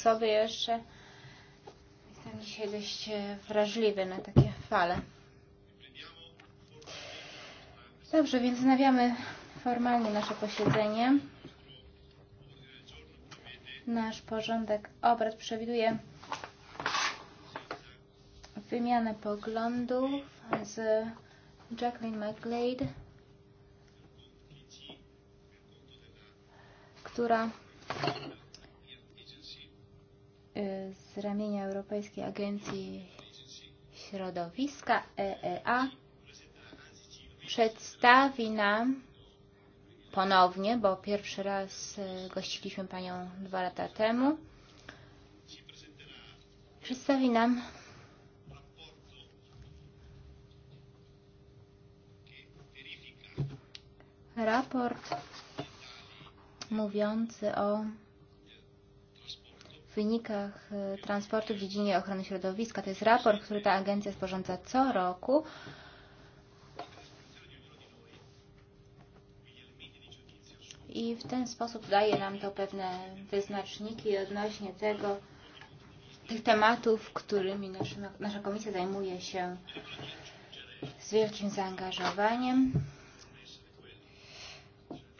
osoby jeszcze. Jestem dzisiaj dość e, wrażliwy na takie fale. Dobrze, więc znawiamy formalnie nasze posiedzenie. Nasz porządek obrad przewiduje wymianę poglądów z Jacqueline McGlade, która z ramienia Europejskiej Agencji Środowiska EEA przedstawi nam ponownie, bo pierwszy raz e, gościliśmy Panią dwa lata temu, przedstawi nam raport mówiący o wynikach e, transportu w dziedzinie ochrony środowiska. To jest raport, który ta agencja sporządza co roku. I w ten sposób daje nam to pewne wyznaczniki odnośnie tego, tych tematów, którymi nasza, nasza komisja zajmuje się z wielkim zaangażowaniem.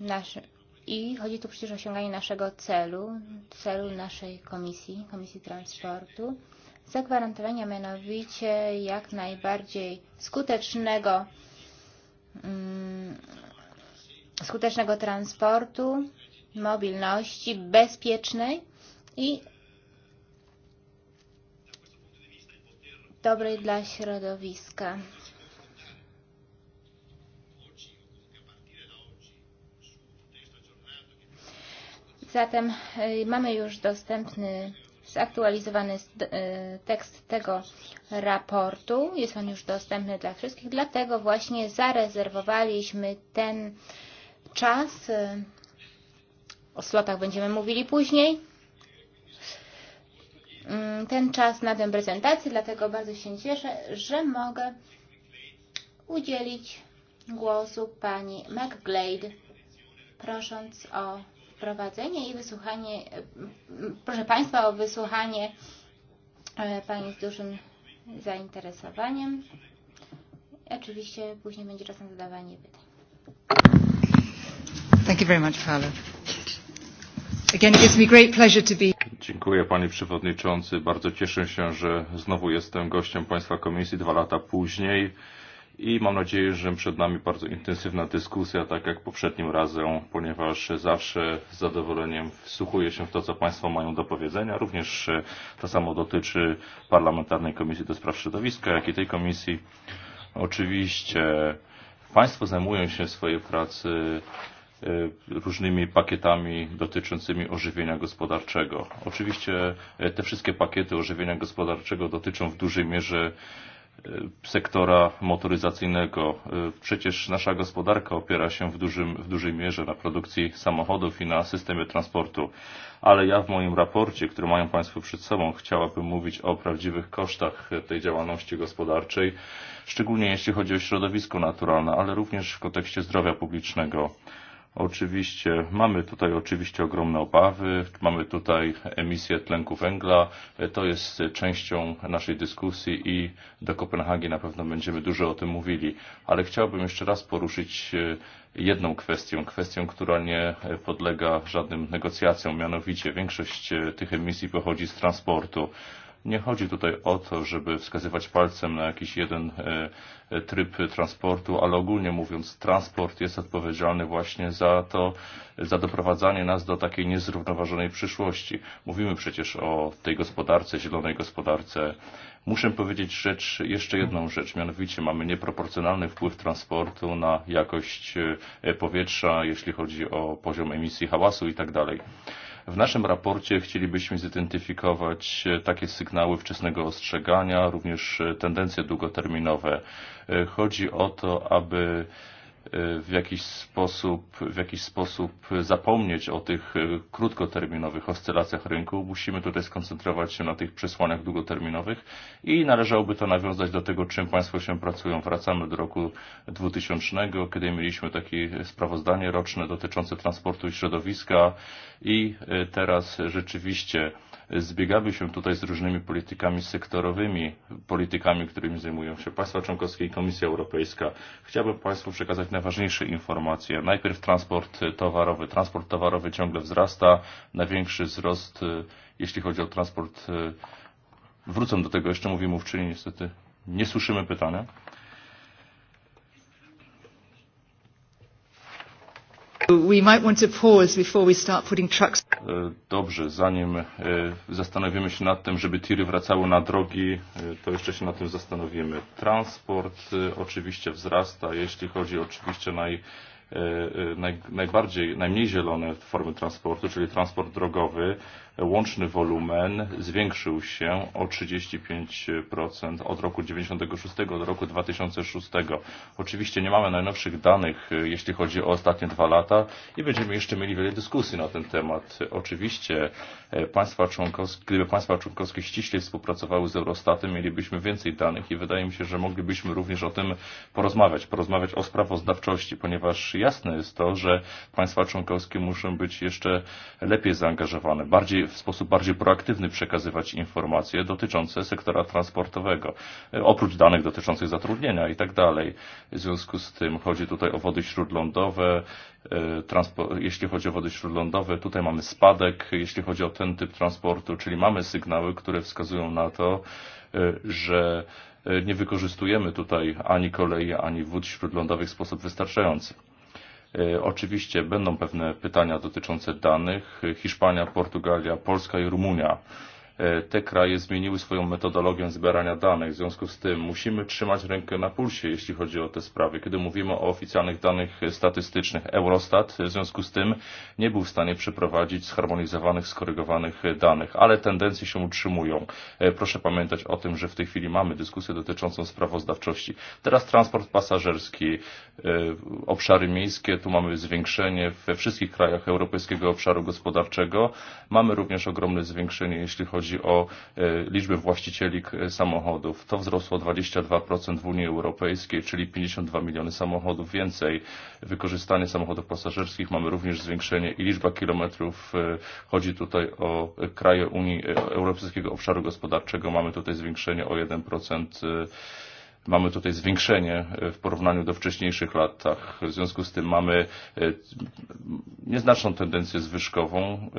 Nasze, I chodzi tu przecież o osiąganie naszego celu, celu naszej komisji, Komisji Transportu, zagwarantowania mianowicie jak najbardziej skutecznego, mm, skutecznego transportu, mobilności bezpiecznej i dobrej dla środowiska. Zatem e, mamy już dostępny zaktualizowany e, tekst tego raportu. Jest on już dostępny dla wszystkich, dlatego właśnie zarezerwowaliśmy ten czas. E, o slotach będziemy mówili później. Mm, ten czas na tę prezentację, dlatego bardzo się cieszę, że mogę udzielić głosu pani McGlade, prosząc o wprowadzenie i wysłuchanie, e, proszę Państwa o wysłuchanie e, Pani z dużym zainteresowaniem. I Oczywiście później będzie czasem zadawanie pytań. Thank you very much, Paolo. Again, it gives me great pleasure to be... Dziękuję Panie Przewodniczący. Bardzo cieszę się, że znowu jestem gościem Państwa Komisji dwa lata później i mam nadzieję, że przed nami bardzo intensywna dyskusja, tak jak poprzednim razem, ponieważ zawsze z zadowoleniem wsłuchuję się w to, co Państwo mają do powiedzenia. Również e, to samo dotyczy Parlamentarnej Komisji do Spraw Środowiska, jak i tej komisji. Oczywiście Państwo zajmują się w swojej pracy e, różnymi pakietami dotyczącymi ożywienia gospodarczego. Oczywiście e, te wszystkie pakiety ożywienia gospodarczego dotyczą w dużej mierze E, sektora motoryzacyjnego. E, przecież nasza gospodarka opiera się w, dużym, w dużej mierze na produkcji samochodów i na systemie transportu. Ale ja w moim raporcie, który mają Państwo przed sobą, chciałabym mówić o prawdziwych kosztach tej działalności gospodarczej, szczególnie jeśli chodzi o środowisko naturalne, ale również w kontekście zdrowia publicznego. Oczywiście mamy tutaj oczywiście ogromne obawy, mamy tutaj emisję tlenku węgla. To jest częścią naszej dyskusji i do Kopenhagi na pewno będziemy dużo o tym mówili. Ale chciałbym jeszcze raz poruszyć e, jedną kwestią, kwestią, która nie podlega żadnym negocjacjom, mianowicie większość e, tych emisji pochodzi z transportu. Nie chodzi tutaj o to, żeby wskazywać palcem na jakiś jeden e, e, tryb transportu, ale ogólnie mówiąc, transport jest odpowiedzialny właśnie za to, za doprowadzanie nas do takiej niezrównoważonej przyszłości. Mówimy przecież o tej gospodarce, zielonej gospodarce. Muszę powiedzieć rzecz, jeszcze jedną rzecz, mianowicie mamy nieproporcjonalny wpływ transportu na jakość e, powietrza, jeśli chodzi o poziom emisji hałasu i tak dalej. W naszym raporcie chcielibyśmy zidentyfikować e, takie sygnały wczesnego ostrzegania, również e, tendencje długoterminowe. E, chodzi o to, aby E, w jakiś sposób, w jakiś sposób zapomnieć o tych e, krótkoterminowych oscylacjach rynku. Musimy tutaj skoncentrować się na tych przesłaniach długoterminowych i należałoby to nawiązać do tego, czym Państwo się pracują. Wracamy do roku 2000, kiedy mieliśmy takie sprawozdanie roczne dotyczące transportu i środowiska i e, teraz rzeczywiście zbiegamy się tutaj z różnymi politykami sektorowymi, politykami, którymi zajmują się państwa członkowskie i Komisja Europejska. Chciałbym Państwu przekazać najważniejsze informacje. Najpierw transport towarowy. Transport towarowy ciągle wzrasta. Największy wzrost, jeśli chodzi o transport, wrócę do tego, jeszcze mówi mówczyni niestety. Nie słyszymy pytania. Dobrze, zanim e, zastanowimy się nad tym, żeby tiry wracały na drogi, e, to jeszcze się nad tym zastanowimy. Transport e, oczywiście wzrasta, jeśli chodzi oczywiście naj, naj, najbardziej, najmniej zielone formy transportu, czyli transport drogowy łączny wolumen zwiększył się o 35% od roku 96 do roku 2006. Oczywiście nie mamy najnowszych danych, e, jeśli chodzi o ostatnie dwa lata i będziemy jeszcze mieli wiele dyskusji na ten temat. Oczywiście e, państwa członkowskie, gdyby państwa członkowskie ściśle współpracowały z Eurostatem, mielibyśmy więcej danych i wydaje mi się, że moglibyśmy również o tym porozmawiać, porozmawiać o sprawozdawczości, ponieważ jasne jest to, że państwa członkowskie muszą być jeszcze lepiej zaangażowane, bardziej w sposób bardziej proaktywny przekazywać informacje dotyczące sektora transportowego, e, oprócz danych dotyczących zatrudnienia i tak dalej. W związku z tym chodzi tutaj o wody śródlądowe, e, jeśli chodzi o wody śródlądowe, tutaj mamy spadek, jeśli chodzi o ten typ transportu, czyli mamy sygnały, które wskazują na to, e, że nie wykorzystujemy tutaj ani kolei, ani wód śródlądowych w sposób wystarczający. E, oczywiście będą pewne pytania dotyczące danych. Hiszpania, Portugalia, Polska i Rumunia E, te kraje zmieniły swoją metodologię zbierania danych. W związku z tym musimy trzymać rękę na pulsie, jeśli chodzi o te sprawy. Kiedy mówimy o oficjalnych danych statystycznych, Eurostat w związku z tym nie był w stanie przeprowadzić zharmonizowanych, skorygowanych danych, ale tendencje się utrzymują. E, proszę pamiętać o tym, że w tej chwili mamy dyskusję dotyczącą sprawozdawczości. Teraz transport pasażerski, e, obszary miejskie, tu mamy zwiększenie we wszystkich krajach Europejskiego Obszaru Gospodarczego. Mamy również ogromne zwiększenie, jeśli chodzi chodzi o e, liczbę właścicieli samochodów. To wzrosło 22% w Unii Europejskiej, czyli 52 miliony samochodów więcej. Wykorzystanie samochodów pasażerskich mamy również zwiększenie i liczba kilometrów. E, chodzi tutaj o e, kraje Unii Europejskiego Obszaru Gospodarczego. Mamy tutaj zwiększenie o 1% mamy tutaj zwiększenie w porównaniu do wcześniejszych lat. W związku z tym mamy nieznaczną tendencję zwyżkową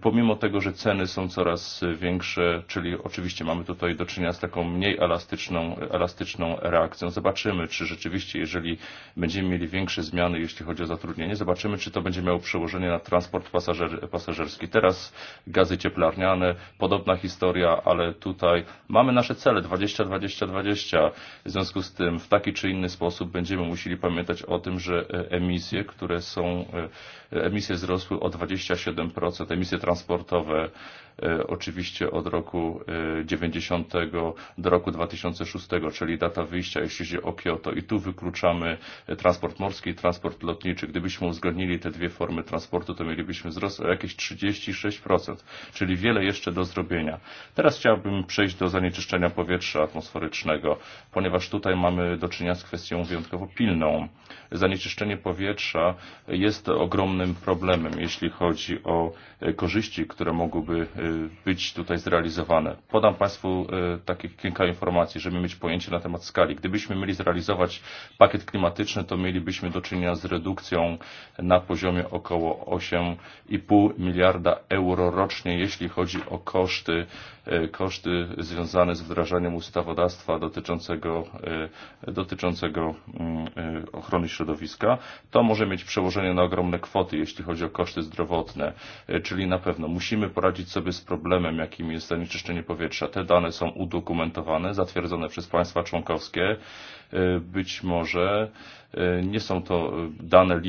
pomimo tego, że ceny są coraz większe, czyli oczywiście mamy tutaj do czynienia z taką mniej elastyczną, elastyczną reakcją. Zobaczymy, czy rzeczywiście, jeżeli będziemy mieli większe zmiany, jeśli chodzi o zatrudnienie, zobaczymy, czy to będzie miało przełożenie na transport pasażer, pasażerski. Teraz gazy cieplarniane, podobna historia, ale tutaj mamy nasze cele 20-20-20. W związku z tym w taki czy inny sposób będziemy musieli pamiętać o tym, że e, emisje, które są, e, emisje wzrosły o 27%, emisje transportowe E, oczywiście od roku 90 e, do roku 2006, czyli data wyjścia, jeśli chodzi o Kyoto. I tu wykluczamy e, transport morski i transport lotniczy. Gdybyśmy uwzględnili te dwie formy transportu, to mielibyśmy wzrost o jakieś 36%, czyli wiele jeszcze do zrobienia. Teraz chciałbym przejść do zanieczyszczenia powietrza atmosferycznego, ponieważ tutaj mamy do czynienia z kwestią wyjątkowo pilną. Zanieczyszczenie powietrza jest ogromnym problemem, jeśli chodzi o korzyści, które mogłyby być tutaj zrealizowane. Podam Państwu takie kilka informacji, żeby mieć pojęcie na temat skali. Gdybyśmy mieli zrealizować pakiet klimatyczny, to mielibyśmy do czynienia z redukcją na poziomie około 8,5 miliarda euro rocznie, jeśli chodzi o koszty E, koszty związane z wdrażaniem ustawodawstwa dotyczącego, e, dotyczącego mm, e, ochrony środowiska, to może mieć przełożenie na ogromne kwoty, jeśli chodzi o koszty zdrowotne. Czyli na pewno musimy poradzić sobie z problemem, jakim jest zanieczyszczenie powietrza. Te dane są udokumentowane, zatwierdzone przez państwa członkowskie. Być może nie są to dane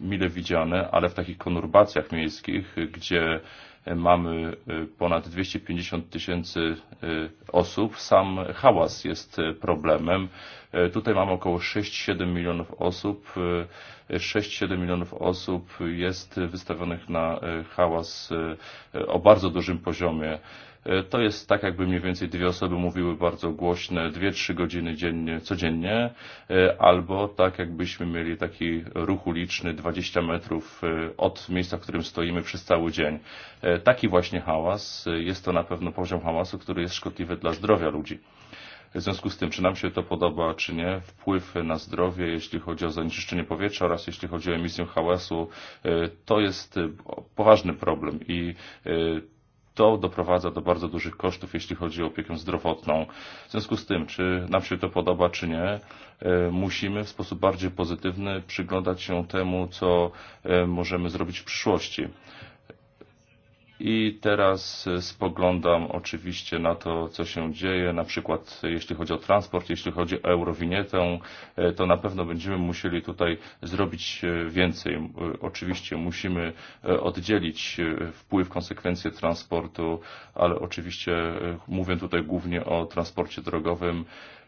mile widziane, ale w takich konurbacjach miejskich, gdzie E, mamy e, ponad 250 tysięcy e, osób. Sam hałas jest problemem. Tutaj mamy około 6-7 milionów osób. 6-7 milionów osób jest wystawionych na hałas o bardzo dużym poziomie. E, to jest tak, jakby mniej więcej dwie osoby mówiły bardzo głośne dwie, trzy godziny dziennie, codziennie, e, albo tak, jakbyśmy mieli taki ruch uliczny 20 metrów e, od miejsca, w którym stoimy przez cały dzień. Taki właśnie hałas, jest to na pewno poziom hałasu, który jest szkodliwy dla zdrowia ludzi. W związku z tym, czy nam się to podoba, czy nie, wpływ na zdrowie, jeśli chodzi o zanieczyszczenie powietrza oraz jeśli chodzi o emisję hałasu, to jest poważny problem i to doprowadza do bardzo dużych kosztów, jeśli chodzi o opiekę zdrowotną. W związku z tym, czy nam się to podoba, czy nie, e, musimy w sposób bardziej pozytywny przyglądać się temu, co e, możemy zrobić w przyszłości. I teraz spoglądam oczywiście na to, co się dzieje, na przykład jeśli chodzi o transport, jeśli chodzi o eurowinietę, e, to na pewno będziemy musieli tutaj zrobić e, więcej. E, oczywiście musimy oddzielić wpływ, konsekwencje transportu, ale oczywiście mówię tutaj głównie o transporcie drogowym,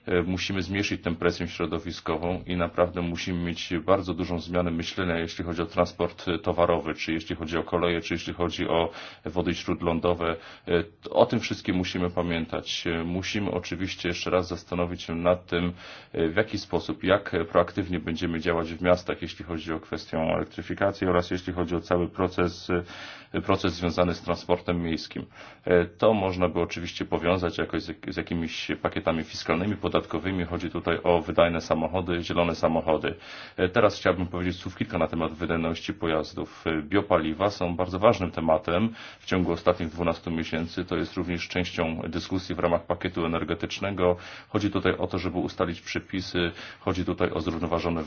E, musimy zmniejszyć tę presję środowiskową i naprawdę musimy mieć bardzo dużą zmianę myślenia, jeśli chodzi o transport e, towarowy, czy jeśli chodzi o koleje, czy jeśli chodzi o wody śródlądowe. E, o tym wszystkim musimy pamiętać. Musimy oczywiście jeszcze raz zastanowić się nad tym, w jaki sposób, jak proaktywnie będziemy działać w miastach, jeśli chodzi o kwestię elektryfikacji oraz jeśli chodzi o cały proces, proces związany z transportem miejskim. To można by oczywiście powiązać jakoś z jakimiś pakietami fiskalnymi, pod podatkowymi. Chodzi tutaj o wydajne samochody, zielone samochody. E, teraz chciałbym powiedzieć słów kilka na temat wydajności pojazdów. E, biopaliwa są bardzo ważnym tematem w ciągu ostatnich 12 miesięcy. To jest również częścią dyskusji w ramach pakietu energetycznego. Chodzi tutaj o to, żeby ustalić przepisy. Chodzi tutaj o zrównoważone e,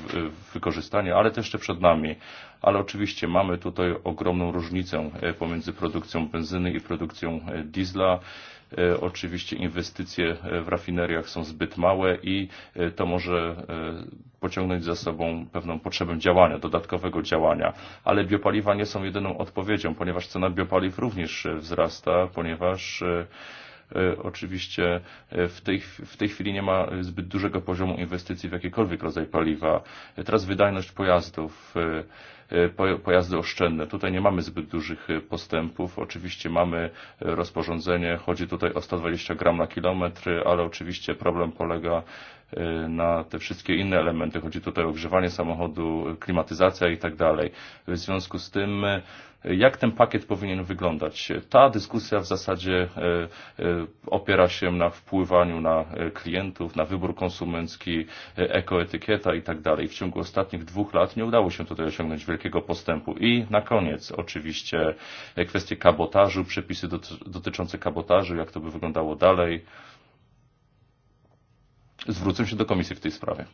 wykorzystanie, ale to jeszcze przed nami. Ale oczywiście mamy tutaj ogromną różnicę pomiędzy produkcją benzyny i produkcją diesla. E, oczywiście inwestycje e, w rafineriach są zbyt małe i e, to może pociągnąć za sobą pewną potrzebę działania, dodatkowego działania. Ale biopaliwa nie są jedyną odpowiedzią, ponieważ cena biopaliw również wzrasta, ponieważ Oczywiście w tej, w tej chwili nie ma zbyt dużego poziomu inwestycji w jakikolwiek rodzaj paliwa. Teraz wydajność pojazdów. E, pojazdy oszczędne. Tutaj nie mamy zbyt dużych e, postępów. Oczywiście mamy e, rozporządzenie, chodzi tutaj o 120 gram na kilometr, ale oczywiście problem polega na te wszystkie inne elementy. Chodzi tutaj o ogrzewanie samochodu, klimatyzacja i tak dalej. W związku z tym, e, jak ten pakiet powinien wyglądać? Ta dyskusja w zasadzie e, e, opiera się na wpływaniu na klientów, na wybór konsumencki, ekoetykieta i tak dalej. W ciągu ostatnich dwóch lat nie udało się tutaj osiągnąć wielkiego postępu. I na koniec oczywiście kwestie kabotażu, przepisy dotyczące kabotażu, jak to by wyglądało dalej zwrócę się do komisji w tej sprawie.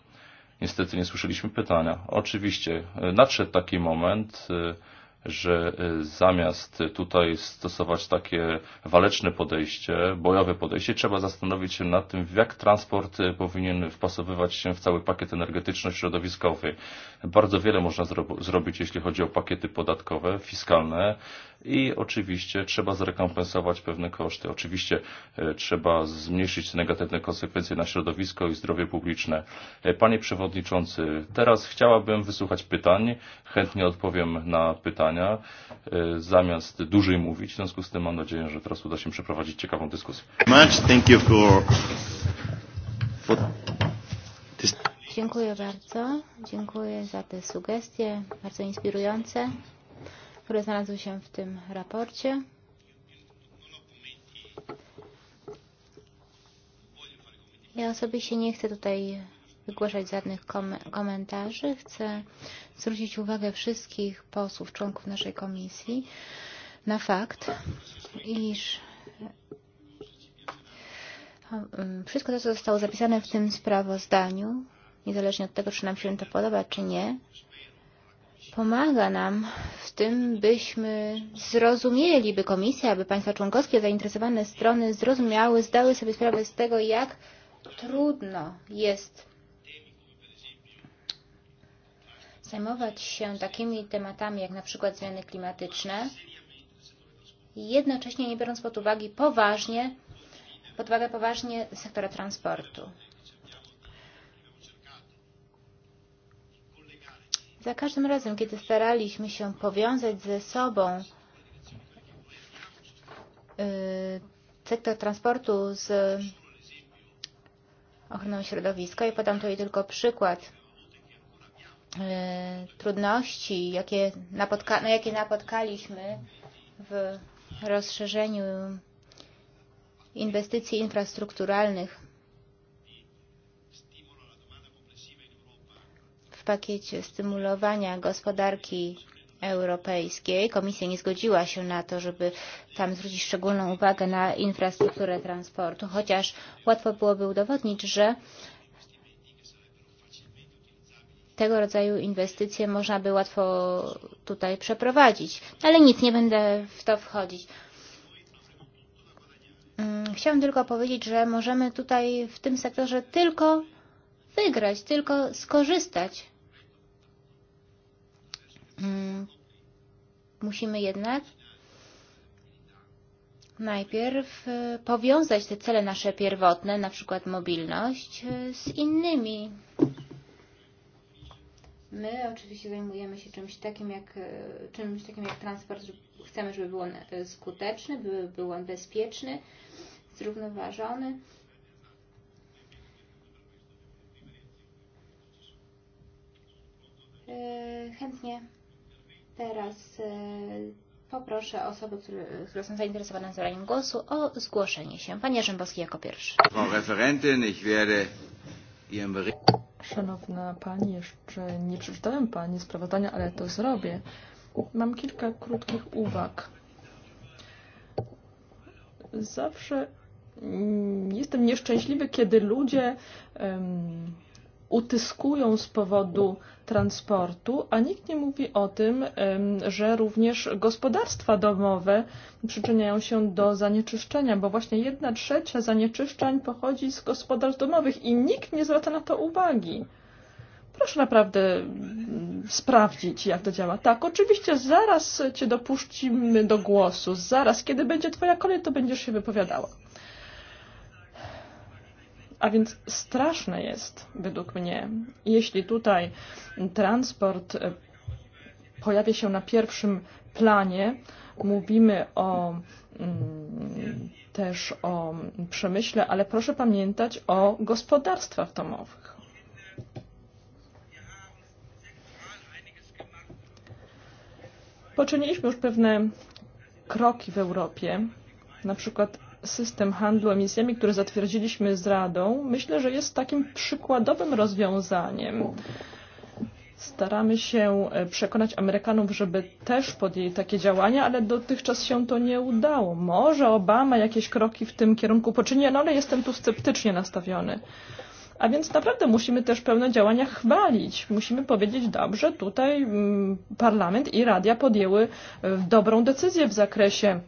Niestety nie słyszeliśmy pytania. Oczywiście e, nadszedł taki moment, e, że e, zamiast tutaj stosować takie waleczne podejście, bojowe podejście, trzeba zastanowić się nad tym, jak transport powinien wpasowywać się w cały pakiet energetyczno-środowiskowy. Bardzo wiele można zro zrobić, jeśli chodzi o pakiety podatkowe, fiskalne, i oczywiście trzeba zrekompensować pewne koszty. Oczywiście e, trzeba zmniejszyć te negatywne konsekwencje na środowisko i zdrowie publiczne. E, panie Przewodniczący, teraz chciałabym wysłuchać pytań. Chętnie odpowiem na pytania, e, zamiast dłużej mówić. W związku z tym mam nadzieję, że teraz uda się przeprowadzić ciekawą dyskusję. Dziękuję bardzo. Dziękuję za te sugestie, bardzo inspirujące które znalazły się w tym raporcie. Ja osobiście nie chcę tutaj wygłaszać żadnych kom komentarzy. Chcę zwrócić uwagę wszystkich posłów, członków naszej komisji na fakt, iż wszystko to, co zostało zapisane w tym sprawozdaniu, niezależnie od tego, czy nam się to podoba, czy nie, e? pomaga nam w tym, byśmy zrozumieli, by komisja, aby państwa członkowskie, zainteresowane strony zrozumiały, zdały sobie sprawę z tego, jak trudno jest zajmować się takimi tematami jak na przykład zmiany klimatyczne, jednocześnie nie biorąc pod uwagę poważnie, pod uwagę poważnie sektora transportu. Za każdym razem, kiedy staraliśmy się powiązać ze sobą sektor transportu z ochroną środowiska i podam tutaj tylko przykład trudności, jakie, napotka no, jakie napotkaliśmy w rozszerzeniu inwestycji infrastrukturalnych pakiecie stymulowania gospodarki Europejskiej. Komisja nie zgodziła się na to, żeby tam zwrócić szczególną uwagę na infrastrukturę transportu, chociaż łatwo byłoby udowodnić, że tego rodzaju inwestycje można by łatwo tutaj przeprowadzić. Ale nic, nie będę w to wchodzić. Mm, chciałam tylko powiedzieć, że możemy tutaj w tym sektorze tylko wygrać, tylko skorzystać Mm. musimy jednak najpierw e, powiązać te cele nasze pierwotne, na przykład mobilność, e, z innymi. My oczywiście zajmujemy się czymś takim jak, e, czymś takim jak transport. że Chcemy, żeby był on skuteczny, by był on bezpieczny, zrównoważony. Chętnie Teraz e, poproszę osoby, które, są zainteresowane zabraniem głosu, o zgłoszenie się. Panie Rzębowski jako pierwszy. Szanowna Pani, jeszcze nie przeczytałem Pani sprawozdania, ale to zrobię. Mam kilka krótkich uwag. Zawsze mm, jestem nieszczęśliwy, kiedy ludzie um, utyskują z powodu transportu, a nikt nie mówi o tym, że również gospodarstwa domowe przyczyniają się do zanieczyszczenia, bo właśnie jedna trzecia zanieczyszczeń pochodzi z gospodarstw domowych i nikt nie zwraca na to uwagi. Proszę naprawdę mm, sprawdzić, jak to działa. Tak, oczywiście zaraz Cię dopuścimy do głosu. Zaraz, kiedy będzie Twoja kolej, to będziesz się wypowiadała. A więc straszne jest, według mnie, jeśli tutaj transport e, pojawia się na pierwszym planie, mówimy o mm, też o przemyśle, ale proszę pamiętać o gospodarstwach domowych. Poczyniliśmy już pewne kroki w Europie, na przykład system handlu emisjami, który zatwierdziliśmy z Radą, myślę, że jest takim przykładowym rozwiązaniem. Staramy się e, przekonać Amerykanów, żeby też podjęli takie działania, ale dotychczas się to nie udało. Może Obama jakieś kroki w tym kierunku poczyni, no ale jestem tu sceptycznie nastawiony. A więc naprawdę musimy też pełne działania chwalić. Musimy powiedzieć, dobrze, tutaj mm, parlament i radia podjęły e, dobrą decyzję w zakresie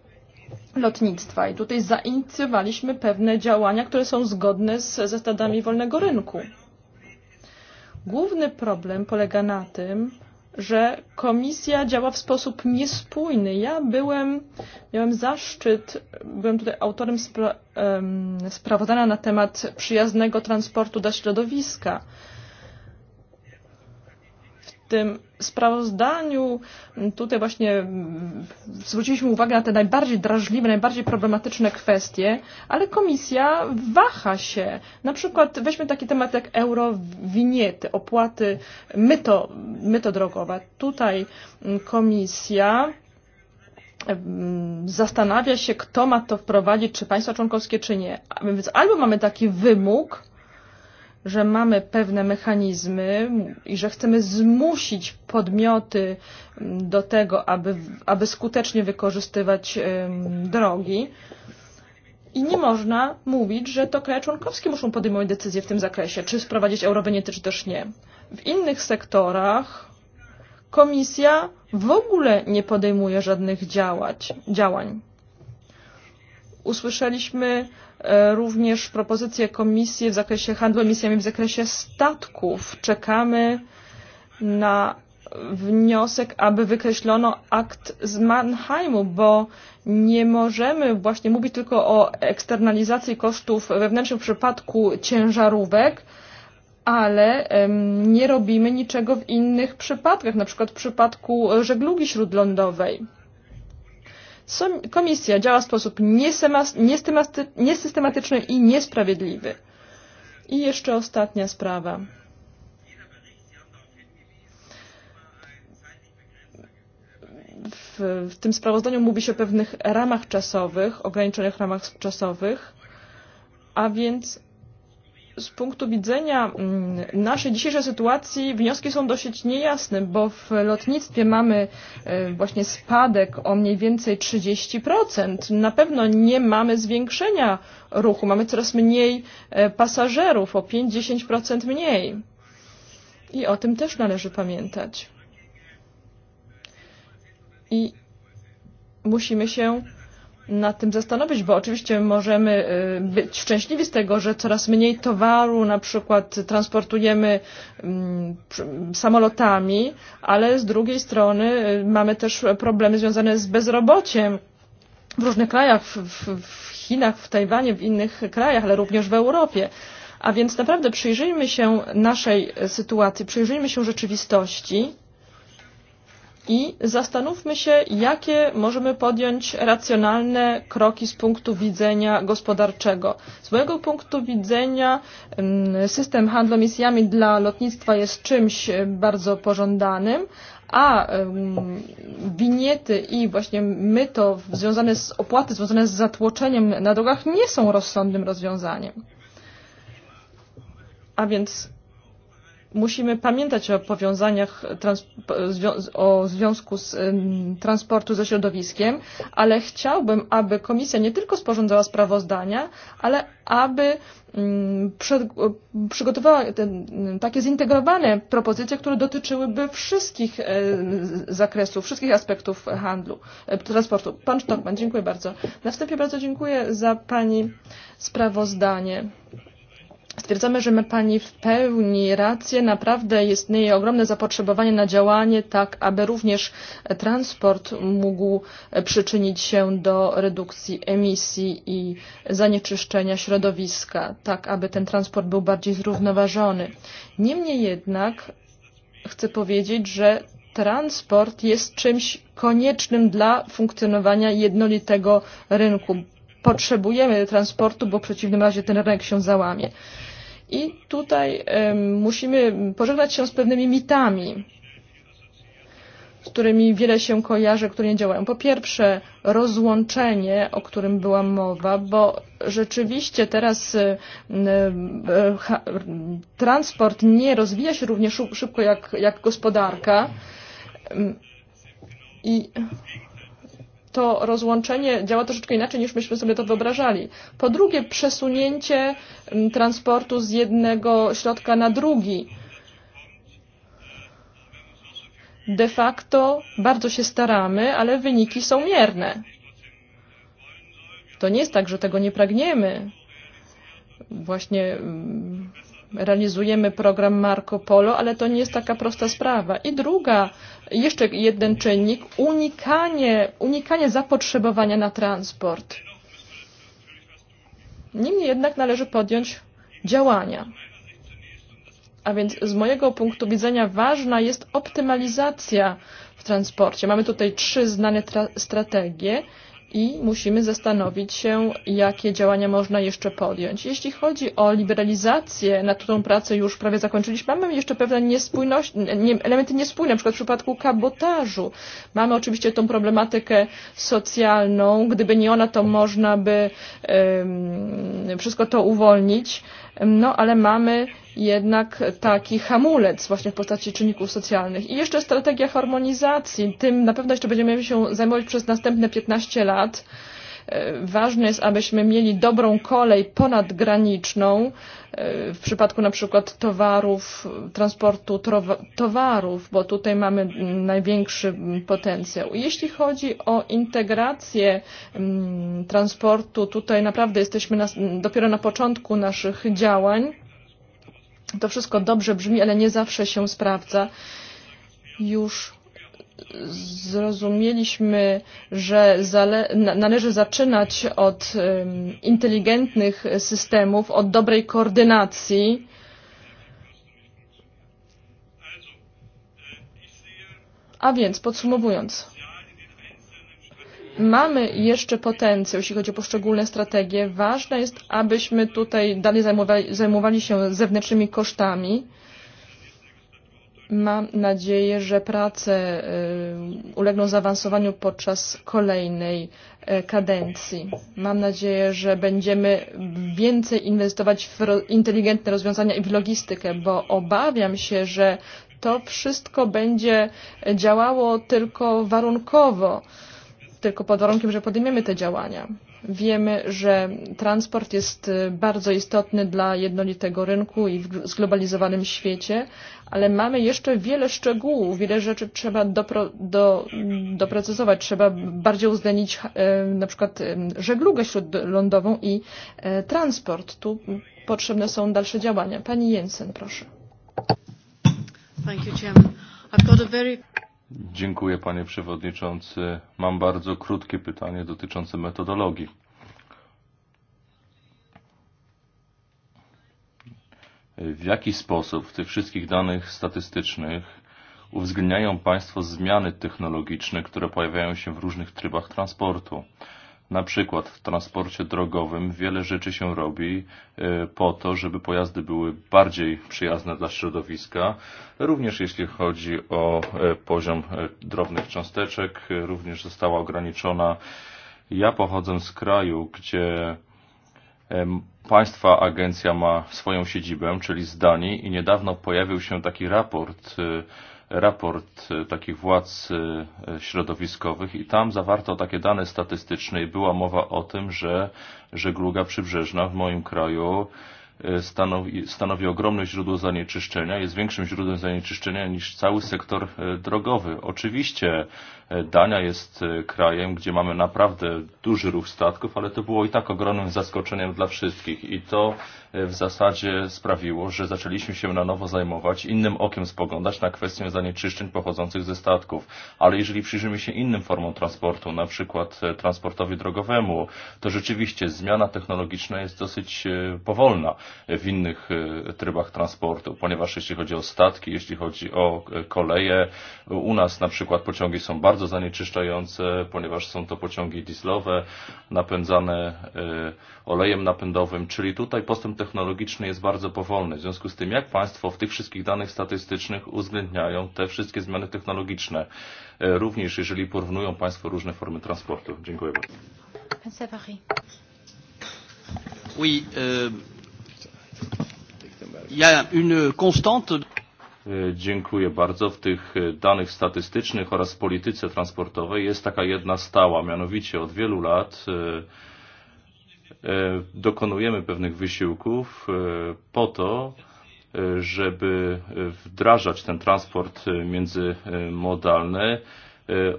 lotnictwa i tutaj zainicjowaliśmy pewne działania, które są zgodne z zasadami wolnego rynku. Główny problem polega na tym, że komisja działa w sposób niespójny. Ja byłem, miałem zaszczyt, byłem tutaj autorem spra, um, sprawozdania na temat przyjaznego transportu dla środowiska tym sprawozdaniu tutaj właśnie zwróciliśmy uwagę na te najbardziej drażliwe, najbardziej problematyczne kwestie, ale komisja waha się. Na przykład weźmy taki temat jak eurowiniety, opłaty myto, myto drogowe. Tutaj komisja mm, zastanawia się, kto ma to wprowadzić, czy państwa członkowskie, czy nie. Więc albo mamy taki wymóg, że mamy pewne mechanizmy i że chcemy zmusić podmioty mm, do tego, aby, aby skutecznie wykorzystywać drogi. I nie można mówić, że to kraje członkowskie muszą podejmować decyzje w tym zakresie, czy wprowadzić eurowieniety, czy też nie. W innych sektorach komisja w ogóle nie podejmuje żadnych działać, działań. Usłyszeliśmy E, również propozycje komisji w zakresie handlu emisjami w zakresie statków. Czekamy na wniosek, aby wykreślono akt z Mannheimu, bo nie możemy właśnie mówić tylko o eksternalizacji kosztów wewnętrznych w przypadku ciężarówek, ale nie robimy niczego w innych przypadkach, na przykład w przypadku żeglugi śródlądowej. Komisja działa w sposób niesystematyczny i niesprawiedliwy. I jeszcze ostatnia sprawa. W, w tym sprawozdaniu mówi się o pewnych ramach czasowych, ograniczonych ramach czasowych, a więc z punktu widzenia mm, naszej dzisiejszej sytuacji wnioski są dosyć niejasne, bo w lotnictwie mamy e, właśnie spadek o mniej więcej 30%. Na pewno nie mamy zwiększenia ruchu, mamy coraz mniej e, pasażerów, o 5-10% mniej. I o tym też należy pamiętać. I musimy się nad tym zastanowić, bo oczywiście możemy być szczęśliwi z tego, że coraz mniej towaru na przykład transportujemy mm, samolotami, ale z drugiej strony mamy też problemy związane z bezrobociem w różnych krajach, w, w Chinach, w Tajwanie, w innych krajach, ale również w Europie. A więc naprawdę przyjrzyjmy się naszej sytuacji, przyjrzyjmy się rzeczywistości i zastanówmy się, jakie możemy podjąć racjonalne kroki z punktu widzenia gospodarczego. Z mojego punktu widzenia system handlu misjami dla lotnictwa jest czymś e, bardzo pożądanym, a winiety i właśnie myto związane z opłaty związane z zatłoczeniem na drogach nie są rozsądnym rozwiązaniem. A więc musimy pamiętać o powiązaniach, o związku z transportu ze środowiskiem, ale chciałbym, aby komisja nie tylko sporządzała sprawozdania, ale aby mm, przygotowała takie zintegrowane propozycje, które dotyczyłyby wszystkich e, zakresów, wszystkich aspektów handlu, e, transportu. Pan Sztokman, dziękuję bardzo. Na wstępie bardzo dziękuję za Pani sprawozdanie. Stwierdzamy, że ma Pani w pełni rację. Naprawdę istnieje ogromne zapotrzebowanie na działanie tak, aby również transport mógł przyczynić się do redukcji emisji i zanieczyszczenia środowiska, tak aby ten transport był bardziej zrównoważony. Niemniej jednak chcę powiedzieć, że transport jest czymś koniecznym dla funkcjonowania jednolitego rynku. Potrzebujemy transportu, bo w przeciwnym razie ten rynek się załamie. I tutaj musimy pożegnać się z pewnymi mitami, z którymi wiele się kojarzy, które nie działają. Po pierwsze, rozłączenie, o którym była mowa, bo rzeczywiście teraz transport nie rozwija się równie szybko jak, jak gospodarka. I to rozłączenie działa troszeczkę inaczej niż myśmy sobie to wyobrażali. Po drugie, przesunięcie mm, transportu z jednego środka na drugi. De facto bardzo się staramy, ale wyniki są mierne. To nie jest tak, że tego nie pragniemy. Właśnie mm, realizujemy program Marco Polo, ale to nie jest taka prosta sprawa. I druga jeszcze jeden czynnik unikanie, unikanie zapotrzebowania na transport. Niemniej jednak należy podjąć działania. A więc z mojego punktu widzenia ważna jest optymalizacja w transporcie. Mamy tutaj trzy znane strategie i musimy zastanowić się, jakie działania można jeszcze podjąć. Jeśli chodzi o liberalizację, nad którą pracę już prawie zakończyliśmy, mamy jeszcze pewne niespójności, nie, elementy niespójne, na przykład w przypadku kabotażu. Mamy oczywiście tą problematykę socjalną. Gdyby nie ona, to można by um, wszystko to uwolnić. No ale mamy jednak taki hamulec właśnie w postaci czynników socjalnych. I jeszcze strategia harmonizacji. Tym na pewno jeszcze będziemy się zajmować przez następne 15 lat. Ważne jest, abyśmy mieli dobrą kolej ponadgraniczną e, w przypadku na przykład towarów, transportu towarów, bo tutaj mamy największy potencjał. Jeśli chodzi o integrację mm, transportu, tutaj naprawdę jesteśmy na, dopiero na początku naszych działań. To wszystko dobrze brzmi, ale nie zawsze się sprawdza. Już zrozumieliśmy, że należy zaczynać od inteligentnych systemów, od dobrej koordynacji. A więc podsumowując, mamy jeszcze potencjał, jeśli chodzi o poszczególne strategie. Ważne jest, abyśmy tutaj dalej zajmowali, zajmowali się zewnętrznymi kosztami. Mam nadzieję, że prace ulegną zaawansowaniu podczas kolejnej e, kadencji. Mam nadzieję, że będziemy więcej inwestować w inteligentne rozwiązania i w logistykę, bo obawiam się, że to wszystko będzie działało tylko warunkowo, tylko pod warunkiem, że podejmiemy te działania. Wiemy, że transport jest bardzo istotny dla jednolitego rynku i w zglobalizowanym świecie, ale mamy jeszcze wiele szczegółów, wiele rzeczy trzeba dopro, do, doprecyzować. Trzeba bardziej uwzględnić e, na przykład żeglugę śródlądową i e, transport. Tu potrzebne są dalsze działania. Pani Jensen, proszę. Thank you, Chairman. I've got a very... Dziękuję panie przewodniczący. Mam bardzo krótkie pytanie dotyczące metodologii. W jaki sposób w tych wszystkich danych statystycznych uwzględniają państwo zmiany technologiczne, które pojawiają się w różnych trybach transportu? Na przykład w transporcie drogowym wiele rzeczy się robi e, po to, żeby pojazdy były bardziej przyjazne dla środowiska, również jeśli chodzi o e, poziom e, drobnych cząsteczek, również została ograniczona. Ja pochodzę z kraju, gdzie państwa agencja ma swoją siedzibę, czyli z Danii i niedawno pojawił się taki raport raport e, takich władz e, środowiskowych i tam zawarto takie dane statystyczne i była mowa o tym, że żegluga przybrzeżna w moim kraju e, stanowi, stanowi ogromne źródło zanieczyszczenia, jest większym źródłem zanieczyszczenia niż cały sektor drogowy. Oczywiście Dania jest e, krajem, gdzie mamy naprawdę duży ruch statków, ale to było i tak ogromnym zaskoczeniem dla wszystkich i to e, w zasadzie sprawiło, że zaczęliśmy się na nowo zajmować, innym okiem spoglądać na kwestię zanieczyszczeń pochodzących ze statków. Ale jeżeli przyjrzymy się innym formom transportu, na przykład e, transportowi drogowemu, to rzeczywiście zmiana technologiczna jest dosyć powolna w innych trybach transportu, ponieważ jeśli chodzi o statki, jeśli chodzi o koleje, u nas na przykład pociągi są bardzo bardzo zanieczyszczające, ponieważ są to pociągi dieslowe napędzane e, olejem napędowym, czyli tutaj postęp technologiczny jest bardzo powolny. W związku z tym, jak Państwo w tych wszystkich danych statystycznych uwzględniają te wszystkie zmiany technologiczne, e, również jeżeli porównują Państwo różne formy transportu? Dziękuję bardzo. Oui, euh, il y a une constante. E, dziękuję bardzo. W tych e, danych statystycznych oraz polityce transportowej jest taka jedna stała, mianowicie od wielu lat e, dokonujemy pewnych wysiłków po to, żeby wdrażać ten transport międzymodalny.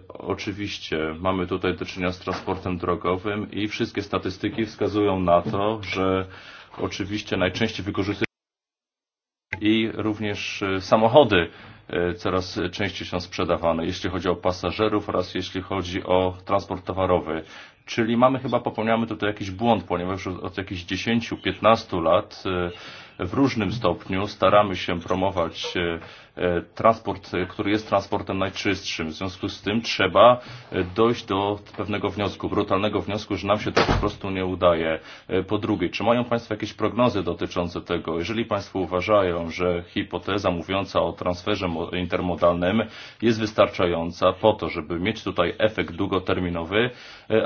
Oczywiście mamy tutaj do czynienia z transportem drogowym i wszystkie statystyki wskazują na to, że oczywiście najczęściej wykorzystujemy i również e, samochody e, coraz częściej są sprzedawane, jeśli chodzi o pasażerów oraz jeśli chodzi o transport towarowy. Czyli mamy chyba, popełniamy tutaj jakiś błąd, ponieważ od jakichś 10-15 lat e, w różnym stopniu staramy się promować E, transport, e, który jest transportem najczystszym. W związku z tym trzeba e, dojść do pewnego wniosku, brutalnego wniosku, że nam się to po prostu nie udaje. Po drugie, czy mają Państwo jakieś prognozy dotyczące tego? Jeżeli Państwo uważają, że hipoteza mówiąca o transferze intermodalnym jest wystarczająca po to, żeby mieć tutaj efekt długoterminowy,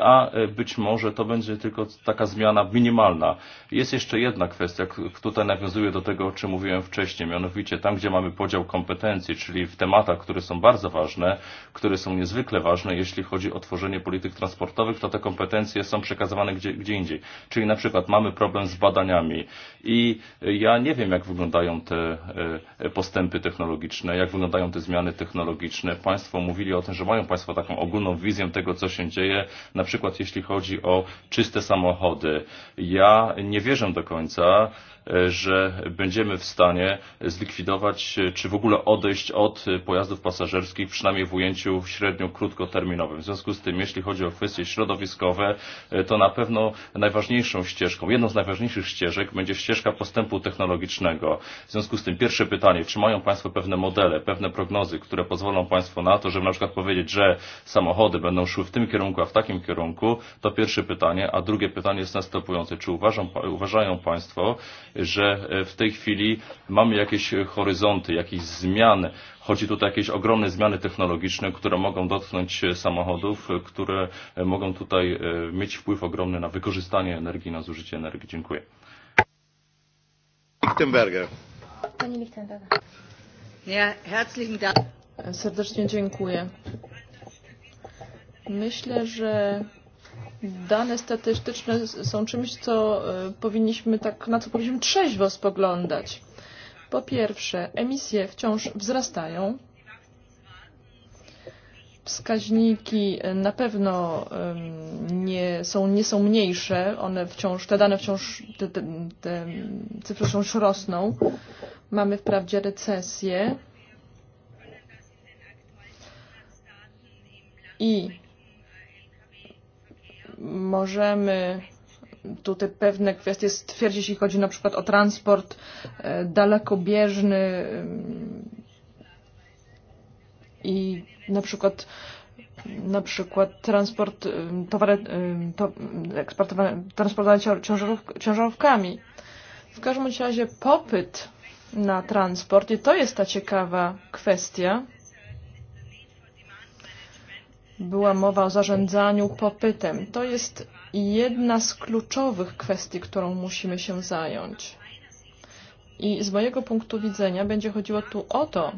a e, być może to będzie tylko taka zmiana minimalna. Jest jeszcze jedna kwestia, tutaj nawiązuje do tego, o czym mówiłem wcześniej, mianowicie tam, gdzie mamy podział kompetencji, czyli w tematach, które są bardzo ważne, które są niezwykle ważne, jeśli chodzi o tworzenie polityk transportowych, to te kompetencje są przekazywane gdzie, gdzie indziej. Czyli na przykład mamy problem z badaniami i e, ja nie wiem, jak wyglądają te e, postępy technologiczne, jak wyglądają te zmiany technologiczne. Państwo mówili o tym, że mają Państwo taką ogólną wizję tego, co się dzieje na przykład jeśli chodzi o czyste samochody. Ja nie wierzę do końca że będziemy w stanie zlikwidować, czy w ogóle odejść od pojazdów pasażerskich, przynajmniej w ujęciu średnio krótkoterminowym. W związku z tym, jeśli chodzi o kwestie środowiskowe, to na pewno najważniejszą ścieżką, jedną z najważniejszych ścieżek będzie ścieżka postępu technologicznego. W związku z tym pierwsze pytanie, czy mają Państwo pewne modele, pewne prognozy, które pozwolą Państwu na to, żeby na przykład powiedzieć, że samochody będą szły w tym kierunku, a w takim kierunku, to pierwsze pytanie, a drugie pytanie jest następujące. Czy uważam, uważają Państwo, że e, w tej chwili mamy jakieś horyzonty, jakieś zmiany. Chodzi tutaj o jakieś ogromne zmiany technologiczne, które mogą dotknąć e, samochodów, e, które mogą tutaj mieć wpływ ogromny na wykorzystanie energii, na zużycie energii. Dziękuję. Lichtenberger. Pani Lichtenberger. Serdecznie dziękuję. Myślę, że dane statystyczne są czymś, co e, powinniśmy tak, na co powinniśmy trzeźwo spoglądać. Po pierwsze, emisje wciąż wzrastają. Wskaźniki e, na pewno nie są, nie są mniejsze, one wciąż, te dane wciąż, te, te, te cyfry wciąż rosną. Mamy wprawdzie recesję i możemy tutaj pewne kwestie stwierdzić, jeśli chodzi na przykład o transport e, dalekobieżny i na przykład na przykład transport towary, to, eksportowane, transportowane ciążarów, ciążarówkami. W każdym razie popyt na transport i to jest ta ciekawa kwestia była mowa o zarządzaniu popytem. To jest jedna z kluczowych kwestii, którą musimy się zająć. I z mojego punktu widzenia będzie chodziło tu o to,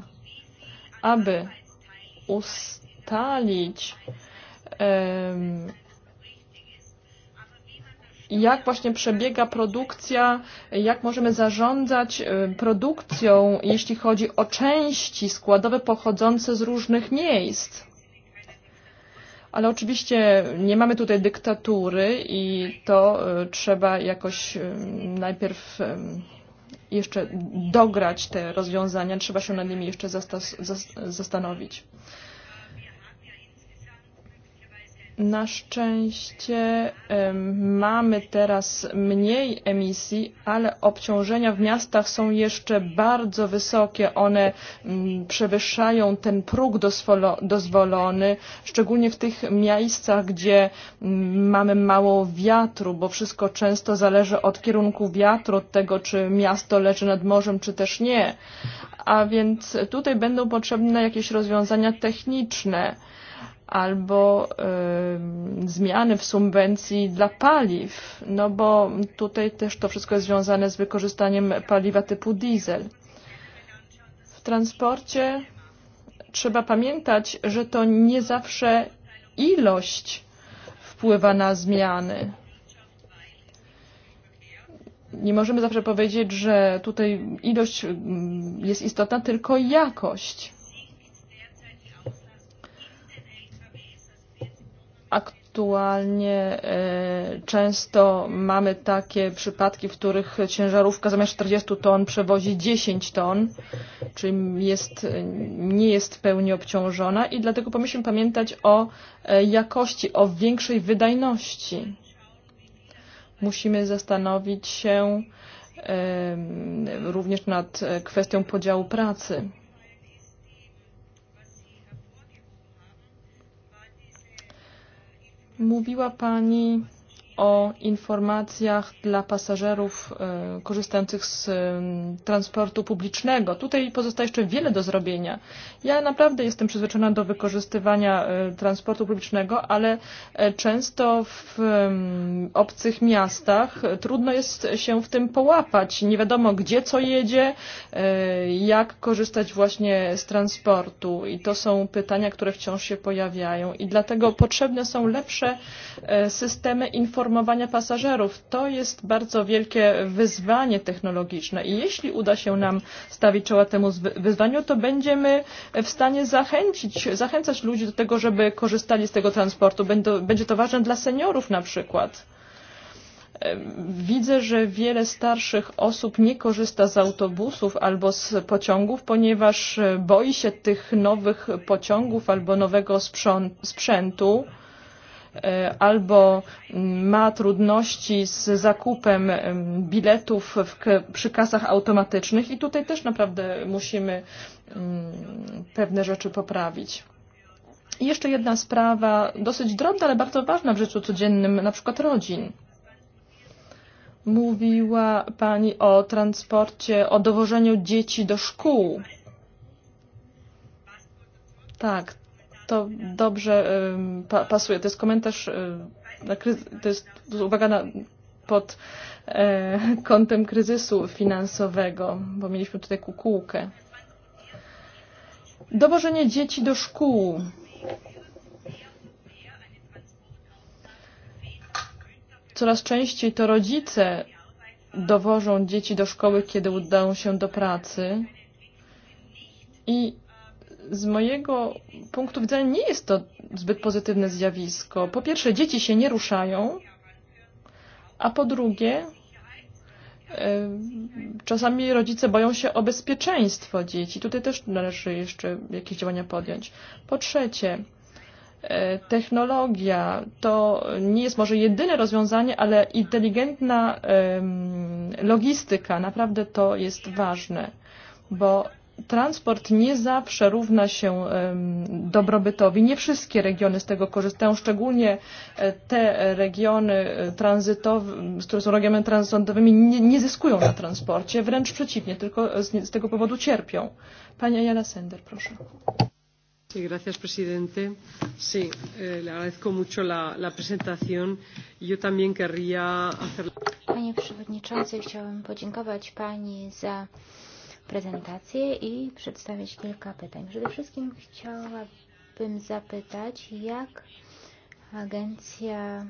aby ustalić, um, jak właśnie przebiega produkcja, jak możemy zarządzać e, produkcją, jeśli chodzi o części składowe pochodzące z różnych miejsc. Ale oczywiście nie mamy tutaj dyktatury i to e, trzeba jakoś e, najpierw e, jeszcze dograć te rozwiązania, trzeba się nad nimi jeszcze zastanowić. Na szczęście mamy teraz mniej emisji, ale obciążenia w miastach są jeszcze bardzo wysokie. One mm, przewyższają ten próg dozwolony, szczególnie w tych miejscach, gdzie mm, mamy mało wiatru, bo wszystko często zależy od kierunku wiatru, od tego, czy miasto leży nad morzem, czy też nie. A więc tutaj będą potrzebne jakieś rozwiązania techniczne albo y, zmiany w subwencji dla paliw, no bo tutaj też to wszystko jest związane z wykorzystaniem paliwa typu diesel. W transporcie trzeba pamiętać, że to nie zawsze ilość wpływa na zmiany. Nie możemy zawsze powiedzieć, że tutaj ilość jest istotna, tylko jakość. Aktualnie e, często mamy takie przypadki, w których ciężarówka zamiast 40 ton przewozi 10 ton, czyli jest, nie jest w pełni obciążona i dlatego powinniśmy pamiętać o e, jakości, o większej wydajności. Musimy zastanowić się e, również nad kwestią podziału pracy. Mówiła Pani o informacjach dla pasażerów e, korzystających z e, transportu publicznego. Tutaj pozostaje jeszcze wiele do zrobienia. Ja naprawdę jestem przyzwyczajona do wykorzystywania e, transportu publicznego, ale często w obcych miastach trudno jest się w tym połapać. Nie wiadomo, gdzie co jedzie, jak korzystać właśnie z transportu. I to są pytania, które wciąż się pojawiają. I dlatego potrzebne są lepsze systemy informacyjne, informowania pasażerów. To jest bardzo wielkie wyzwanie technologiczne i jeśli uda się nam stawić czoła temu wyzwaniu, to będziemy w stanie zachęcić, zachęcać ludzi do tego, żeby korzystali z tego transportu. Będzie to ważne dla seniorów na przykład widzę, że wiele starszych osób nie korzysta z autobusów albo z pociągów, ponieważ e, boi się tych nowych pociągów albo nowego sprzętu. E, albo ma trudności z zakupem e, biletów w, przy kasach automatycznych i tutaj też naprawdę musimy mm, pewne rzeczy poprawić. I jeszcze jedna sprawa, dosyć drobna, ale bardzo ważna w życiu codziennym, na przykład rodzin. Mówiła Pani o transporcie, o dowożeniu dzieci do szkół. Tak, to dobrze pa, pasuje. To jest komentarz, to jest uwaga na, pod e, kątem kryzysu finansowego, bo mieliśmy tutaj kukułkę. Dowożenie dzieci do szkół. Coraz częściej to rodzice dowożą dzieci do szkoły, kiedy udają się do pracy. I z mojego punktu widzenia nie jest to zbyt pozytywne zjawisko. Po pierwsze, dzieci się nie ruszają, a po drugie, e, czasami rodzice boją się o bezpieczeństwo dzieci. Tutaj też należy jeszcze jakieś działania podjąć. Po trzecie, e, technologia to nie jest może jedyne rozwiązanie, ale inteligentna logistyka naprawdę to jest ważne, bo transport nie zawsze równa się dobrobytowi. Nie wszystkie regiony z tego korzystają, szczególnie e, te regiony e, tranzytowe, które są regionami tranzytowymi, nie, nie zyskują na transporcie, wręcz przeciwnie, tylko z, z tego powodu cierpią. Pani Ayala Sender, proszę. Sí, gracias, presidente. Sí, eh, le agradezco mucho la, la presentación. Yo también querría hacer. Panie przewodniczący, chciałem podziękować pani za prezentację i przedstawić kilka pytań. Przede wszystkim chciałabym zapytać, jak agencja,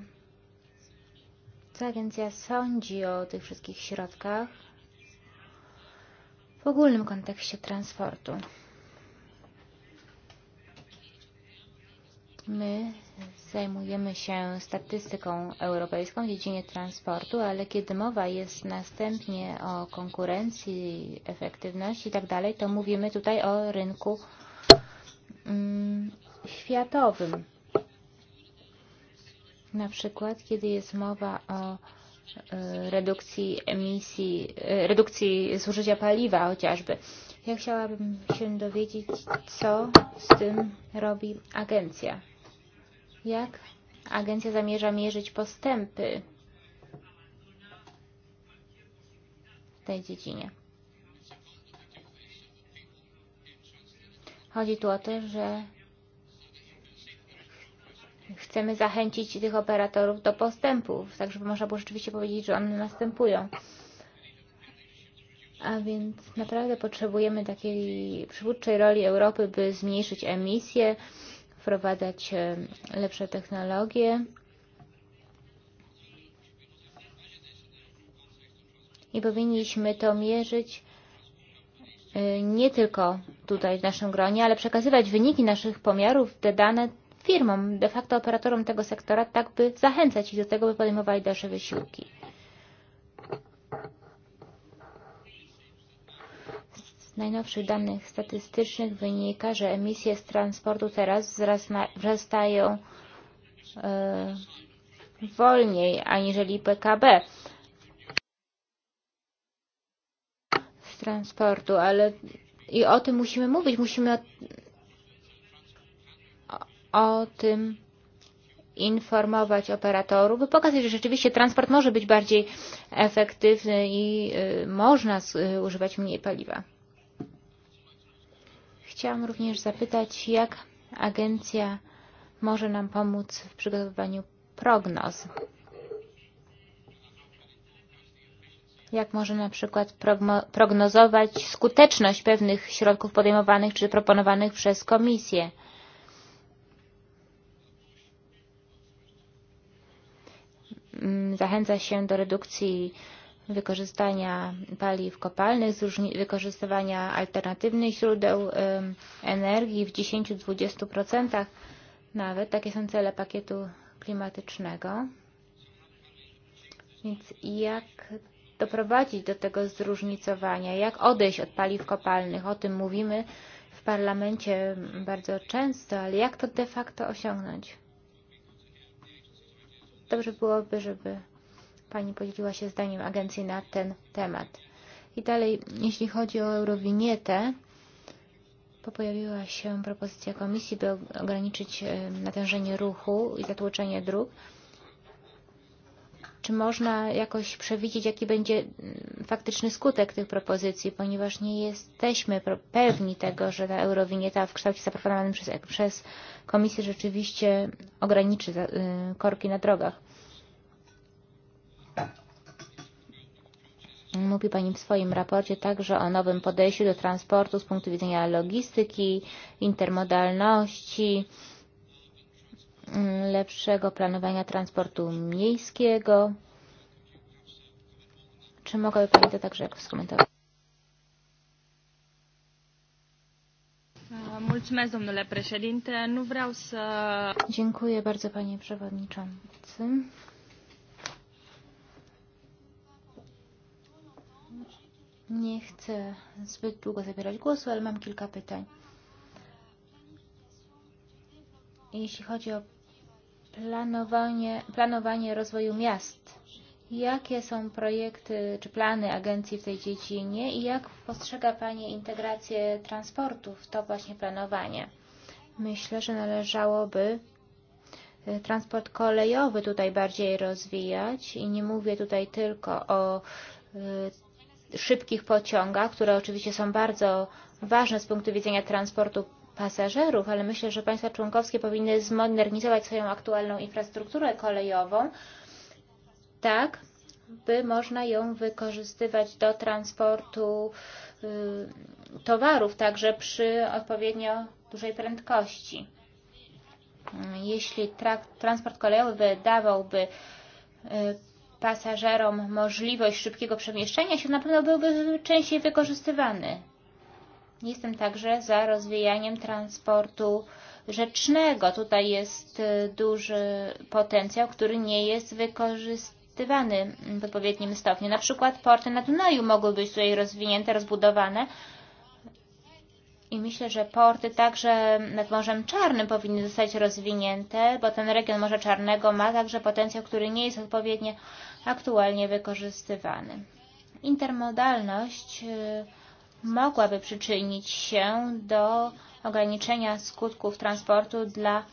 co agencja sądzi o tych wszystkich środkach w ogólnym kontekście transportu. My zajmujemy się statystyką europejską w dziedzinie transportu, ale kiedy mowa jest następnie o uh, konkurencji, efektywności i tak dalej, to mówimy tutaj uh, o rynku mm, światowym. Na przykład, kiedy jest mowa o uh, redukcji emisji, redukcji zużycia paliwa chociażby. Ja chciałabym się dowiedzieć, co z tym robi agencja. Jak agencja zamierza mierzyć postępy w tej dziedzinie? Chodzi tu o to, że chcemy zachęcić tych operatorów do postępów, tak żeby można było rzeczywiście powiedzieć, że one następują. A więc naprawdę potrzebujemy takiej przywódczej roli Europy, by zmniejszyć emisję, wprowadzać e, lepsze technologie i powinniśmy to mierzyć e, nie tylko tutaj w naszym gronie, ale przekazywać wyniki naszych pomiarów, te dane firmom, de facto operatorom tego sektora, tak by zachęcać ich do tego, by podejmowali dalsze wysiłki. najnowszych danych statystycznych wynika, że emisje z transportu teraz wzrastają wolniej e, aniżeli PKB z transportu, ale i o tym musimy mówić, musimy o, o tym informować operatorów, by pokazać, że rzeczywiście transport może być bardziej efektywny i y, można z, y, używać mniej paliwa. Chciałam również zapytać, jak agencja może nam pomóc w przygotowywaniu prognoz. Jak może na przykład prognozować skuteczność pewnych środków podejmowanych czy proponowanych przez Komisję? Mm, zachęca się do redukcji wykorzystania paliw kopalnych, wykorzystywania alternatywnych źródeł energii w 10-20% nawet. Takie są cele pakietu klimatycznego. Więc jak doprowadzić do tego zróżnicowania, jak odejść od paliw kopalnych. O tym mówimy w parlamencie bardzo często, ale jak to de facto osiągnąć? Dobrze byłoby, żeby Pani podzieliła się zdaniem agencji na ten temat. I dalej, jeśli chodzi o eurowinietę, bo pojawiła się propozycja komisji, by ograniczyć e, natężenie ruchu i zatłoczenie dróg. Czy można jakoś przewidzieć, jaki będzie mm, faktyczny skutek tych propozycji, ponieważ nie jesteśmy pewni tego, że ta eurowinieta w kształcie zaproponowanym przez, przez komisję rzeczywiście ograniczy korki na drogach. Mówi Pani w swoim raporcie także o nowym podejściu do transportu z punktu widzenia logistyki, intermodalności, mm, lepszego planowania transportu miejskiego. Czy mogłaby Pani to także jakoś skomentować? Uh, nu Dziękuję bardzo, panie przewodniczący. Nie chcę zbyt długo zabierać głosu, ale mam kilka pytań. Jeśli chodzi o planowanie, planowanie rozwoju miast, jakie są projekty czy plany agencji w tej dziedzinie i jak postrzega Pani integrację transportu w to właśnie planowanie? Myślę, że należałoby transport kolejowy tutaj bardziej rozwijać i nie mówię tutaj tylko o szybkich pociągach, które oczywiście są bardzo ważne z punktu widzenia transportu pasażerów, ale myślę, że państwa członkowskie powinny zmodernizować swoją aktualną infrastrukturę kolejową, tak by można ją wykorzystywać do transportu towarów, także przy odpowiednio dużej prędkości. Jeśli transport kolejowy wydawałby pasażerom możliwość szybkiego przemieszczania się, na pewno byłby częściej wykorzystywany. Jestem także za rozwijaniem transportu rzecznego. Tutaj jest duży potencjał, który nie jest wykorzystywany w odpowiednim stopniu. Na przykład porty na Dunaju mogły być tutaj rozwinięte, rozbudowane. I myślę, że porty także nad Morzem Czarnym powinny zostać rozwinięte, bo ten region Morza Czarnego ma także potencjał, który nie jest odpowiednio aktualnie wykorzystywany. Intermodalność mogłaby przyczynić się do ograniczenia skutków transportu dla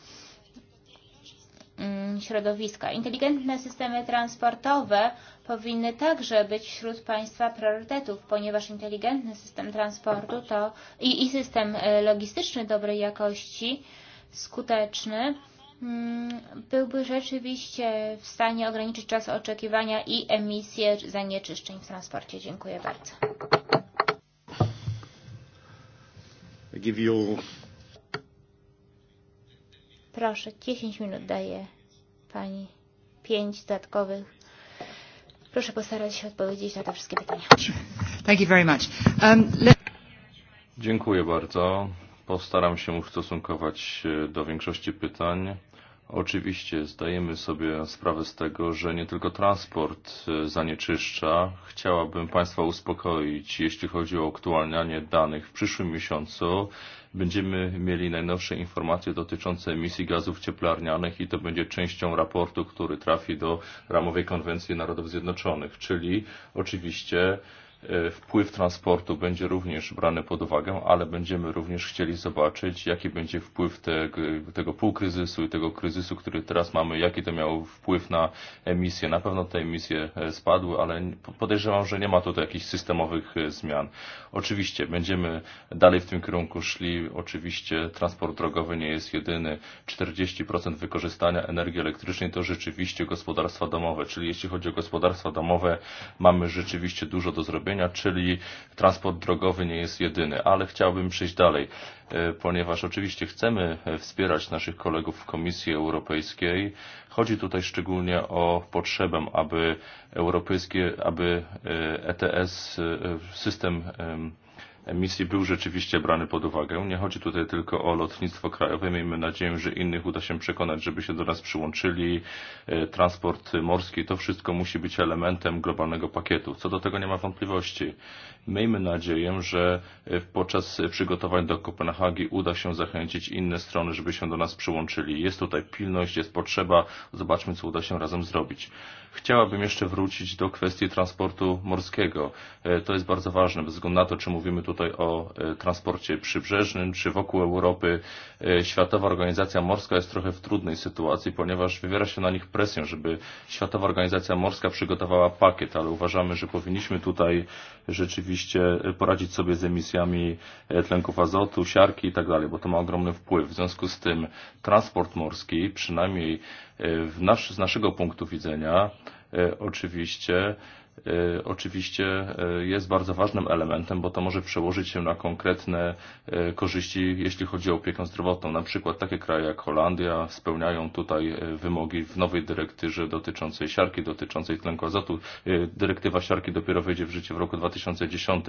mm, środowiska. Inteligentne systemy transportowe powinny także być wśród Państwa priorytetów, ponieważ inteligentny system transportu to i, i system logistyczny dobrej jakości, skuteczny, Mm, byłby rzeczywiście w stanie ograniczyć czas oczekiwania i emisję zanieczyszczeń w transporcie. Dziękuję bardzo. You... Proszę, 10 minut daję Pani. 5 dodatkowych. Proszę postarać się odpowiedzieć na te wszystkie pytania. Thank you very much. Um, let... Dziękuję bardzo. Postaram się ustosunkować do większości pytań. Oczywiście zdajemy sobie sprawę z tego, że nie tylko transport e, zanieczyszcza. Chciałabym Państwa uspokoić, jeśli chodzi o aktualnianie danych. W przyszłym miesiącu będziemy mieli najnowsze informacje dotyczące emisji gazów cieplarnianych i to będzie częścią raportu, który trafi do ramowej konwencji Narodów Zjednoczonych, czyli oczywiście E, wpływ transportu będzie również brany pod uwagę, ale będziemy również chcieli zobaczyć, jaki będzie wpływ tego, tego półkryzysu i tego kryzysu, który teraz mamy, jaki to miał wpływ na emisje. Na pewno te emisje e, spadły, ale podejrzewam, że nie ma tutaj jakichś systemowych e, zmian. Oczywiście będziemy dalej w tym kierunku szli. Oczywiście transport drogowy nie jest jedyny. 40% wykorzystania energii elektrycznej to rzeczywiście gospodarstwa domowe. Czyli jeśli chodzi o gospodarstwa domowe, mamy rzeczywiście dużo do zrobienia zrobienia, czyli transport drogowy nie jest jedyny. Ale chciałbym przejść dalej, e, ponieważ oczywiście chcemy e, wspierać naszych kolegów w Komisji Europejskiej. Chodzi tutaj szczególnie o potrzebę, aby europejskie, aby ETS, e system misji był rzeczywiście brany pod uwagę. Nie chodzi tutaj tylko o lotnictwo krajowe. Miejmy nadzieję, że innych uda się przekonać, żeby się do nas przyłączyli. E, transport morski, to wszystko musi być elementem globalnego pakietu. Co do tego nie ma wątpliwości. Miejmy nadzieję, że e, podczas przygotowań do Kopenhagi uda się zachęcić inne strony, żeby się do nas przyłączyli. Jest tutaj pilność, jest potrzeba. Zobaczmy, co uda się razem zrobić. Chciałabym jeszcze wrócić do kwestii transportu morskiego. E, to jest bardzo ważne, bez względu na to, czy mówimy tutaj o e, transporcie przybrzeżnym, czy wokół Europy. E, Światowa Organizacja Morska jest trochę w trudnej sytuacji, ponieważ wywiera się na nich presję, żeby Światowa Organizacja Morska przygotowała pakiet, ale uważamy, że powinniśmy tutaj rzeczywiście poradzić sobie z emisjami tlenków azotu, siarki i tak dalej, bo to ma ogromny wpływ. W związku z tym transport morski, przynajmniej W nasz, z naszego punktu widzenia e, oczywiście E, oczywiście e, jest bardzo ważnym elementem, bo to może przełożyć się na konkretne e, korzyści, jeśli chodzi o opiekę zdrowotną. Na przykład takie kraje jak Holandia spełniają tutaj wymogi w nowej dyrektywie dotyczącej siarki, dotyczącej tlenku azotu. Dyrektywa siarki dopiero wejdzie w życie w roku 2010.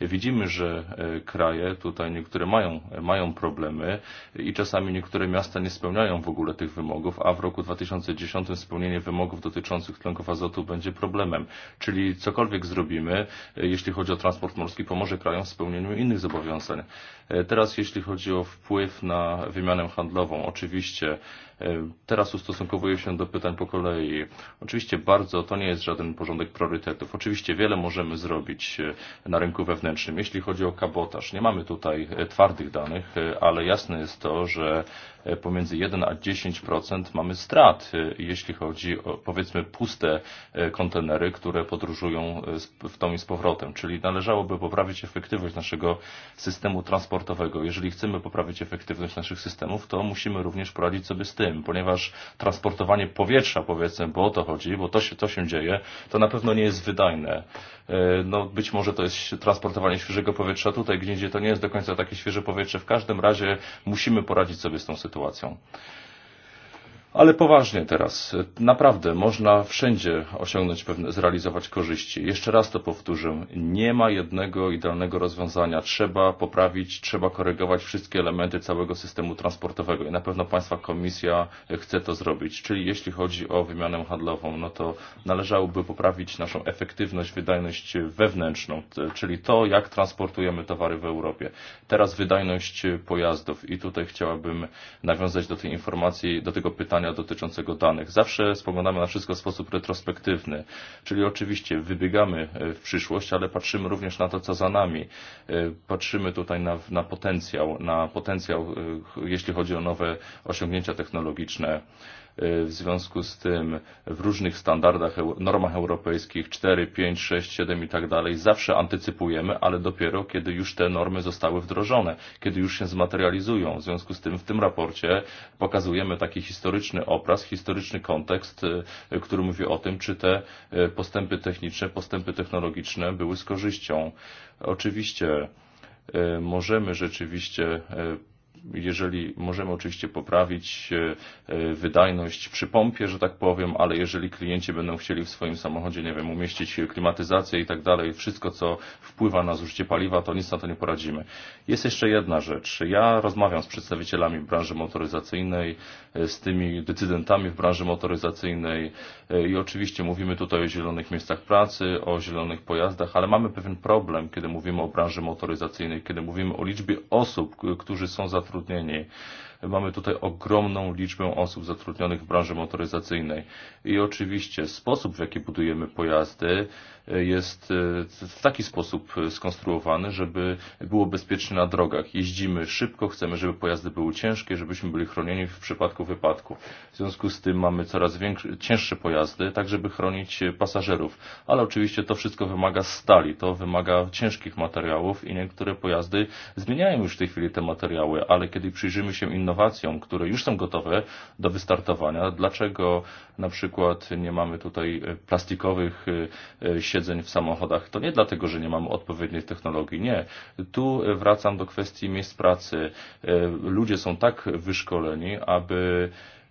Widzimy, że kraje tutaj niektóre mają, mają problemy i czasami niektóre miasta nie spełniają w ogóle tych wymogów, a w roku 2010 spełnienie wymogów dotyczących tlenków azotu będzie problemem. Czyli cokolwiek zrobimy, e, jeśli chodzi o transport morski, pomoże krajom w spełnieniu innych zobowiązań. E, teraz jeśli chodzi o wpływ na wymianę handlową, oczywiście Teraz ustosunkowuję się do pytań po kolei. Oczywiście bardzo, to nie jest żaden porządek priorytetów. Oczywiście wiele możemy zrobić e, na rynku wewnętrznym, jeśli chodzi o kabotaż. Nie mamy tutaj e, twardych danych, e, ale jasne jest to, że pomiędzy 1 a 10% mamy strat, jeśli chodzi o powiedzmy puste kontenery, które podróżują w tą i z powrotem. Czyli należałoby poprawić efektywność naszego systemu transportowego. Jeżeli chcemy poprawić efektywność naszych systemów, to musimy również poradzić sobie z tym, tym, ponieważ transportowanie powietrza, powiedzmy, bo o to chodzi, bo to się, to się dzieje, to na pewno nie jest wydajne. E, no, być może to jest transportowanie świeżego powietrza tutaj, gdzie to nie jest do końca takie świeże powietrze. W każdym razie musimy poradzić sobie z tą sytuacją. Ale poważnie teraz, naprawdę można wszędzie osiągnąć pewne, zrealizować korzyści. Jeszcze raz to powtórzę, nie ma jednego idealnego rozwiązania. Trzeba poprawić, trzeba korygować wszystkie elementy całego systemu transportowego i na pewno Państwa Komisja chce to zrobić. Czyli jeśli chodzi o wymianę handlową, no to należałoby poprawić naszą efektywność, wydajność wewnętrzną, czyli to, jak transportujemy towary w Europie. Teraz wydajność pojazdów i tutaj chciałabym nawiązać do tej informacji, do tego pytania, pytania dotyczącego danych. Zawsze spoglądamy na wszystko w sposób retrospektywny, czyli oczywiście wybiegamy e, w przyszłość, ale patrzymy również na to, co za nami. E, patrzymy tutaj na, na potencjał, na potencjał, e, jeśli chodzi o nowe osiągnięcia technologiczne w związku z tym w różnych standardach, normach europejskich 4, 5, 6, 7 i tak dalej zawsze antycypujemy, ale dopiero kiedy już te normy zostały wdrożone, kiedy już się zmaterializują. W związku z tym w tym raporcie pokazujemy taki historyczny obraz, historyczny kontekst, e, który mówi o tym, czy te e, postępy techniczne, postępy technologiczne były z korzyścią. Oczywiście e, możemy rzeczywiście jeżeli możemy oczywiście poprawić e, e, wydajność przy pompie, że tak powiem, ale jeżeli klienci będą chcieli w swoim samochodzie, nie wiem, umieścić klimatyzację i tak dalej, wszystko co wpływa na zużycie paliwa, to nic na to nie poradzimy. Jest jeszcze jedna rzecz. Ja rozmawiam z przedstawicielami branży motoryzacyjnej, e, z tymi decydentami w branży motoryzacyjnej i oczywiście mówimy tutaj o zielonych miejscach pracy, o zielonych pojazdach, ale mamy pewien problem, kiedy mówimy o branży motoryzacyjnej, kiedy mówimy o liczbie osób, którzy są za zatrudnieni. Mamy tutaj ogromną liczbę osób zatrudnionych w branży motoryzacyjnej. I oczywiście sposób, w jaki budujemy pojazdy, jest e, w taki sposób skonstruowany, żeby było bezpieczne na drogach. Jeździmy szybko, chcemy, żeby pojazdy były ciężkie, żebyśmy byli chronieni w przypadku wypadku. W związku z tym mamy coraz większe, cięższe pojazdy, tak żeby chronić pasażerów. Ale oczywiście to wszystko wymaga stali, to wymaga ciężkich materiałów i niektóre pojazdy zmieniają już w tej chwili te materiały, ale kiedy przyjrzymy się innowacjom, które już są gotowe do wystartowania, dlaczego Na przykład nie mamy tutaj e, plastikowych e, e, siedzeń w samochodach. To nie dlatego, że nie mamy odpowiedniej technologii. Nie. Tu wracam do kwestii miejsc pracy. Ludzie są tak wyszkoleni, aby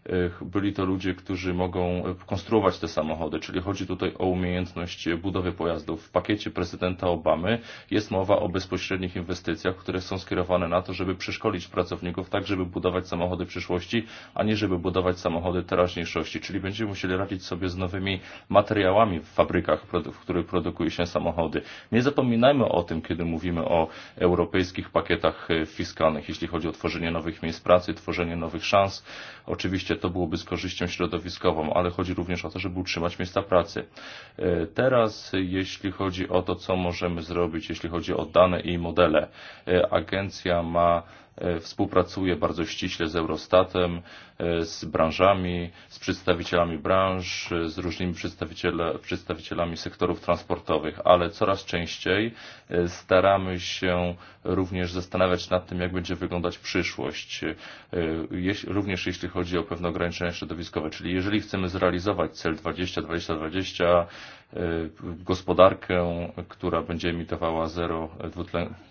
E, byli to ludzie, którzy mogą e, konstruować te samochody, czyli chodzi tutaj o umiejętność e, budowy pojazdów. W pakiecie prezydenta Obamy jest mowa o bezpośrednich inwestycjach, które są skierowane na to, żeby przeszkolić pracowników tak, żeby budować samochody przyszłości, a nie żeby budować samochody teraźniejszości, czyli będziemy musieli radzić sobie z nowymi materiałami w fabrykach, w których produkuje się samochody. Nie zapominajmy o tym, kiedy mówimy o europejskich pakietach fiskalnych, jeśli chodzi o tworzenie nowych miejsc pracy, tworzenie nowych szans. Oczywiście to byłoby z korzyścią środowiskową, ale chodzi również o to, żeby utrzymać miejsca pracy. E, teraz, jeśli chodzi o to, co możemy zrobić, jeśli chodzi o dane i modele, e, agencja ma E, współpracuje bardzo ściśle z Eurostatem, e, z branżami, z przedstawicielami branż, e, z różnymi przedstawicielami sektorów transportowych, ale coraz częściej staramy się również zastanawiać nad tym, jak będzie wyglądać przyszłość, również jeśli chodzi o pewne ograniczenia środowiskowe. Czyli jeżeli chcemy zrealizować cel 20-20-20, gospodarkę, która będzie emitowała zero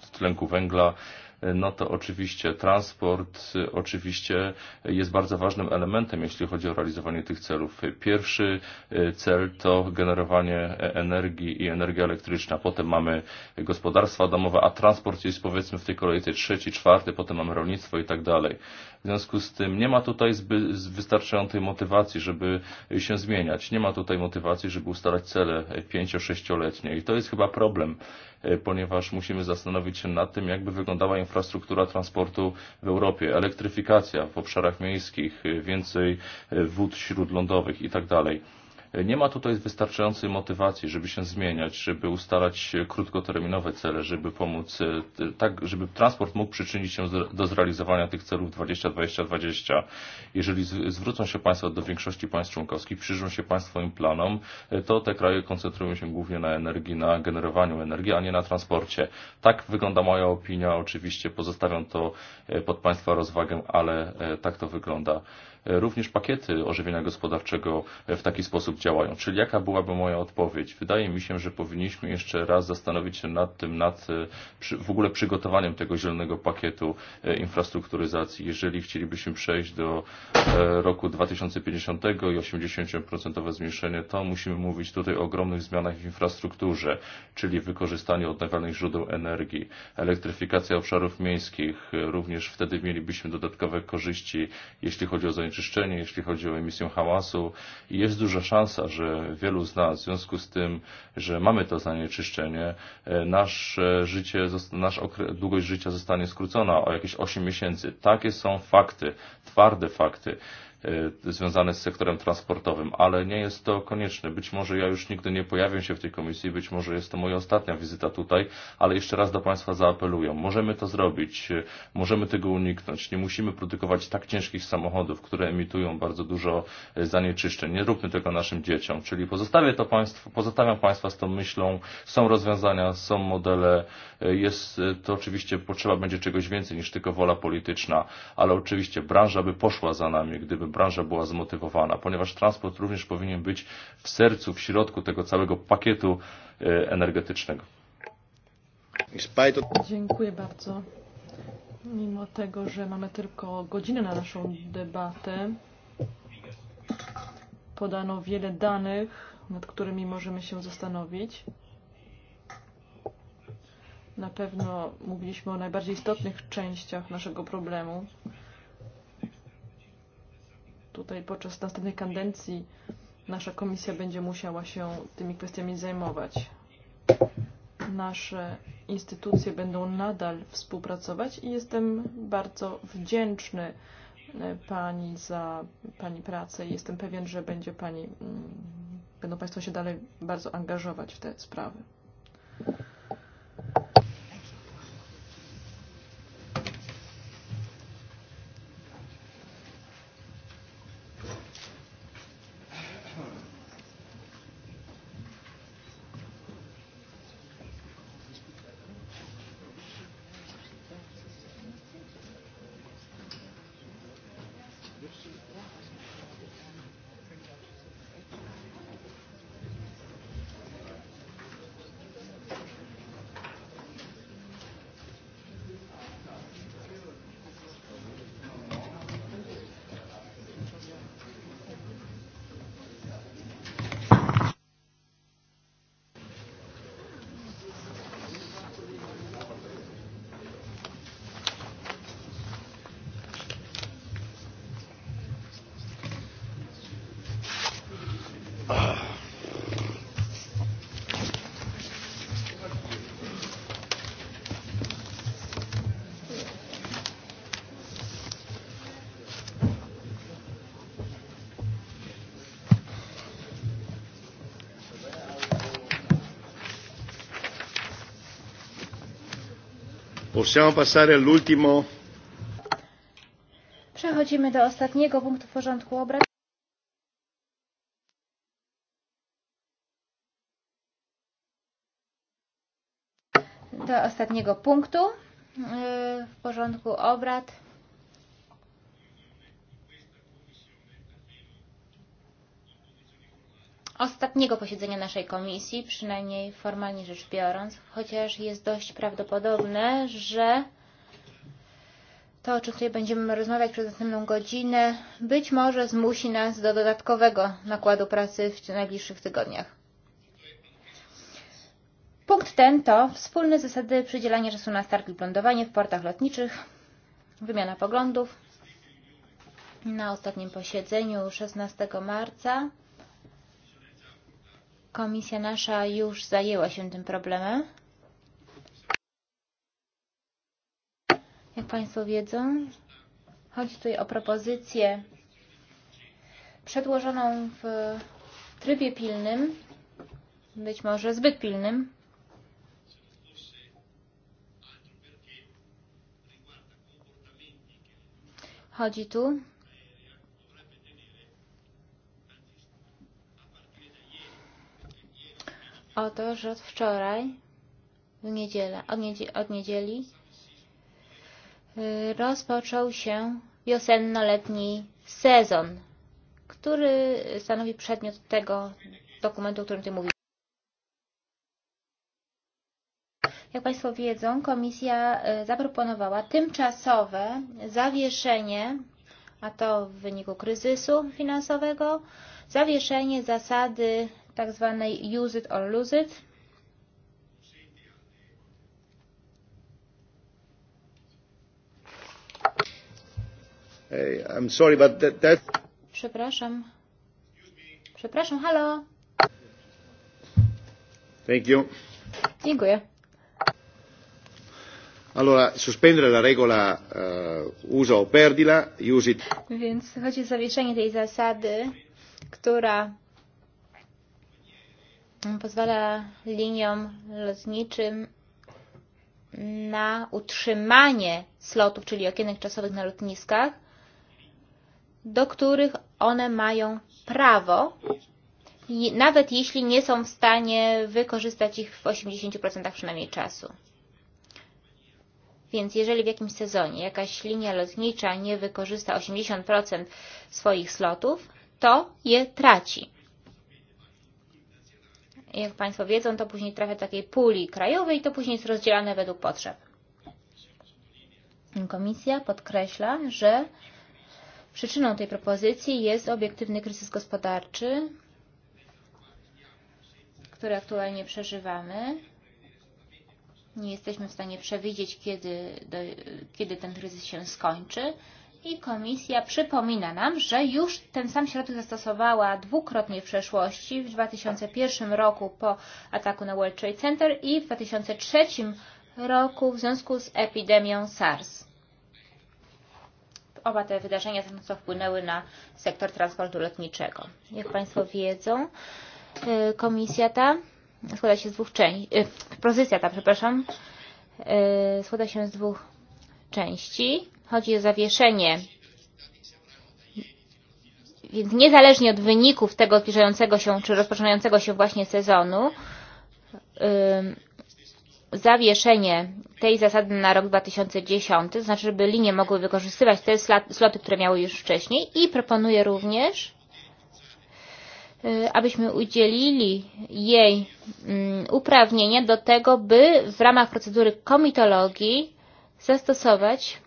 dwutlenku węgla, no to oczywiście transport oczywiście jest bardzo ważnym elementem, jeśli chodzi o realizowanie tych celów. Pierwszy e, cel to generowanie e, energii i energia elektryczna. Potem mamy gospodarstwa domowe, a transport jest powiedzmy w tej kolejce trzeci, czwarty, potem mamy rolnictwo i tak dalej. W związku z tym nie ma tutaj zby, z wystarczającej motywacji, żeby się zmieniać. Nie ma tutaj motywacji, żeby ustalać cele pięcio-sześcioletnie. I to jest chyba problem, ponieważ musimy zastanowić się nad tym, jakby wyglądała infrastruktura transportu w Europie, elektryfikacja w obszarach miejskich, więcej wód śródlądowych itd. Nie ma tutaj wystarczającej motywacji, żeby się zmieniać, żeby ustalać krótkoterminowe cele, żeby pomóc, e, tak, żeby transport mógł przyczynić się do zrealizowania tych celów 20-20-20. Jeżeli zwrócą się Państwo do większości państw członkowskich, przyjrzą się Państwo im planom, e, to te kraje koncentrują się głównie na energii, na generowaniu energii, a nie na transporcie. Tak wygląda moja opinia. Oczywiście pozostawiam to e, pod Państwa rozwagę, ale tak to wygląda również pakiety ożywienia gospodarczego w taki sposób działają. Czyli jaka byłaby moja odpowiedź? Wydaje mi się, że powinniśmy jeszcze raz zastanowić się nad tym, nad w ogóle przygotowaniem tego zielonego pakietu e, infrastrukturyzacji. Jeżeli chcielibyśmy przejść do e, roku 2050 i 80% zmniejszenie, to musimy mówić tutaj o ogromnych zmianach w infrastrukturze, czyli wykorzystaniu odnawialnych źródeł energii, elektryfikacja obszarów miejskich. Również wtedy mielibyśmy dodatkowe korzyści, jeśli chodzi o zanieczyszczenie zanieczyszczenie, jeśli chodzi o emisję hałasu i jest duża szansa, że wielu z nas w związku z tym, że mamy to zanieczyszczenie, e, nasze życie, nasz okres, długość życia zostanie skrócona o jakieś 8 miesięcy. Takie są fakty, twarde fakty. E, związane z sektorem transportowym, ale nie jest to konieczne. Być może ja już nigdy nie pojawię się w tej komisji, być może jest to moja ostatnia wizyta tutaj, ale jeszcze raz do Państwa zaapeluję. Możemy to zrobić, e, możemy tego uniknąć. Nie musimy produkować tak ciężkich samochodów, które emitują bardzo dużo e, zanieczyszczeń. Nie róbmy tego naszym dzieciom. Czyli pozostawię to Państwu, pozostawiam Państwa z tą myślą. Są rozwiązania, są modele. Jest to oczywiście potrzeba będzie czegoś więcej niż tylko wola polityczna, ale oczywiście branża by poszła za nami, gdyby branża była zmotywowana, ponieważ transport również powinien być w sercu, w środku tego całego pakietu e, energetycznego. Dziękuję bardzo. Mimo tego, że mamy tylko godzinę na naszą debatę, podano wiele danych, nad którymi możemy się zastanowić. Na pewno mówiliśmy o najbardziej istotnych częściach naszego problemu tutaj podczas następnej kadencji nasza komisja będzie musiała się tymi kwestiami zajmować. Nasze instytucje będą nadal współpracować i jestem bardzo wdzięczny e, Pani za Pani pracę i jestem pewien, że będzie Pani, mm, będą Państwo się dalej bardzo angażować w te sprawy. Possiamo passare all'ultimo. Przechodzimy do ostatniego punktu porządku obrad. Do ostatniego punktu w porządku obrad. ostatniego posiedzenia naszej komisji, przynajmniej formalnie rzecz biorąc, chociaż jest dość prawdopodobne, że to, o czym tutaj będziemy rozmawiać przez następną godzinę, być może zmusi nas do dodatkowego nakładu pracy w najbliższych tygodniach. Punkt ten to wspólne zasady przydzielania czasu na start lub lądowanie w portach lotniczych, wymiana poglądów. Na ostatnim posiedzeniu 16 marca Komisja nasza już zajęła się tym problemem. Jak Państwo wiedzą, chodzi tutaj o propozycję przedłożoną w trybie pilnym, być może zbyt pilnym, Chodzi tu o to, że od wczoraj, w niedzielę, od, niedzi od niedzieli rozpoczął się wiosenno-letni sezon, który stanowi przedmiot tego dokumentu, o którym ty mówisz. Jak Państwo wiedzą, komisja zaproponowała tymczasowe zawieszenie, a to w wyniku kryzysu finansowego, zawieszenie zasady tak zwanej use it or lose it. Hey, I'm sorry, but that, that... Przepraszam. Przepraszam, halo. Thank you. Dziękuję. Allora, sospendere la regola uh, usa o perdila, use it. Więc chodzi o zawieszenie tej zasady, która Mm, pozwala liniom lotniczym na utrzymanie slotów, czyli okienek czasowych na lotniskach, do których one mają prawo, nawet jeśli nie są w stanie wykorzystać ich w 80% przynajmniej czasu. Więc jeżeli w jakimś sezonie jakaś linia lotnicza nie wykorzysta 80% swoich slotów, to je traci jak Państwo wiedzą, to później trafia do takiej puli krajowej i to później jest rozdzielane według potrzeb. Komisja podkreśla, że przyczyną tej propozycji jest obiektywny kryzys gospodarczy, który aktualnie przeżywamy. Nie jesteśmy w stanie przewidzieć, kiedy, do, kiedy ten kryzys się skończy i komisja przypomina nam, że już ten sam środek zastosowała dwukrotnie w przeszłości, w 2001 roku po ataku na World Trade Center i w 2003 roku w związku z epidemią SARS. Oba te wydarzenia znacząco wpłynęły na sektor transportu lotniczego. Jak Państwo wiedzą, komisja ta składa się z dwóch części, propozycja ta, przepraszam, składa się z dwóch części chodzi o zawieszenie. Więc niezależnie od wyników tego zbliżającego się czy rozpoczynającego się właśnie sezonu, zawieszenie tej zasady na rok 2010, to znaczy, żeby linie mogły wykorzystywać te sloty, które miały już wcześniej i proponuję również, abyśmy udzielili jej mm, uprawnienia do tego, by w ramach procedury komitologii zastosować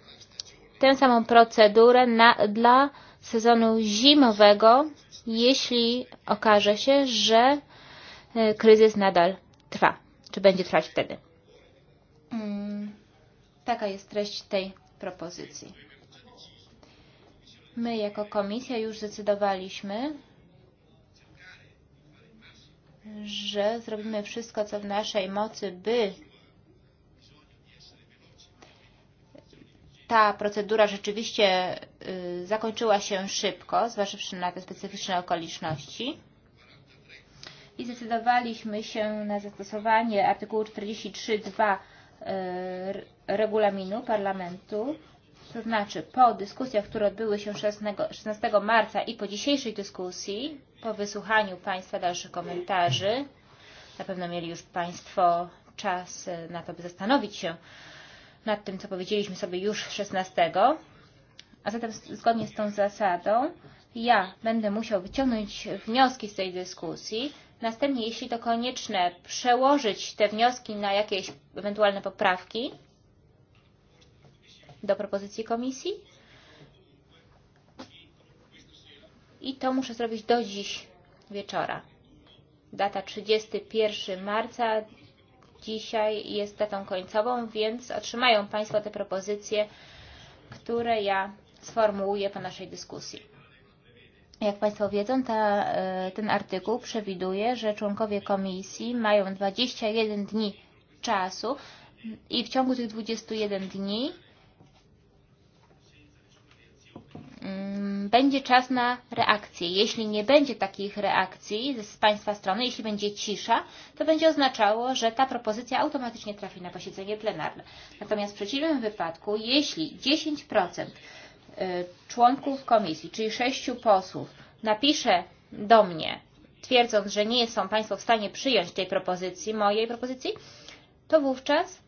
tę samą procedurę na, dla sezonu zimowego, jeśli okaże się, że kryzys nadal trwa, czy będzie trwać wtedy. Mm, taka jest treść tej propozycji. My jako komisja już zdecydowaliśmy, że zrobimy wszystko, co w naszej mocy, by ta procedura rzeczywiście zakończyła się szybko, zważywszy na te specyficzne okoliczności. I zdecydowaliśmy się na zastosowanie artykułu 43.2 regulaminu parlamentu, to znaczy po dyskusjach, które odbyły się 16, marca i po dzisiejszej dyskusji, po wysłuchaniu Państwa dalszych komentarzy, na pewno mieli już Państwo czas na to, by zastanowić się, nad tym, co powiedzieliśmy sobie już 16. A zatem zgodnie z tą zasadą ja będę musiał wyciągnąć wnioski z tej dyskusji, następnie jeśli to konieczne przełożyć te wnioski na jakieś ewentualne poprawki do propozycji komisji. I to muszę zrobić do dziś wieczora. Data 31 marca dzisiaj jest datą końcową, więc otrzymają Państwo te propozycje, które ja sformułuję po naszej dyskusji. Jak Państwo wiedzą, ta, e, ten artykuł przewiduje, że członkowie komisji mają 21 dni czasu i w ciągu tych 21 dni Mm, będzie czas na reakcję. Jeśli nie będzie takich reakcji z Państwa strony, jeśli będzie cisza, to będzie oznaczało, że ta propozycja automatycznie trafi na posiedzenie plenarne. Natomiast w przeciwnym wypadku, jeśli 10% członków komisji, czyli sześciu posłów, napisze do mnie, twierdząc, że nie są Państwo w stanie przyjąć tej propozycji, mojej propozycji, to wówczas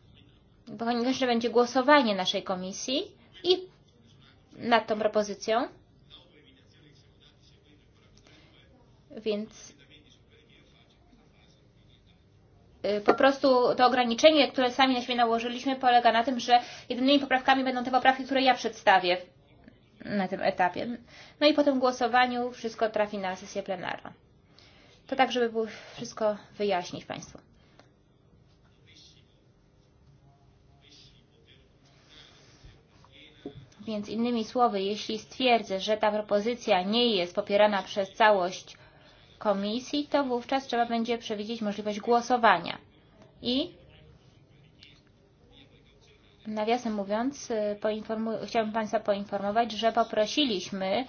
bo będzie głosowanie naszej komisji i nad tą propozycją. Więc po prostu to ograniczenie, które sami na siebie nałożyliśmy, polega na tym, że jedynymi poprawkami będą te poprawki, które ja przedstawię na tym etapie. No i po tym głosowaniu wszystko trafi na sesję plenarną. To tak, żeby było wszystko wyjaśnić Państwu. Więc innymi słowy, jeśli stwierdzę, że ta propozycja nie jest popierana przez całość komisji, to wówczas trzeba będzie przewidzieć możliwość głosowania. I nawiasem mówiąc, chciałbym Państwa poinformować, że poprosiliśmy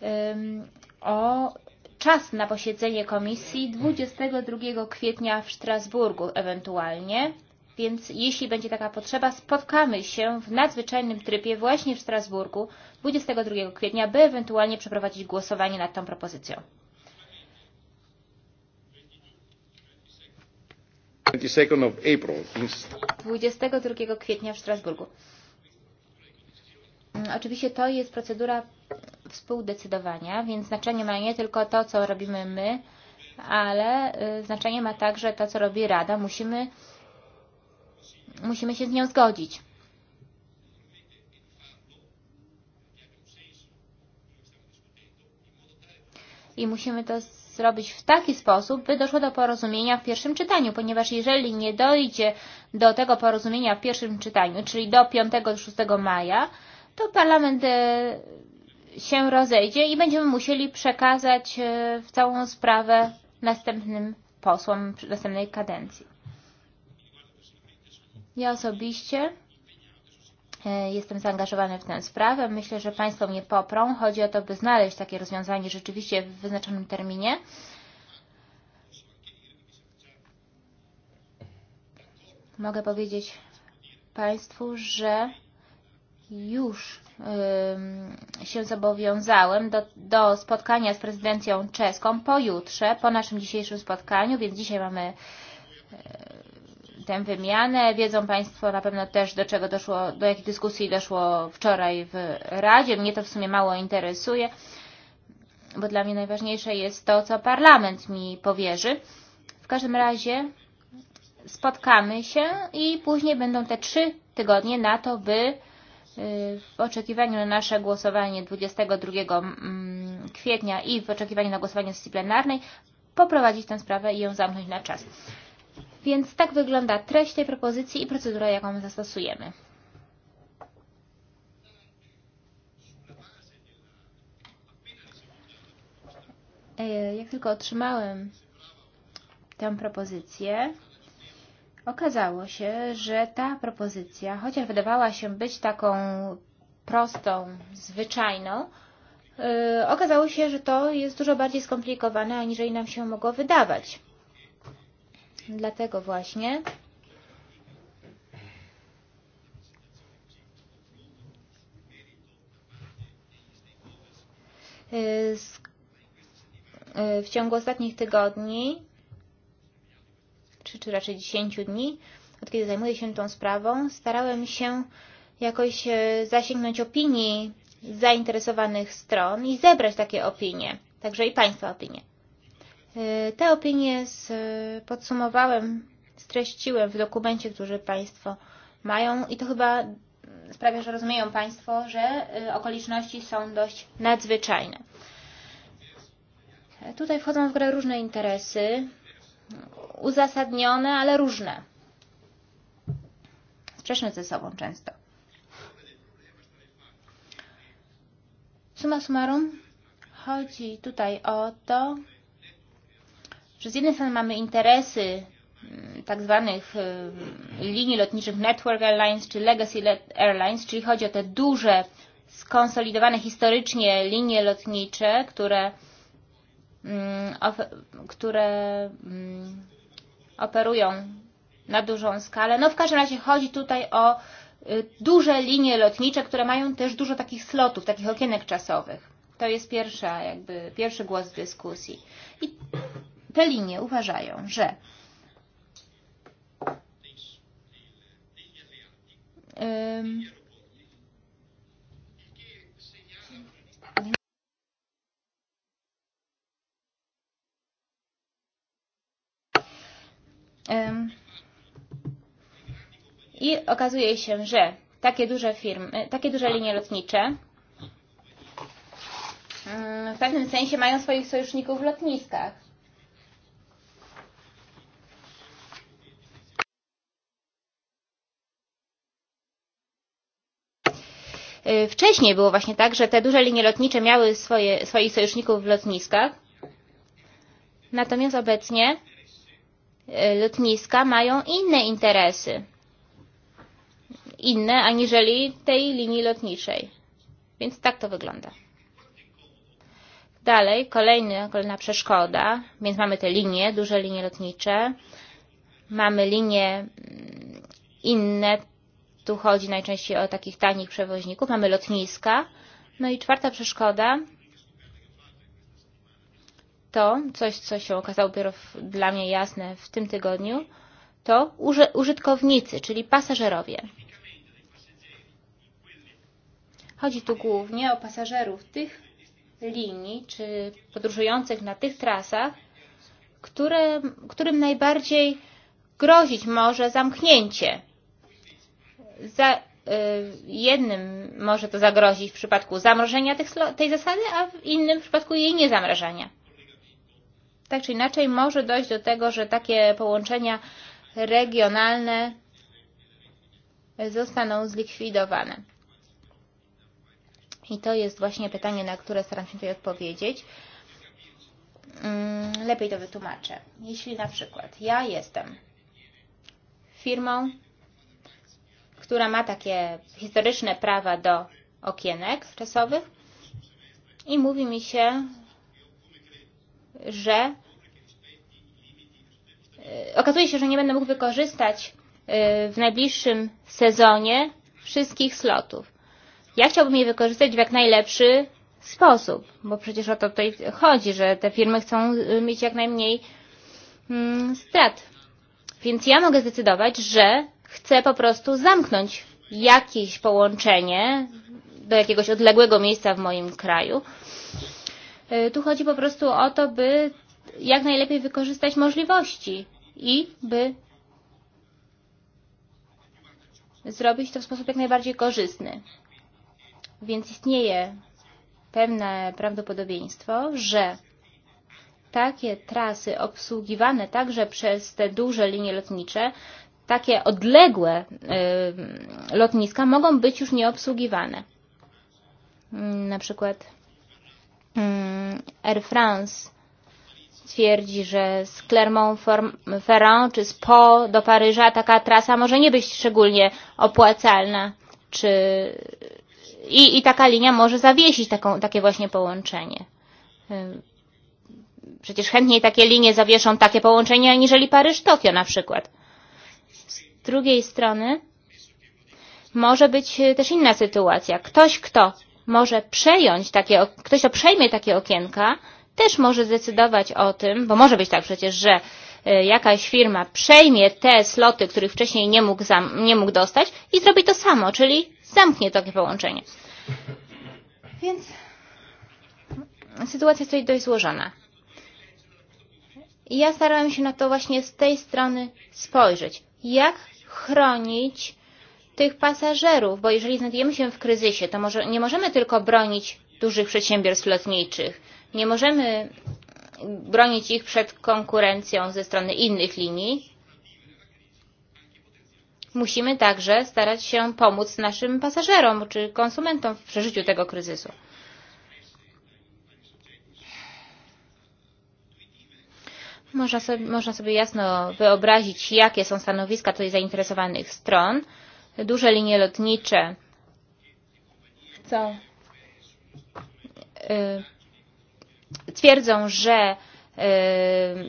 um, o czas na posiedzenie komisji 22 kwietnia w Strasburgu ewentualnie Więc jeśli będzie taka potrzeba, spotkamy się w nadzwyczajnym trybie właśnie w Strasburgu 22 kwietnia, by ewentualnie przeprowadzić głosowanie nad tą propozycją. 22 kwietnia w Strasburgu. Mm, oczywiście to jest procedura współdecydowania, więc znaczenie ma nie tylko to, co robimy my, ale znaczenie ma także to, co robi Rada. Musimy musimy się z nią zgodzić. I musimy to zrobić w taki sposób, by doszło do porozumienia w pierwszym czytaniu, ponieważ jeżeli nie dojdzie do tego porozumienia w pierwszym czytaniu, czyli do 5-6 maja, to parlament e, się rozejdzie i będziemy musieli przekazać e, całą sprawę następnym posłom następnej kadencji. Ja osobiście e, jestem zaangażowany w tę sprawę. Myślę, że Państwo mnie poprą. Chodzi o to, by znaleźć takie rozwiązanie rzeczywiście w wyznaczonym terminie. Mogę powiedzieć Państwu, że już się zobowiązałem do, do spotkania z prezydencją czeską pojutrze, po naszym dzisiejszym spotkaniu, więc dzisiaj mamy tę wymianę. Wiedzą Państwo na pewno też, do czego doszło, do jakiej dyskusji doszło wczoraj w Radzie. Mnie to w sumie mało interesuje, bo dla mnie najważniejsze jest to, co Parlament mi powierzy. W każdym razie spotkamy się i później będą te trzy tygodnie na to, by w oczekiwaniu na nasze głosowanie 22 mm, kwietnia i w oczekiwaniu na głosowanie sesji plenarnej poprowadzić tę sprawę i ją zamknąć na czas. Więc tak wygląda treść tej propozycji i procedura, jaką my zastosujemy. E, jak tylko otrzymałem tę propozycję, okazało się, że ta propozycja, chociaż wydawała się być taką prostą, zwyczajną, e, okazało się, że to jest dużo bardziej skomplikowane, aniżeli nam się mogło wydawać. Dlatego właśnie w ciągu ostatnich tygodni, czy, czy raczej dziesięciu dni, od kiedy zajmuję się tą sprawą, starałem się jakoś e, zasięgnąć opinii zainteresowanych stron i zebrać takie opinie, także i Państwa opinie. E, te opinie e, podsumowałem, streściłem w dokumencie, który Państwo mają i to chyba sprawia, że rozumieją Państwo, że e, okoliczności są dość nadzwyczajne. Tutaj wchodzą w grę różne interesy, uzasadnione, ale różne. Sprzeczne ze sobą często. Suma summarum, chodzi tutaj o to, że z jednej strony mamy interesy mm, tak zwanych linii lotniczych Network Airlines czy Legacy Airlines, czyli chodzi o te duże, skonsolidowane historycznie linie lotnicze, które, mm, które mm, operują na dużą skalę. No w każdym razie chodzi tutaj o duże linie lotnicze, które mają też dużo takich slotów, takich okienek czasowych. To jest pierwsza, jakby, pierwszy głos w dyskusji. I te linie uważają, że um, I okazuje się, że takie duże firmy, takie duże linie lotnicze w pewnym sensie mają swoich sojuszników w lotniskach. Wcześniej było właśnie tak, że te duże linie lotnicze miały swoje, swoich sojuszników w lotniskach, natomiast obecnie lotniska mają inne interesy, inne aniżeli tej linii lotniczej. Więc tak to wygląda. Dalej, kolejny, kolejna przeszkoda, więc mamy te linie, duże linie lotnicze, mamy linie mm, inne Tu chodzi najczęściej o takich tanich przewoźników. Mamy lotniska. No i czwarta przeszkoda to coś, co się okazało dopiero dla mnie jasne w tym tygodniu, to użytkownicy, czyli pasażerowie. Chodzi tu głównie o pasażerów tych linii, czy podróżujących na tych trasach, które, którym najbardziej grozić może zamknięcie za, e, jednym może to zagrozić w przypadku zamrożenia tych, tej zasady, a w innym przypadku jej niezamrażania. Tak czy inaczej może dojść do tego, że takie połączenia regionalne zostaną zlikwidowane. I to jest właśnie pytanie, na które staram się tutaj odpowiedzieć. Mm, lepiej to wytłumaczę. Jeśli na przykład ja jestem firmą, która ma takie historyczne prawa do okienek czasowych i mówi mi się, że e, okazuje się, że nie będę mógł wykorzystać e, w najbliższym sezonie wszystkich slotów. Ja chciałbym je wykorzystać w jak najlepszy sposób, bo przecież o to tutaj chodzi, że te firmy chcą e, mieć jak najmniej mm, strat. Więc ja mogę zdecydować, że chce po prostu zamknąć jakieś połączenie do jakiegoś odległego miejsca w moim kraju. E, tu chodzi po prostu o to, by jak najlepiej wykorzystać możliwości i by zrobić to w sposób jak najbardziej korzystny. Więc istnieje pewne prawdopodobieństwo, że takie trasy obsługiwane także przez te duże linie lotnicze takie odległe lotniska mogą być już nieobsługiwane. Mm, na przykład mm, Air France twierdzi, że z Clermont-Ferrand czy z Po do Paryża taka trasa może nie być szczególnie opłacalna. Czy... I, I taka linia może zawiesić taką, takie właśnie połączenie. Przecież chętniej takie linie zawieszą takie połączenia, aniżeli Paryż-Tokio na przykład drugiej strony może być e, też inna sytuacja. Ktoś, kto może przejąć takie, ktoś, kto przejmie takie okienka, też może zdecydować o tym, bo może być tak przecież, że e, jakaś firma przejmie te sloty, których wcześniej nie mógł, zam, nie mógł dostać i zrobi to samo, czyli zamknie takie połączenie. Więc sytuacja jest tutaj dość złożona. I ja starałem się na to właśnie z tej strony spojrzeć. Jak chronić tych pasażerów, bo jeżeli znajdujemy się w kryzysie, to może, nie możemy tylko bronić dużych przedsiębiorstw lotniczych. Nie możemy bronić ich przed konkurencją ze strony innych linii. Musimy także starać się pomóc naszym pasażerom czy konsumentom w przeżyciu tego kryzysu. Można sobie, można sobie jasno wyobrazić, jakie są stanowiska tutaj zainteresowanych stron. Duże linie lotnicze chcą, y, twierdzą, że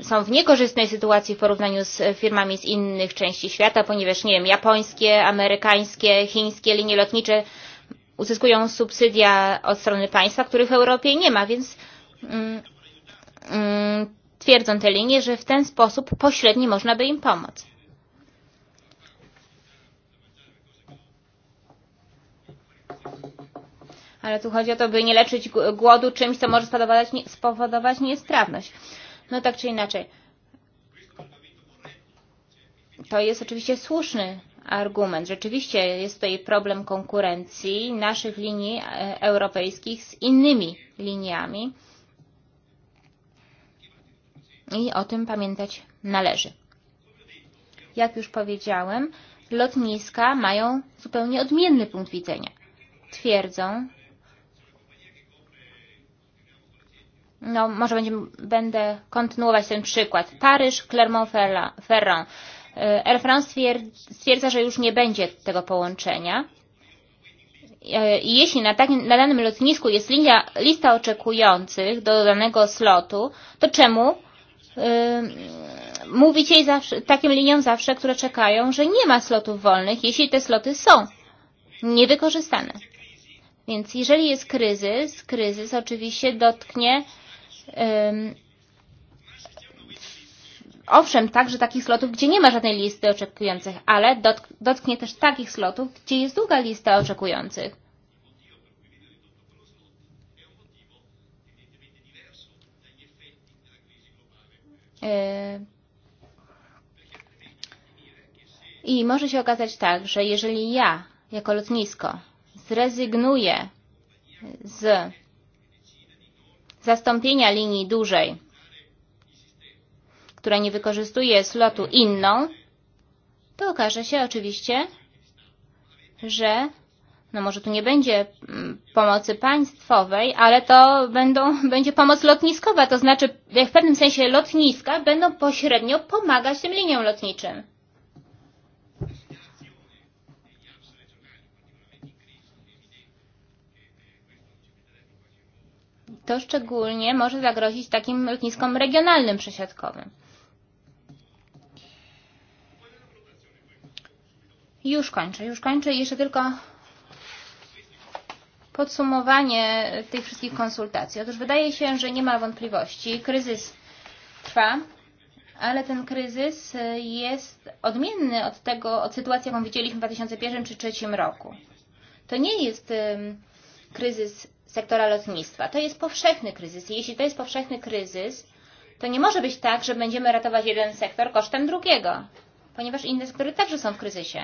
są w niekorzystnej sytuacji w porównaniu z firmami z innych części świata, ponieważ, nie wiem, japońskie, amerykańskie, chińskie linie lotnicze uzyskują subsydia od strony państwa, których w Europie nie ma, więc mm, mm, twierdzą te linie, że w ten sposób pośredni można by im pomóc. Ale tu chodzi o to, by nie leczyć głodu czymś, co może spowodować, nie, spowodować niestrawność. No tak czy inaczej. To jest oczywiście słuszny argument. Rzeczywiście jest tutaj problem konkurencji naszych linii e, europejskich z innymi liniami i o tym pamiętać należy. Jak już powiedziałem, lotniska mają zupełnie odmienny punkt widzenia. Twierdzą, no może będzie, będę kontynuować ten przykład. Paryż, Clermont-Ferrand. E, Air France stwierdza, że już nie będzie tego połączenia. E, I jeśli na, takim, na danym lotnisku jest linia, lista oczekujących do danego slotu, to czemu mówić jej zawsze, takim liniom zawsze, które czekają, że nie ma slotów wolnych, jeśli te sloty są niewykorzystane. Więc jeżeli jest kryzys, kryzys oczywiście dotknie um, owszem, także takich slotów, gdzie nie ma żadnej listy oczekujących, ale dotknie też takich slotów, gdzie jest długa lista oczekujących. I może się okazać tak, że jeżeli ja jako lotnisko zrezygnuję z zastąpienia linii dużej, która nie wykorzystuje slotu inną, to okaże się oczywiście, że no może tu nie będzie mm, pomocy państwowej, ale to będą, będzie pomoc lotniskowa, to znaczy w pewnym sensie lotniska będą pośrednio pomagać tym liniom lotniczym. To szczególnie może zagrozić takim lotniskom regionalnym przesiadkowym. Już kończę, już kończę. Jeszcze tylko podsumowanie tych wszystkich konsultacji. Otóż wydaje się, że nie ma wątpliwości. Kryzys trwa, ale ten kryzys e, jest odmienny od tego, od sytuacji, jaką widzieliśmy w 2001 czy 2003 roku. To nie jest kryzys sektora lotnictwa. To jest powszechny kryzys. I jeśli to jest powszechny kryzys, to nie może być tak, że będziemy ratować jeden sektor kosztem drugiego, ponieważ inne sektory także są w kryzysie.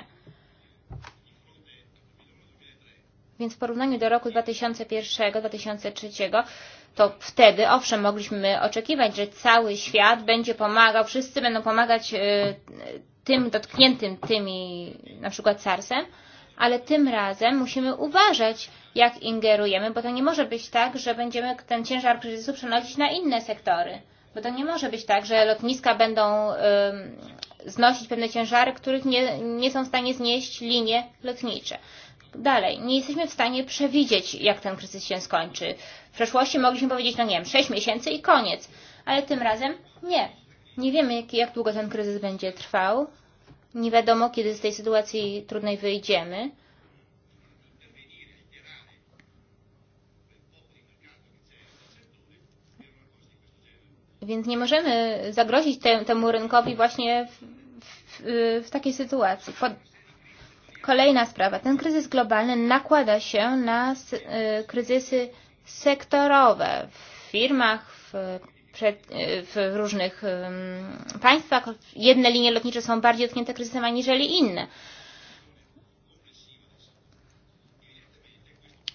Więc w porównaniu do roku 2001-2003 to wtedy, owszem, mogliśmy oczekiwać, że cały świat będzie pomagał, wszyscy będą pomagać tym dotkniętym tymi, na przykład SARS-em, ale tym razem musimy uważać, jak ingerujemy, bo to nie może być tak, że będziemy ten ciężar kryzysu przenosić na inne sektory. Bo to nie może być tak, że lotniska będą y, znosić pewne ciężary, których nie, nie są w stanie znieść linie lotnicze dalej. Nie jesteśmy w stanie przewidzieć, jak ten kryzys się skończy. W przeszłości mogliśmy powiedzieć, no nie wiem, 6 miesięcy i koniec. Ale tym razem nie. Nie wiemy, jak, jak długo ten kryzys będzie trwał. Nie wiadomo, kiedy z tej sytuacji trudnej wyjdziemy. Więc nie możemy zagrozić te, temu rynkowi właśnie w, w, w takiej sytuacji. Pod, Kolejna sprawa. Ten kryzys globalny nakłada się na kryzysy sektorowe w firmach, w, w różnych państwach. Jedne linie lotnicze są bardziej dotknięte kryzysem aniżeli inne.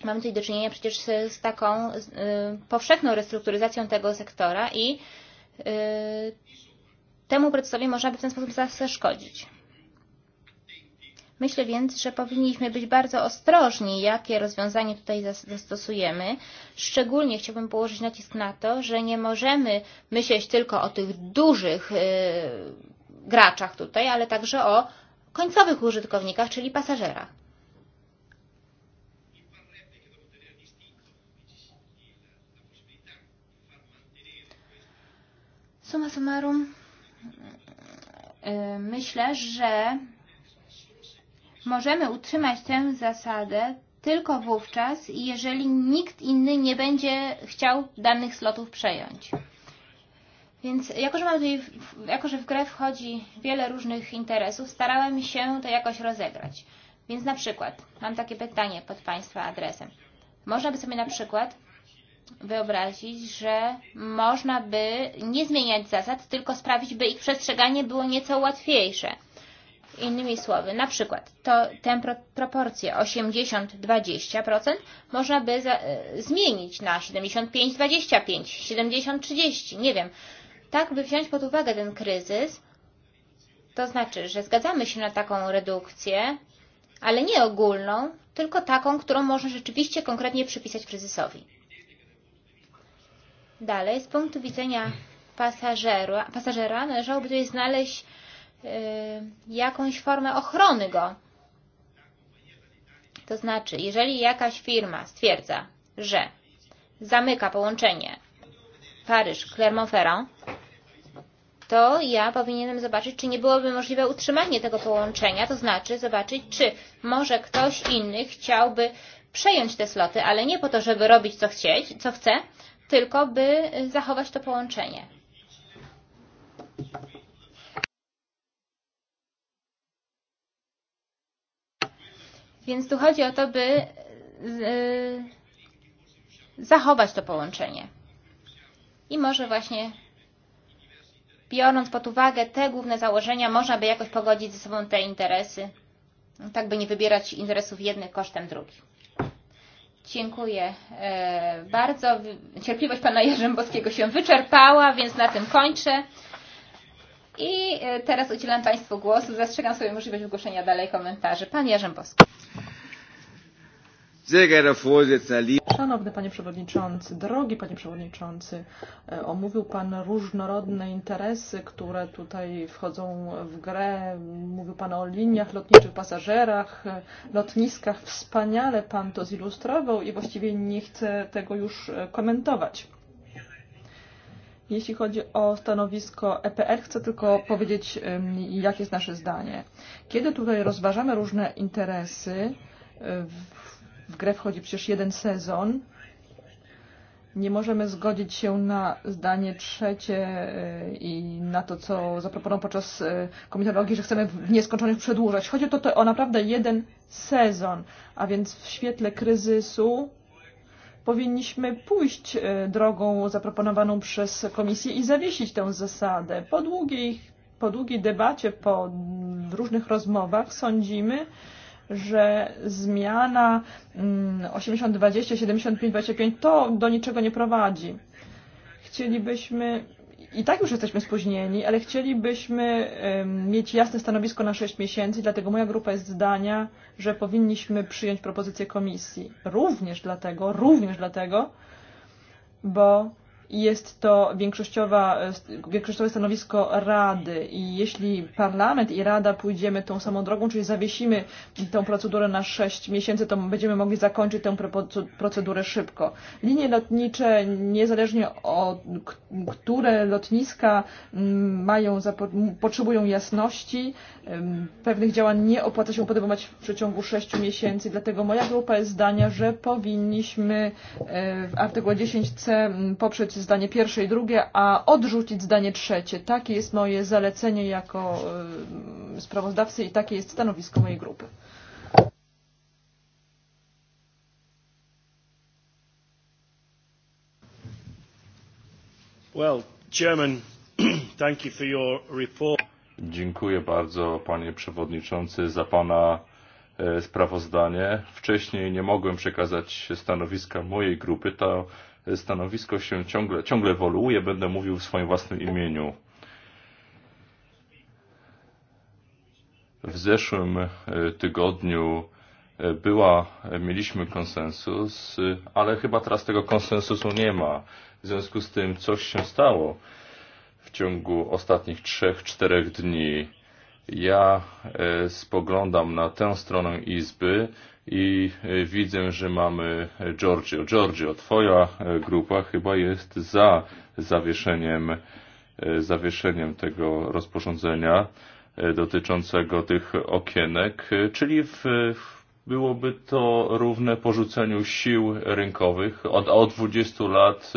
Mamy tutaj do czynienia przecież z, taką powszechną restrukturyzacją tego sektora i temu procesowi można by w ten sposób zaszkodzić. Myślę więc, że powinniśmy być bardzo ostrożni, jakie rozwiązanie tutaj zastosujemy. Szczególnie chciałbym położyć nacisk na to, że nie możemy myśleć tylko o tych dużych yy, graczach tutaj, ale także o końcowych użytkownikach, czyli pasażerach. Suma summarum, yy, myślę, że Możemy utrzymać tę zasadę tylko wówczas, jeżeli nikt inny nie będzie chciał danych slotów przejąć. Więc jako że, mam tutaj, jako, że w grę wchodzi wiele różnych interesów, starałem się to jakoś rozegrać. Więc na przykład, mam takie pytanie pod Państwa adresem. Można by sobie na przykład wyobrazić, że można by nie zmieniać zasad, tylko sprawić, by ich przestrzeganie było nieco łatwiejsze – Innymi słowy, na przykład to, tę pro, proporcję 80-20% można by za, e, zmienić na 75-25, 70-30, nie wiem. Tak, by wziąć pod uwagę ten kryzys, to znaczy, że zgadzamy się na taką redukcję, ale nie ogólną, tylko taką, którą można rzeczywiście konkretnie przypisać kryzysowi. Dalej, z punktu widzenia pasażera, pasażera należałoby tutaj znaleźć jakąś formę ochrony go. To znaczy, jeżeli jakaś firma stwierdza, że zamyka połączenie Paryż-Clermont-Ferrand, to ja powinienem zobaczyć, czy nie byłoby możliwe utrzymanie tego połączenia, to znaczy zobaczyć, czy może ktoś inny chciałby przejąć te sloty, ale nie po to, żeby robić co, chcieć, co chce, tylko by zachować to połączenie. Więc tu chodzi o to, by e, zachować to połączenie. I może właśnie biorąc pod uwagę te główne założenia, można by jakoś pogodzić ze sobą te interesy, tak by nie wybierać interesów jednych kosztem drugich. Dziękuję e, bardzo. Cierpliwość pana Jerzębowskiego się wyczerpała, więc na tym kończę. I e, teraz udzielam Państwu głosu. Zastrzegam sobie możliwość wygłoszenia dalej komentarzy. Pan Jarzębowski. Szanowny Panie Przewodniczący, drogi Panie Przewodniczący, e, omówił Pan różnorodne interesy, które tutaj wchodzą w grę. Mówił Pan o liniach lotniczych, pasażerach, e, lotniskach. Wspaniale Pan to zilustrował i właściwie nie chcę tego już komentować. Jeśli chodzi o stanowisko EPR, chcę tylko powiedzieć, jakie jest nasze zdanie. Kiedy tutaj rozważamy różne interesy, e, w grę wchodzi przecież jeden sezon, nie możemy zgodzić się na zdanie trzecie e, i na to, co zaproponowano podczas e, komitologii, że chcemy w nieskończonych przedłużać. Chodzi o to, to o naprawdę jeden sezon, a więc w świetle kryzysu powinniśmy pójść e, drogą zaproponowaną przez Komisję i zawiesić tę zasadę. Po długiej, po długiej debacie, po różnych rozmowach sądzimy, że zmiana 80-20, mm, 75-25 to do niczego nie prowadzi. Chcielibyśmy i tak już jesteśmy spóźnieni, ale chcielibyśmy um, mieć jasne stanowisko na 6 miesięcy, dlatego moja grupa jest zdania, że powinniśmy przyjąć propozycję komisji. Również dlatego, również dlatego, bo Jest to większościowa, większościowe stanowisko Rady i jeśli Parlament i Rada pójdziemy tą samą drogą, czyli zawiesimy tę procedurę na 6 miesięcy, to będziemy mogli zakończyć tę procedurę szybko. Linie lotnicze, niezależnie od które lotniska mm, mają, potrzebują jasności, pewnych działań nie opłaca się podejmować w przeciągu 6 miesięcy, dlatego moja grupa jest zdania, że powinniśmy e, w artykule 10c mm, poprzeć zdanie pierwsze i drugie, a odrzucić zdanie trzecie. Takie jest moje zalecenie jako sprawozdawcy i takie jest stanowisko mojej grupy. Well, Chairman, thank you for your report. Dziękuję bardzo, panie przewodniczący, za pana e, sprawozdanie. Wcześniej nie mogłem przekazać stanowiska mojej grupy, to stanowisko się ciągle, ciągle ewoluuje, będę mówił w swoim własnym imieniu. W zeszłym e, tygodniu e, była, e, mieliśmy konsensus, ale chyba teraz tego konsensusu nie ma. W związku z tym coś się stało w ciągu ostatnich trzech, czterech dni ja e, spoglądam na tę stronę Izby i e, widzę, że mamy Giorgio. Giorgio, twoja e, grupa chyba jest za zawieszeniem, zawieszeniem tego rozporządzenia dotyczącego tych okienek, czyli w, byłoby to równe porzuceniu sił rynkowych. Od, od 20 lat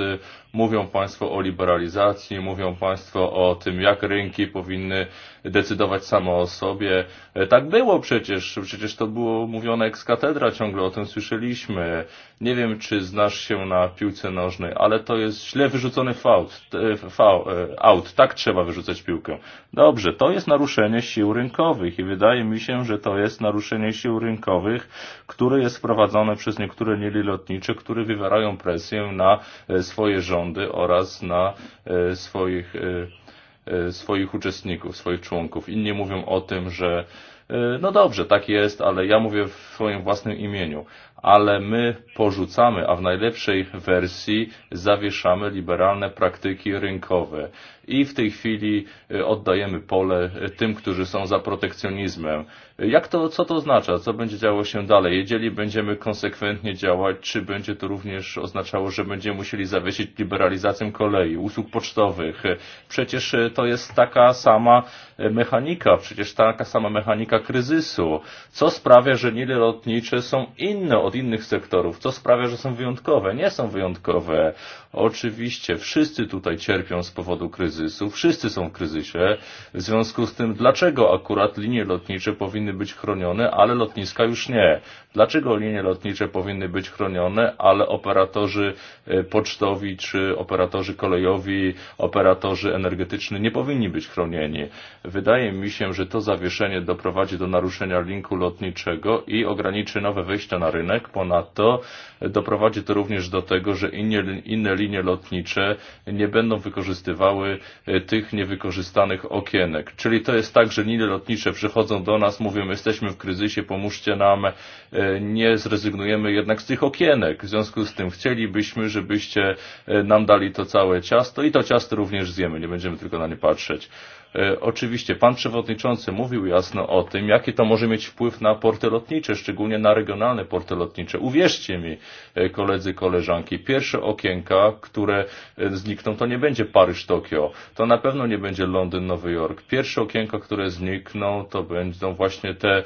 Mówią Państwo o liberalizacji, mówią Państwo o tym, jak rynki powinny decydować samo o sobie. E, tak było przecież, przecież to było mówione ex katedra, ciągle o tym słyszeliśmy. Nie wiem, czy znasz się na piłce nożnej, ale to jest źle wyrzucony fałd, e, fałd, e, Tak trzeba wyrzucać piłkę. Dobrze, to jest naruszenie sił rynkowych i wydaje mi się, że to jest naruszenie sił rynkowych, które jest wprowadzone przez niektóre nieli lotnicze, które wywierają presję na swoje rządy rządy oraz na e, swoich, e, e, swoich uczestników, swoich członków. Inni mówią o tym, że no dobrze, tak jest, ale ja mówię w swoim własnym imieniu ale my porzucamy, a w najlepszej wersji zawieszamy liberalne praktyki rynkowe. I w tej chwili oddajemy pole tym, którzy są za protekcjonizmem. Jak to, co to oznacza? Co będzie działo się dalej? Jeżeli będziemy konsekwentnie działać, czy będzie to również oznaczało, że będziemy musieli zawiesić liberalizację kolei, usług pocztowych? Przecież to jest taka sama mechanika, przecież taka sama mechanika kryzysu. Co sprawia, że nile lotnicze są inne od od innych sektorów, co sprawia, że są wyjątkowe. Nie są wyjątkowe. Oczywiście wszyscy tutaj cierpią z powodu kryzysu, wszyscy są w kryzysie, w związku z tym dlaczego akurat linie lotnicze powinny być chronione, ale lotniska już nie? Dlaczego linie lotnicze powinny być chronione, ale operatorzy e, pocztowi czy operatorzy kolejowi, operatorzy energetyczni nie powinni być chronieni? Wydaje mi się, że to zawieszenie doprowadzi do naruszenia linku lotniczego i ograniczy nowe wejścia na rynek. Ponadto doprowadzi to również do tego, że inne, inne linie lotnicze nie będą wykorzystywały e, tych niewykorzystanych okienek. Czyli to jest tak, że linie lotnicze przychodzą do nas, mówią, jesteśmy w kryzysie, pomóżcie nam, e, nie zrezygnujemy jednak z tych okienek. W związku z tym chcielibyśmy, żebyście e, nam dali to całe ciasto i to ciasto również zjemy, nie będziemy tylko na nie patrzeć. E, oczywiście pan przewodniczący mówił jasno o tym, jaki to może mieć wpływ na porty lotnicze, szczególnie na regionalne porty lotnicze. Uwierzcie mi, e, koledzy, koleżanki, pierwsze okienka, które e, znikną, to nie będzie Paryż-Tokio, to na pewno nie będzie Londyn-Nowy Jork. Pierwsze okienka, które znikną, to będą właśnie te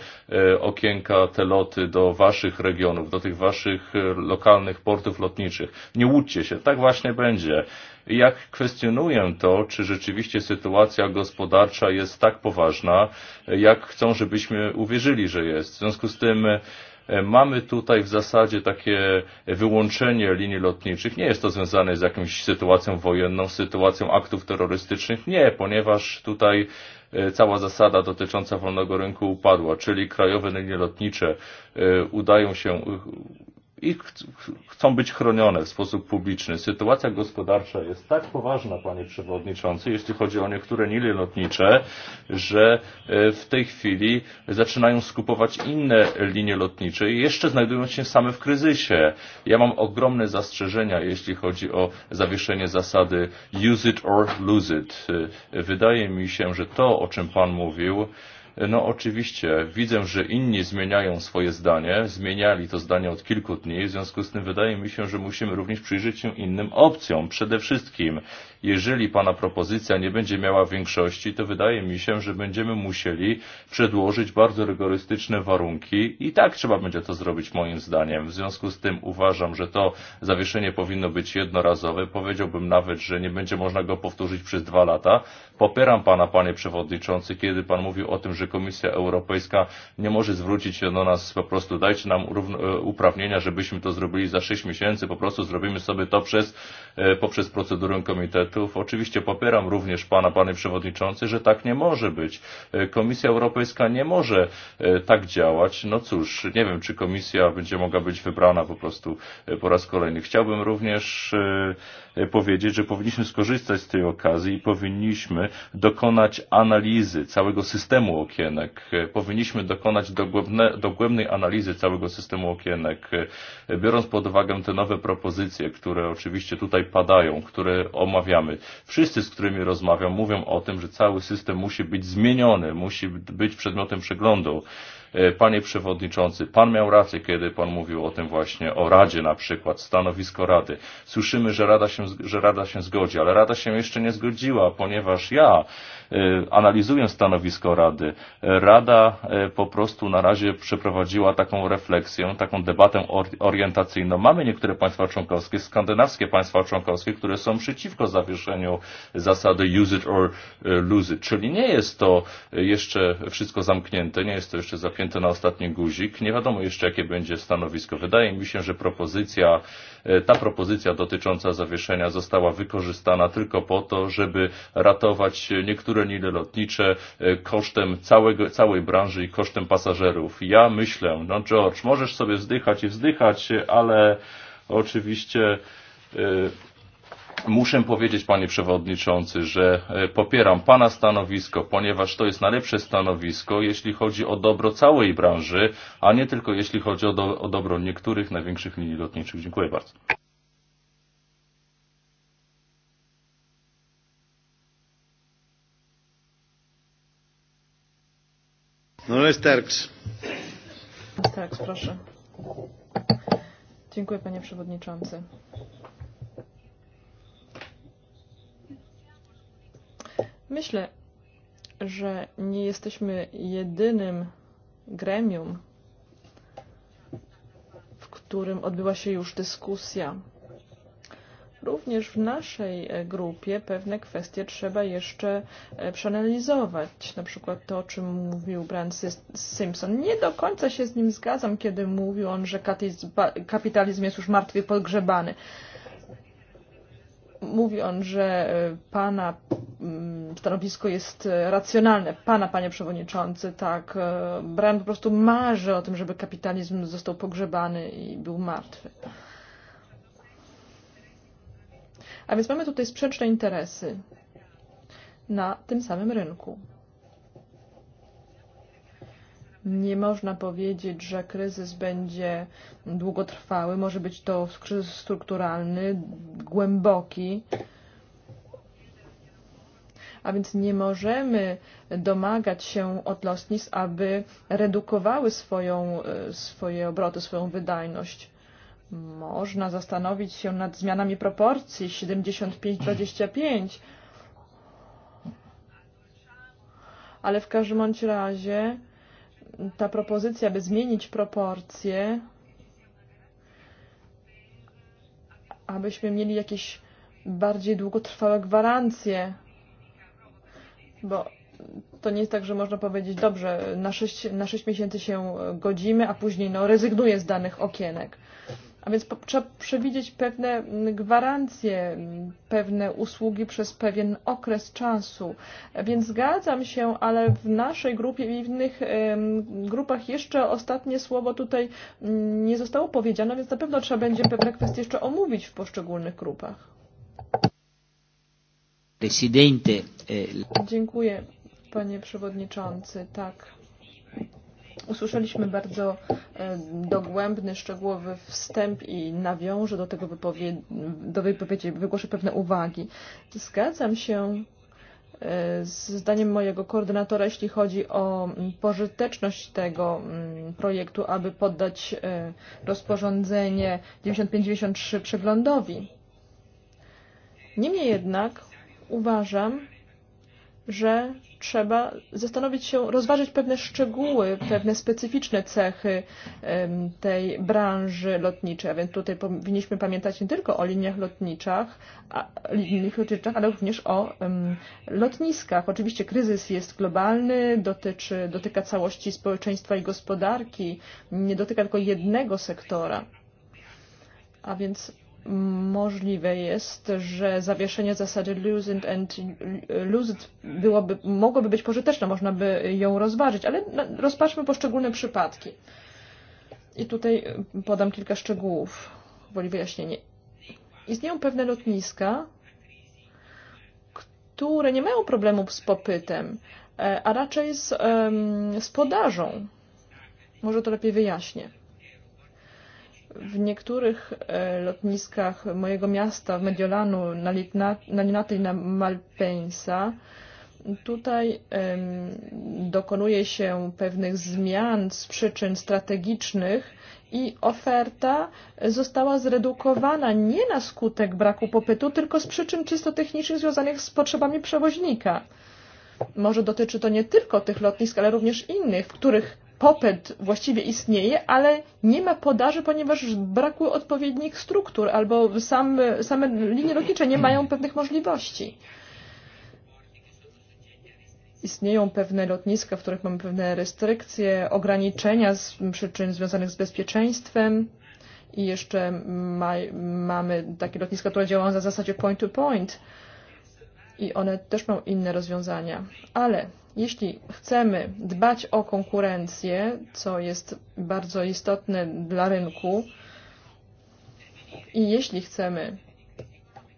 okienka, te loty do waszych regionów, do tych waszych lokalnych portów lotniczych. Nie łudźcie się, tak właśnie będzie jak kwestionuję to, czy rzeczywiście sytuacja gospodarcza jest tak poważna, jak chcą, żebyśmy uwierzyli, że jest. W związku z tym e, mamy tutaj w zasadzie takie wyłączenie linii lotniczych. Nie jest to związane z jakąś sytuacją wojenną, sytuacją aktów terrorystycznych. Nie, ponieważ tutaj e, cała zasada dotycząca wolnego rynku upadła, czyli krajowe linie lotnicze e, udają się i ch chcą być chronione w sposób publiczny. Sytuacja gospodarcza jest tak poważna, panie przewodniczący, jeśli chodzi o niektóre linie lotnicze, że e, w tej chwili zaczynają skupować inne linie lotnicze i jeszcze znajdują się same w kryzysie. Ja mam ogromne zastrzeżenia, jeśli chodzi o zawieszenie zasady use it or lose it. E, wydaje mi się, że to, o czym pan mówił, No oczywiście widzę, że inni zmieniają swoje zdanie, zmieniali to zdanie od kilku dni, w związku z tym wydaje mi się, że musimy również przyjrzeć się innym opcjom. Przede wszystkim Jeżeli Pana propozycja nie będzie miała większości, to wydaje mi się, że będziemy musieli przedłożyć bardzo rygorystyczne warunki i tak trzeba będzie to zrobić moim zdaniem. W związku z tym uważam, że to zawieszenie powinno być jednorazowe. Powiedziałbym nawet, że nie będzie można go powtórzyć przez dwa lata. Popieram Pana, Panie Przewodniczący, kiedy Pan mówił o tym, że Komisja Europejska nie może zwrócić się do nas po prostu dajcie nam e, uprawnienia, żebyśmy to zrobili za sześć miesięcy, po prostu zrobimy sobie to przez, e, poprzez procedurę komitetu aspektów. Oczywiście popieram również Pana, Panie Przewodniczący, że tak nie może być. E, komisja Europejska nie może e, tak działać. No cóż, nie wiem, czy komisja będzie mogła być wybrana po prostu e, po raz kolejny. Chciałbym również powiedzieć, że powinniśmy skorzystać z tej okazji i powinniśmy dokonać analizy całego systemu okienek. Powinniśmy dokonać dogłębne, dogłębnej analizy całego systemu okienek, biorąc pod uwagę te nowe propozycje, które oczywiście tutaj padają, które omawiamy rozmawiamy. Wszyscy, z którymi rozmawiam, mówią o tym, że cały system musi być zmieniony, musi być przedmiotem przeglądu. E, panie Przewodniczący, Pan miał rację, kiedy Pan mówił o tym właśnie, o Radzie na przykład, stanowisko Rady. Słyszymy, że Rada się, że Rada się zgodzi, ale Rada się jeszcze nie zgodziła, ponieważ ja E, analizując stanowisko Rady. E, Rada e, po prostu na razie przeprowadziła taką refleksję, taką debatę orientacyjną. Mamy niektóre państwa członkowskie, skandynawskie państwa członkowskie, które są przeciwko zawieszeniu zasady use it or lose it, czyli nie jest to jeszcze wszystko zamknięte, nie jest to jeszcze zapięte na ostatni guzik. Nie wiadomo jeszcze, jakie będzie stanowisko. Wydaje mi się, że propozycja, ta propozycja dotycząca zawieszenia została wykorzystana tylko po to, żeby ratować niektóre tureniny lotnicze e, kosztem całego, całej branży i kosztem pasażerów. Ja myślę, no George, możesz sobie wzdychać i wzdychać, ale oczywiście y, e, muszę powiedzieć, panie przewodniczący, że e, popieram pana stanowisko, ponieważ to jest najlepsze stanowisko, jeśli chodzi o dobro całej branży, a nie tylko jeśli chodzi o, do, o dobro niektórych największych linii lotniczych. Dziękuję bardzo. No niin, Sterks. Sterks, proszę. Dziękuję panie przewodniczący. Myślę, że nie jesteśmy jedynym gremium, w którym odbyła się już dyskusja Również w naszej e, grupie pewne kwestie trzeba jeszcze e, przeanalizować. Na przykład to, o czym mówił Brand Simpson. Nie do końca się z nim zgadzam, kiedy mówił on, że kapitalizm jest już martwy podgrzebany. mówi on, że e, pana mm, stanowisko jest racjonalne. Pana, panie przewodniczący, tak. Brand po prostu marzy o tym, żeby kapitalizm został pogrzebany i był martwy. A więc mamy tutaj sprzeczne interesy na tym samym rynku. Nie można powiedzieć, że kryzys będzie długotrwały. Może być to kryzys strukturalny, głęboki. A więc nie możemy domagać się od lotnisk, aby redukowały swoją, e, swoje obroty, swoją wydajność. Można zastanowić się nad zmianami proporcji 75-25. Ale w każdym bądź razie ta propozycja, by zmienić proporcje, abyśmy mieli jakieś bardziej długotrwałe gwarancje. Bo to nie jest tak, że można powiedzieć, dobrze, na 6, na 6 miesięcy się godzimy, a później no, rezygnuję z danych okienek. A więc po, trzeba przewidzieć pewne gwarancje, pewne usługi przez pewien okres czasu. Więc zgadzam się, ale w naszej grupie i w innych grupach jeszcze ostatnie słowo tutaj mm, nie zostało powiedziane, więc na pewno trzeba będzie pewne kwestie jeszcze omówić w poszczególnych grupach. Presidente. E, Dziękuję, panie przewodniczący. Tak. Usłyszeliśmy bardzo e, dogłębny, szczegółowy wstęp i nawiążę do tego wypowiedzi, do wypowiedzi, wygłoszę pewne uwagi. Zgadzam się e, z zdaniem mojego koordynatora, jeśli chodzi o mm, pożyteczność tego mm, projektu, aby poddać e, rozporządzenie 9593 przeglądowi. Niemniej jednak uważam, że trzeba zastanowić się, rozważyć pewne szczegóły, pewne specyficzne cechy tej branży lotniczej. A więc tutaj powinniśmy pamiętać nie tylko o liniach lotniczych, a, liniach lotniczych ale również o um, lotniskach. Oczywiście kryzys jest globalny, dotyczy, dotyka całości społeczeństwa i gospodarki, nie dotyka tylko jednego sektora. A więc możliwe jest, że zawieszenie zasady lucid and lucid byłoby, mogłoby być pożyteczne, można by ją rozważyć, ale rozpatrzmy poszczególne przypadki. I tutaj podam kilka szczegółów, woli wyjaśnienie. Istnieją pewne lotniska, które nie mają problemów z popytem, e, a raczej z, z podażą. Może to lepiej wyjaśnię w niektórych e, lotniskach mojego miasta, w Mediolanu, na Linate i na Malpensa, tutaj dokonuje się pewnych zmian z przyczyn strategicznych i oferta została zredukowana nie na skutek braku popytu, tylko z przyczyn czysto technicznych związanych z potrzebami przewoźnika. Może dotyczy to nie tylko tych lotnisk, ale również innych, w których popyt właściwie istnieje, ale nie ma podaży, ponieważ brakuje odpowiednich struktur albo sam, same linie lotnicze nie mają pewnych możliwości. Istnieją pewne lotniska, w których mamy pewne restrykcje, ograniczenia z przyczyn związanych z bezpieczeństwem. I jeszcze ma, mamy takie lotniska, które działają na za zasadzie point to -point i one też mają inne rozwiązania. Ale jeśli chcemy dbać o konkurencję, co jest bardzo istotne dla rynku, i jeśli chcemy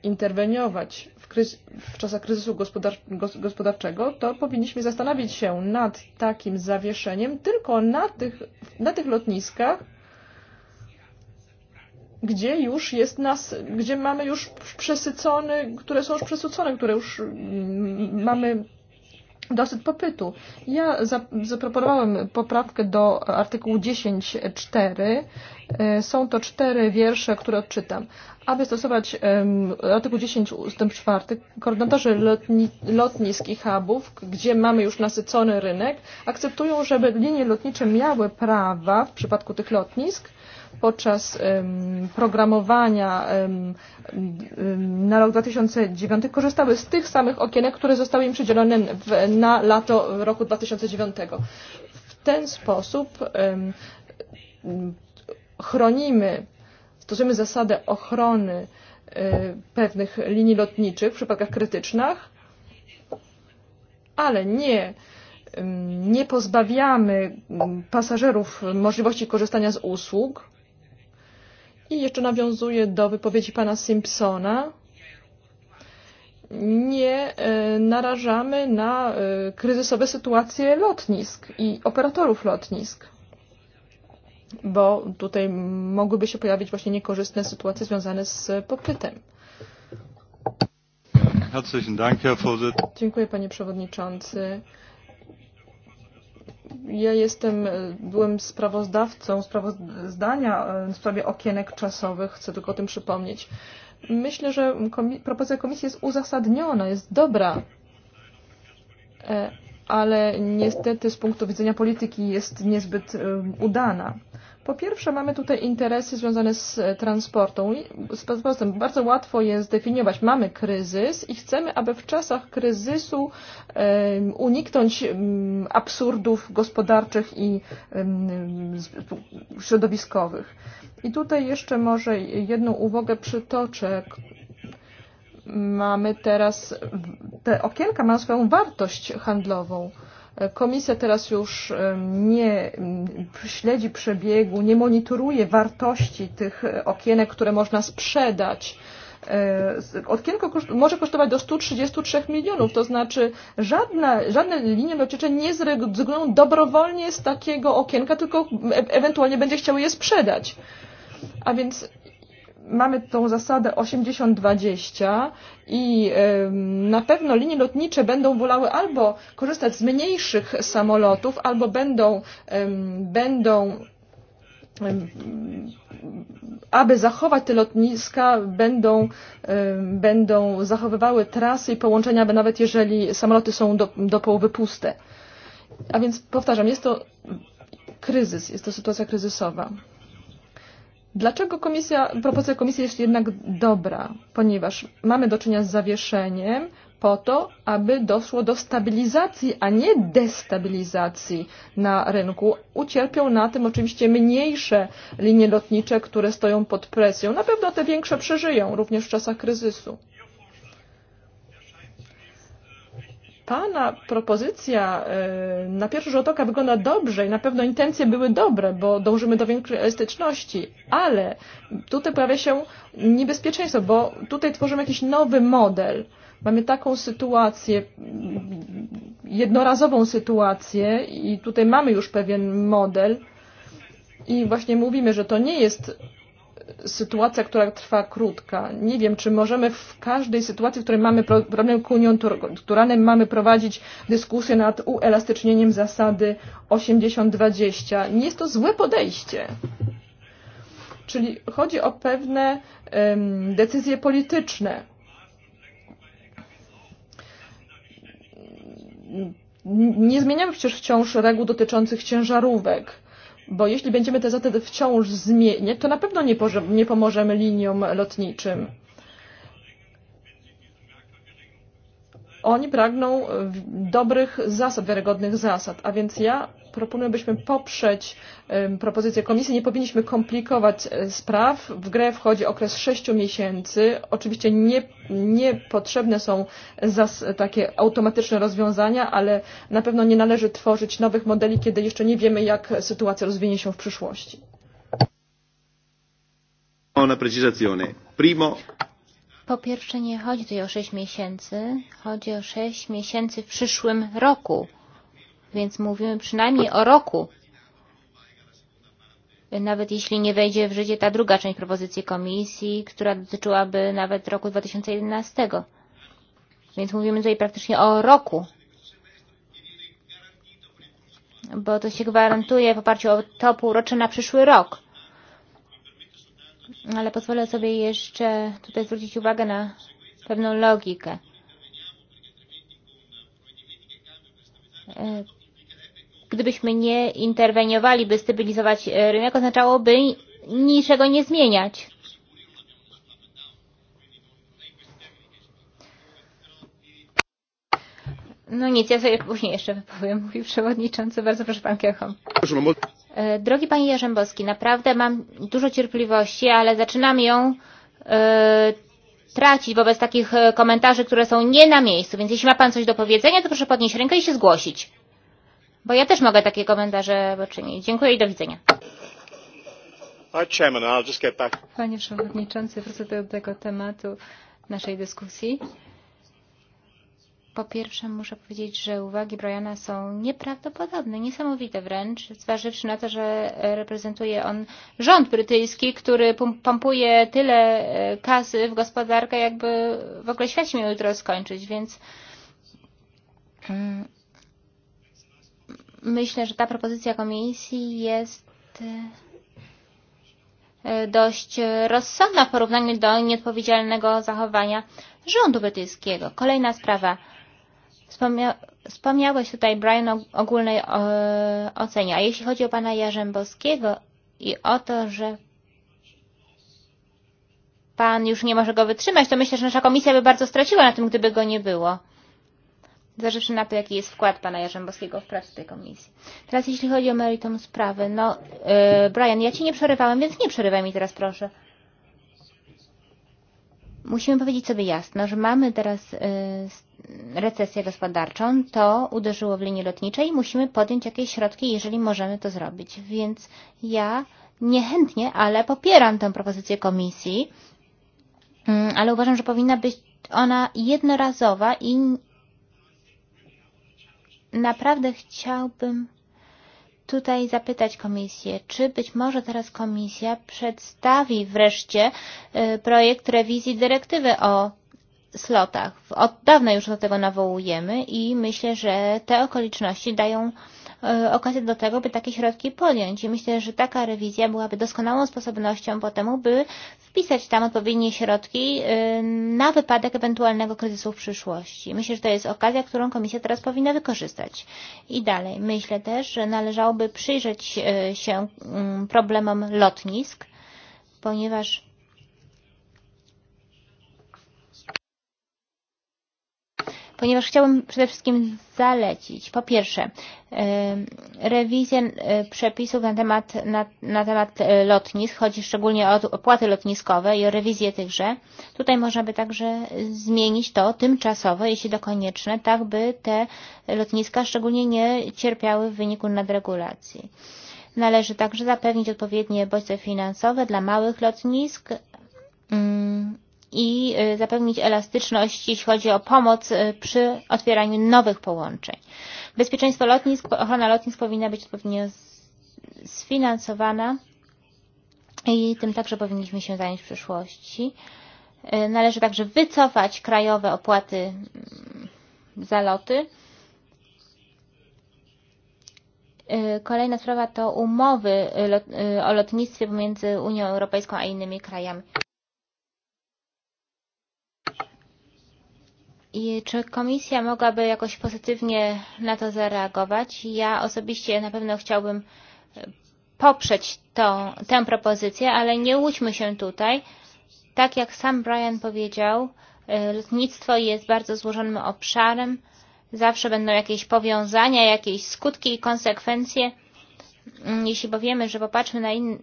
interweniować w, kryz- w czasach kryzysu gospodar- gospodarczego, to powinniśmy zastanowić się nad takim zawieszeniem tylko na tych, na tych lotniskach, gdzie już jest nas, gdzie mamy już przesycony, które są już przesycone, które już mm, mamy dosyć popytu. Ja zaproponowałem poprawkę do artykułu 10.4. E, są to cztery wiersze, które odczytam. Aby stosować artykuł 10 ust. 4, koordynatorzy lotni, lotnisk i hubów, gdzie mamy już nasycony rynek, akceptują, żeby linie lotnicze miały prawa w przypadku tych lotnisk, podczas programowania na rok 2009 korzystały z tych samych okienek, które zostały im przydzielone w, na lato roku 2009. W ten sposób chronimy, stosujemy zasadę ochrony e, pewnych linii lotniczych w przypadkach krytycznych, ale nie nie pozbawiamy pasażerów możliwości korzystania z usług, I jeszcze nawiązuję do wypowiedzi pana Simpsona. Nie e, narażamy na e, kryzysowe sytuacje lotnisk i operatorów lotnisk, bo tutaj mogłyby się pojawić właśnie niekorzystne sytuacje związane z popytem. Dziękuję panie przewodniczący. Ja jestem, e, byłem sprawozdawcą sprawozdania e, w sprawie okienek czasowych, chcę tylko o tym przypomnieć. Myślę, że komi propozycja komisji jest uzasadniona, jest dobra, e, ale niestety z punktu widzenia polityki jest niezbyt udana. Po pierwsze, mamy tutaj interesy związane z e, transportem. Z transportem bardzo łatwo jest zdefiniować. mamy kryzys i chcemy, aby w czasach kryzysu um, uniknąć um, absurdów gospodarczych i um, środowiskowych. I tutaj jeszcze może jedną uwagę przytoczę. Mamy teraz, te okienka mają swoją wartość handlową. Komisja teraz już e, nie śledzi przebiegu, nie monitoruje wartości tych okienek, które można sprzedać. E, Okienko koszt, może kosztować do 133 milionów, to znaczy żadna, żadne linie lotnicze nie zrezygnują dobrowolnie z takiego okienka, tylko e ewentualnie będzie chciały je sprzedać. A więc mamy tą zasadę 80-20 i na pewno linie lotnicze będą wolały albo korzystać z mniejszych samolotów, albo będą, będą aby zachować te lotniska, będą, będą zachowywały trasy i połączenia, aby nawet jeżeli samoloty są do, do połowy puste. A więc powtarzam, jest to kryzys, jest to sytuacja kryzysowa. Dlaczego komisja, propozycja komisji jest jednak dobra? Ponieważ mamy do czynienia z zawieszeniem po to, aby doszło do stabilizacji, a nie destabilizacji na rynku. Ucierpią na tym oczywiście mniejsze linie lotnicze, które stoją pod presją. Na pewno te większe przeżyją, również w czasach kryzysu. Pana propozycja e, na pierwszy rzut oka wygląda dobrze i na pewno intencje były dobre, bo dążymy do większej elastyczności, ale tutaj pojawia się niebezpieczeństwo, bo tutaj tworzymy jakiś nowy model. Mamy taką sytuację, jednorazową sytuację i tutaj mamy już pewien model i właśnie mówimy, że to nie jest sytuacja, która trwa krótka. Nie wiem, czy możemy w każdej sytuacji, w której mamy problem koniunkturalny, mamy prowadzić dyskusję nad uelastycznieniem zasady 80-20. Nie jest to złe podejście. Czyli chodzi o pewne um, decyzje polityczne. Nie zmieniamy przecież wciąż reguł dotyczących ciężarówek bo jeśli będziemy te zasady wciąż zmieniać, to na pewno nie, nie pomożemy liniom lotniczym. Oni pragną dobrych zasad, wiarygodnych zasad, a więc ja proponuję, byśmy poprzeć propozycję komisji. Nie powinniśmy komplikować e, spraw. W grę wchodzi okres sześciu miesięcy. Oczywiście nie, niepotrzebne są zas, takie automatyczne rozwiązania, ale na pewno nie należy tworzyć nowych modeli, kiedy jeszcze nie wiemy, jak sytuacja rozwinie się w przyszłości. Po pierwsze, nie chodzi tutaj o sześć miesięcy, chodzi o sześć miesięcy w przyszłym roku więc mówimy przynajmniej o roku. Nawet jeśli nie wejdzie w życie ta druga część propozycji komisji, która dotyczyłaby nawet roku 2011. Więc mówimy tutaj praktycznie o roku. Bo to się gwarantuje w oparciu o to półrocze na przyszły rok. Ale pozwolę sobie jeszcze tutaj zwrócić uwagę na pewną logikę e, gdybyśmy nie interweniowali, by stabilizować e, rynek, oznaczałoby niczego nie zmieniać. No nic, ja sobie później jeszcze wypowiem, mówi przewodniczący. Bardzo proszę, pan Kiechom. E, drogi panie Jarzębowski, naprawdę mam dużo cierpliwości, ale zaczynam ją yy, e, tracić wobec takich komentarzy, które są nie na miejscu. Więc jeśli ma pan coś do powiedzenia, to proszę podnieść rękę i się zgłosić bo ja też mogę takie komentarze poczynić. Dziękuję i do widzenia. Panie Przewodniczący, wrócę do tego tematu naszej dyskusji. Po pierwsze muszę powiedzieć, że uwagi Briana są nieprawdopodobne, niesamowite wręcz, zważywszy na to, że reprezentuje on rząd brytyjski, który pompuje tyle e, kasy w gospodarkę, jakby w ogóle świat się miał jutro skończyć, więc mm, Myślę, że ta propozycja komisji jest e, dość rozsądna w porównaniu do nieodpowiedzialnego zachowania rządu brytyjskiego. Kolejna sprawa. Wspomnia wspomniałeś tutaj, Brian, o ogólnej o ocenie. A jeśli chodzi o pana Jarzębowskiego i o to, że pan już nie może go wytrzymać, to myślę, że nasza komisja by bardzo straciła na tym, gdyby go nie było zważywszy na to, jaki jest wkład pana Jarzębowskiego w pracę tej komisji. Teraz jeśli chodzi o meritum sprawy, no yy, e, Brian, ja ci nie przerywałem, więc nie przerywaj mi teraz proszę. Musimy powiedzieć sobie jasno, że mamy teraz yy, e, recesję gospodarczą, to uderzyło w linii lotniczej i musimy podjąć jakieś środki, jeżeli możemy to zrobić. Więc ja niechętnie, ale popieram tę propozycję komisji, yy, mm, ale uważam, że powinna być ona jednorazowa i naprawdę chciałbym tutaj zapytać komisję, czy być może teraz komisja przedstawi wreszcie projekt rewizji dyrektywy o slotach. Od dawna już do tego nawołujemy i myślę, że te okoliczności dają e, okazję do tego, by takie środki podjąć. I myślę, że taka rewizja byłaby doskonałą sposobnością po temu, by wpisać tam odpowiednie środki e, na wypadek ewentualnego kryzysu w przyszłości. Myślę, że to jest okazja, którą komisja teraz powinna wykorzystać. I dalej, myślę też, że należałoby przyjrzeć e, się mm, problemom lotnisk, ponieważ ponieważ chciałbym przede wszystkim zalecić, po pierwsze, e, rewizję e, przepisów na temat, na, na temat e, lotnisk, chodzi szczególnie o opłaty lotniskowe i o rewizję tychże. Tutaj można by także zmienić to tymczasowo, jeśli to konieczne, tak by te lotniska szczególnie nie cierpiały w wyniku nadregulacji. Należy także zapewnić odpowiednie bodźce finansowe dla małych lotnisk, mm, i e, zapewnić elastyczność, jeśli chodzi o pomoc e, przy otwieraniu nowych połączeń. Bezpieczeństwo lotnisk, ochrona lotnisk powinna być odpowiednio sfinansowana i tym także powinniśmy się zająć w przyszłości. E, należy także wycofać krajowe opłaty za loty. Kolejna sprawa to umowy o lotnictwie pomiędzy Unią Europejską a innymi krajami. I czy komisja mogłaby jakoś pozytywnie na to zareagować? Ja osobiście na pewno chciałbym e, poprzeć tą, tę propozycję, ale nie łudźmy się tutaj. Tak jak sam Brian powiedział, e, lotnictwo jest bardzo złożonym obszarem. Zawsze będą jakieś powiązania, jakieś skutki i konsekwencje. Mm, jeśli powiemy, że popatrzmy na, in,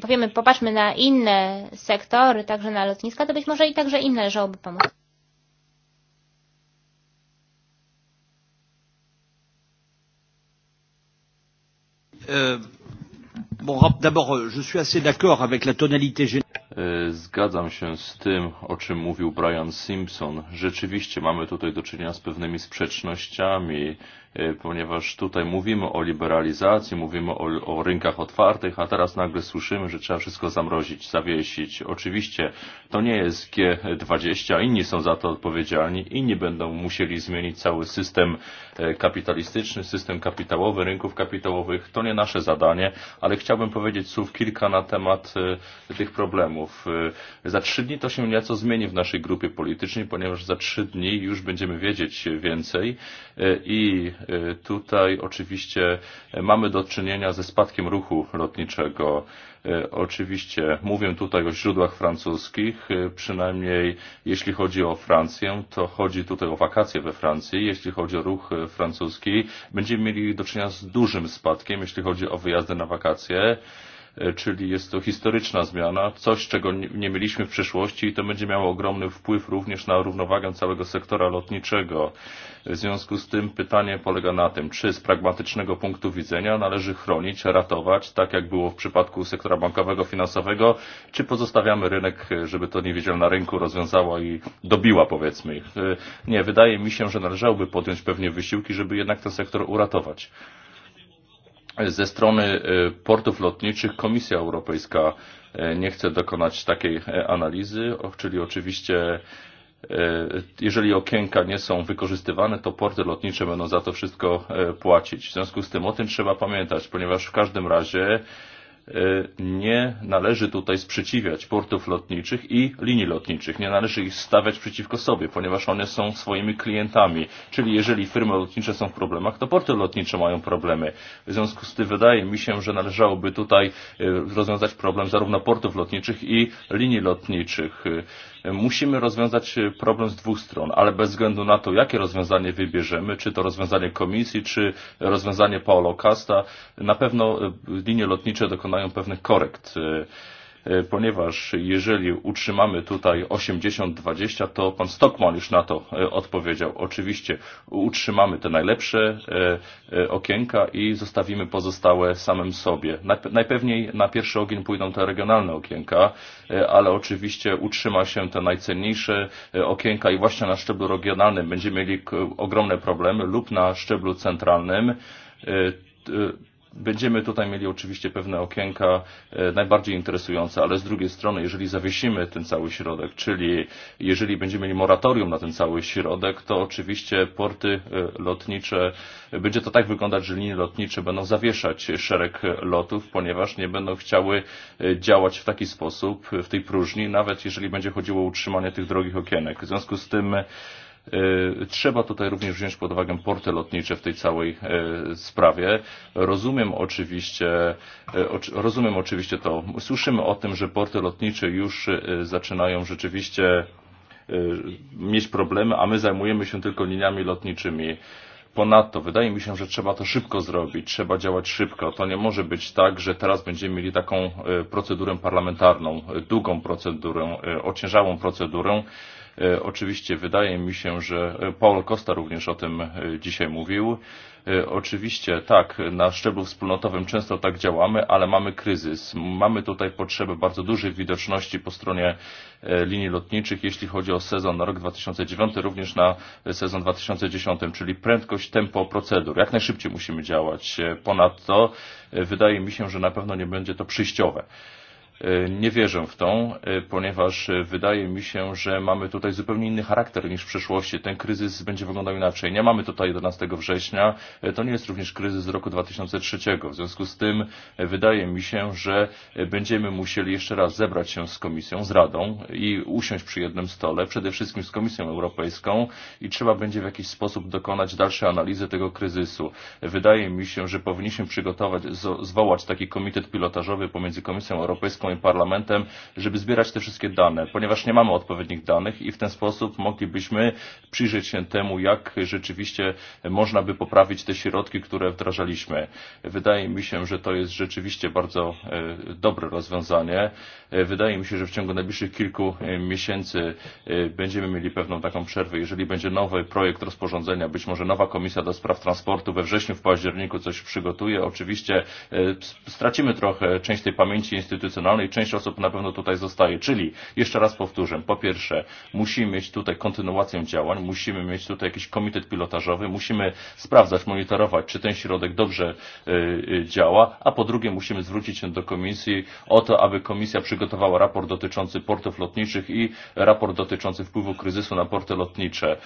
powiemy, popatrzmy na inne sektory, także na lotniska, to być może i także im należałoby pomóc. Euh, bon, d'abord, euh, je suis assez d'accord avec la tonalité e, Zgadzam się z tym, o czym mówił Brian Simpson. Rzeczywiście mamy tutaj do czynienia z pewnymi sprzecznościami E, ponieważ tutaj mówimy o liberalizacji, mówimy o, o rynkach otwartych, a teraz nagle słyszymy, że trzeba wszystko zamrozić, zawiesić. Oczywiście to nie jest G20, inni są za to odpowiedzialni, inni będą musieli zmienić cały system e, kapitalistyczny, system kapitałowy, rynków kapitałowych. To nie nasze zadanie, ale chciałbym powiedzieć słów kilka na temat e, tych problemów. Za trzy dni to się nieco zmieni w naszej grupie politycznej, ponieważ za trzy dni już będziemy wiedzieć więcej i E, tutaj oczywiście mamy do czynienia ze spadkiem ruchu lotniczego. E, oczywiście mówię tutaj o źródłach francuskich, e, przynajmniej jeśli chodzi o Francję, to chodzi tutaj o wakacje we Francji. Jeśli chodzi o ruch francuski, będziemy mieli do czynienia z dużym spadkiem, jeśli chodzi o wyjazdy na wakacje. E, czyli jest to historyczna zmiana, coś czego nie mieliśmy w przeszłości i to będzie miało ogromny wpływ również na równowagę całego sektora lotniczego. W związku z tym pytanie polega na tym, czy z pragmatycznego punktu widzenia należy chronić, ratować, tak jak było w przypadku sektora bankowego, finansowego, czy pozostawiamy rynek, żeby to niewidzialna na rynku rozwiązała i dobiła powiedzmy ich. E, nie, wydaje mi się, że należałoby podjąć pewnie wysiłki, żeby jednak ten sektor uratować ze strony e, portów lotniczych Komisja Europejska e, nie chce dokonać takiej e, analizy, czyli oczywiście jeżeli okienka nie są wykorzystywane, to porty lotnicze będą za to wszystko płacić. W związku z tym o tym trzeba pamiętać, ponieważ w każdym razie nie należy tutaj sprzeciwiać portów lotniczych i linii lotniczych. Nie należy ich stawiać przeciwko sobie, ponieważ one są swoimi klientami. Czyli jeżeli firmy lotnicze są w problemach, to porty lotnicze mają problemy. W związku z tym wydaje mi się, że należałoby tutaj rozwiązać problem zarówno portów lotniczych i linii lotniczych. Musimy rozwiązać problem z dwóch stron, ale bez względu na to, jakie rozwiązanie wybierzemy, czy to rozwiązanie komisji, czy rozwiązanie Paolo Casta, na pewno linie lotnicze dokonają pewnych korekt. E, ponieważ jeżeli utrzymamy tutaj 80-20, to pan Stockman już na to e, odpowiedział. Oczywiście utrzymamy te najlepsze e, okienka i zostawimy pozostałe samym sobie. Najpewniej na pierwszy ogień pójdą te regionalne okienka, ale oczywiście utrzyma się te najcenniejsze okienka i właśnie na szczeblu regionalnym będziemy mieli ogromne problemy lub na szczeblu centralnym Będziemy tutaj mieli oczywiście pewne okienka e, najbardziej interesujące, ale z drugiej strony, jeżeli zawiesimy ten cały środek, czyli jeżeli będziemy mieli moratorium na ten cały środek, to oczywiście porty e, lotnicze, będzie to tak wyglądać, że linie lotnicze będą zawieszać szereg lotów, ponieważ nie będą chciały e, działać w taki sposób, w tej próżni, nawet jeżeli będzie chodziło o utrzymanie tych drogich okienek. W związku z tym E, trzeba tutaj również wziąć pod uwagę porty lotnicze w tej całej e, sprawie. Rozumiem oczywiście, e, rozumiem oczywiście to. Słyszymy o tym, że porty lotnicze już zaczynają rzeczywiście mieć problemy, a my zajmujemy się tylko liniami lotniczymi. Ponadto wydaje mi się, że trzeba to szybko zrobić, trzeba działać szybko. To nie może być tak, że teraz będziemy mieli taką procedurę parlamentarną, długą procedurę, ociężałą procedurę, E, oczywiście wydaje mi się, że e, Paul Costa również o tym e, dzisiaj mówił. Oczywiście tak, na szczeblu wspólnotowym często tak działamy, ale mamy kryzys. Mamy tutaj potrzebę bardzo dużej widoczności po stronie linii lotniczych, jeśli chodzi o sezon na rok 2009, również na sezon 2010, czyli prędkość, tempo procedur. Jak najszybciej musimy działać. Ponadto wydaje mi się, że na pewno nie będzie to przyjściowe. E, nie wierzę w to, e, ponieważ e, wydaje mi się, że mamy tutaj zupełnie inny charakter niż w przeszłości. Ten kryzys będzie wyglądał inaczej. Nie mamy tutaj 11 września, to nie jest również kryzys z roku 2003. W związku z tym wydaje mi się, że będziemy musieli jeszcze raz zebrać się z Komisją, z Radą i usiąść przy jednym stole, przede wszystkim z Komisją Europejską i trzeba będzie w jakiś sposób dokonać dalszej analizy tego kryzysu. Wydaje mi się, że powinniśmy przygotować, zwołać taki komitet pilotażowy pomiędzy Komisją Europejską i Parlamentem, żeby zbierać te wszystkie dane, ponieważ nie mamy odpowiednich danych i w ten sposób moglibyśmy przyjrzeć się temu, jak rzeczywiście można by poprawić te środki, które wdrażaliśmy. Wydaje mi się, że to jest rzeczywiście bardzo e, dobre rozwiązanie. E, wydaje mi się, że w ciągu najbliższych kilku e, miesięcy będziemy mieli pewną taką przerwę. Jeżeli będzie nowy projekt rozporządzenia, być może nowa komisja do spraw transportu we wrześniu, w październiku coś przygotuje. Oczywiście stracimy trochę część tej pamięci instytucjonalnej, zdecydowanej Część osób na pewno tutaj zostaje. Czyli, jeszcze raz powtórzę, po pierwsze, musimy mieć tutaj kontynuację działań, musimy mieć tutaj jakiś komitet pilotażowy, musimy sprawdzać, monitorować, czy ten środek dobrze y, y, działa, a po drugie musimy zwrócić się do komisji o to, aby komisja przygotowała raport dotyczący portów lotniczych i raport dotyczący wpływu kryzysu na porty lotnicze.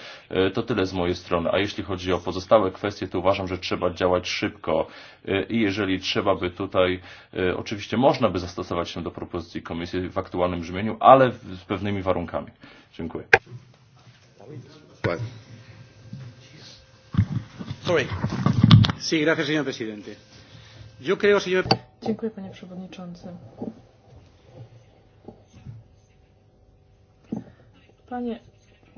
Y, to tyle z mojej strony. A jeśli chodzi o pozostałe kwestie, to uważam, że trzeba działać szybko. E, i jeżeli trzeba by tutaj, e, oczywiście można by zastosować się do propozycji komisji w aktualnym brzmieniu, ale z pewnymi warunkami. Dziękuję. Dziękuję panie przewodniczący. Panie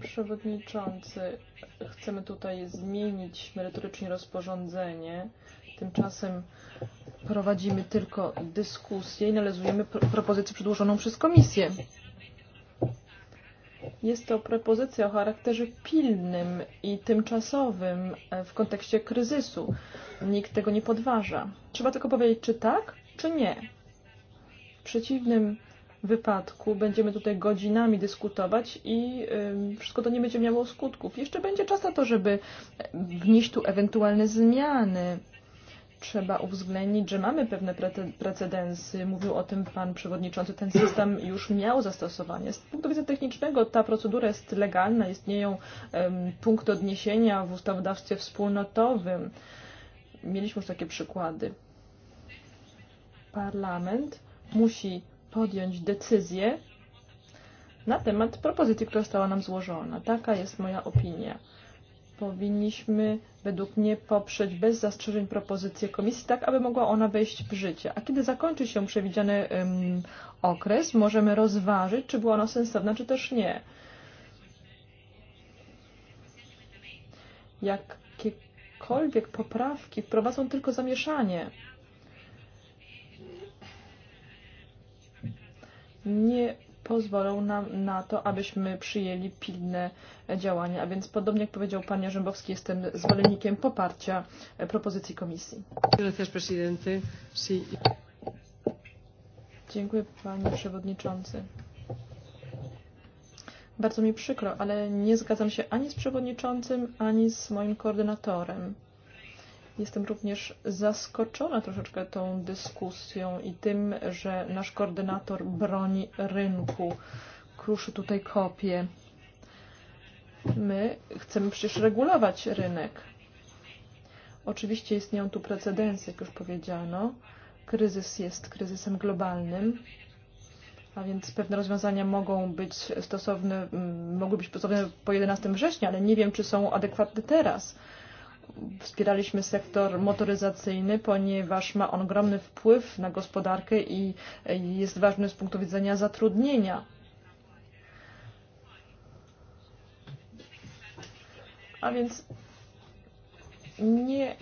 przewodniczący, chcemy tutaj zmienić merytorycznie rozporządzenie Tymczasem prowadzimy tylko dyskusję i analizujemy pro propozycję przedłożoną przez Komisję. Jest to propozycja o charakterze pilnym i tymczasowym e, w kontekście kryzysu. Nikt tego nie podważa. Trzeba tylko powiedzieć, czy tak, czy nie. W przeciwnym wypadku będziemy tutaj godzinami dyskutować i wszystko to nie będzie miało skutków. Jeszcze będzie czas na to, żeby wnieść tu ewentualne zmiany trzeba uwzględnić, że mamy pewne precedensy. Mówił o tym pan przewodniczący. Ten system już miał zastosowanie. Z punktu widzenia technicznego ta procedura jest legalna, istnieją um, punkt odniesienia w ustawodawstwie wspólnotowym. Mieliśmy już takie przykłady. Parlament musi podjąć decyzję na temat propozycji, która została nam złożona. Taka jest moja opinia powinniśmy według mnie poprzeć bez zastrzeżeń propozycję komisji, tak aby mogła ona wejść w życie. A kiedy zakończy się przewidziany um, okres, możemy rozważyć, czy była ona sensowna, czy też nie. Jakiekolwiek poprawki wprowadzą tylko zamieszanie. Nie pozwolą nam na to, abyśmy przyjęli pilne działania. A więc podobnie jak powiedział pan Jarzębowski, jestem zwolennikiem poparcia propozycji komisji. Dziękuję panie przewodniczący. Bardzo mi przykro, ale nie zgadzam się ani z przewodniczącym, ani z moim koordynatorem. Jestem również zaskoczona troszeczkę tą dyskusją i tym, że nasz koordynator broni rynku. Kruszy tutaj kopię. My chcemy przecież regulować rynek. Oczywiście istnieją tu precedensy, jak już powiedziano. Kryzys jest kryzysem globalnym, a więc pewne rozwiązania mogą być stosowne, mm, mogły być stosowne po 11 września, ale nie wiem, czy są adekwatne teraz wspieraliśmy sektor motoryzacyjny, ponieważ ma on ogromny wpływ na gospodarkę i jest ważny z punktu widzenia zatrudnienia. A więc nie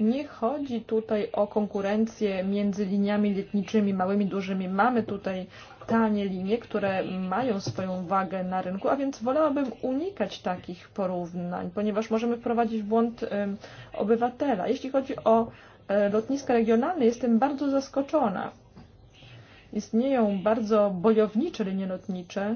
Nie chodzi tutaj o konkurencję między liniami lotniczymi małymi, dużymi. Mamy tutaj tanie linie, które mają swoją wagę na rynku, a więc wolałabym unikać takich porównań, ponieważ możemy wprowadzić w błąd obywatela. Jeśli chodzi o e, lotniska regionalne, jestem bardzo zaskoczona. Istnieją bardzo bojownicze linie lotnicze,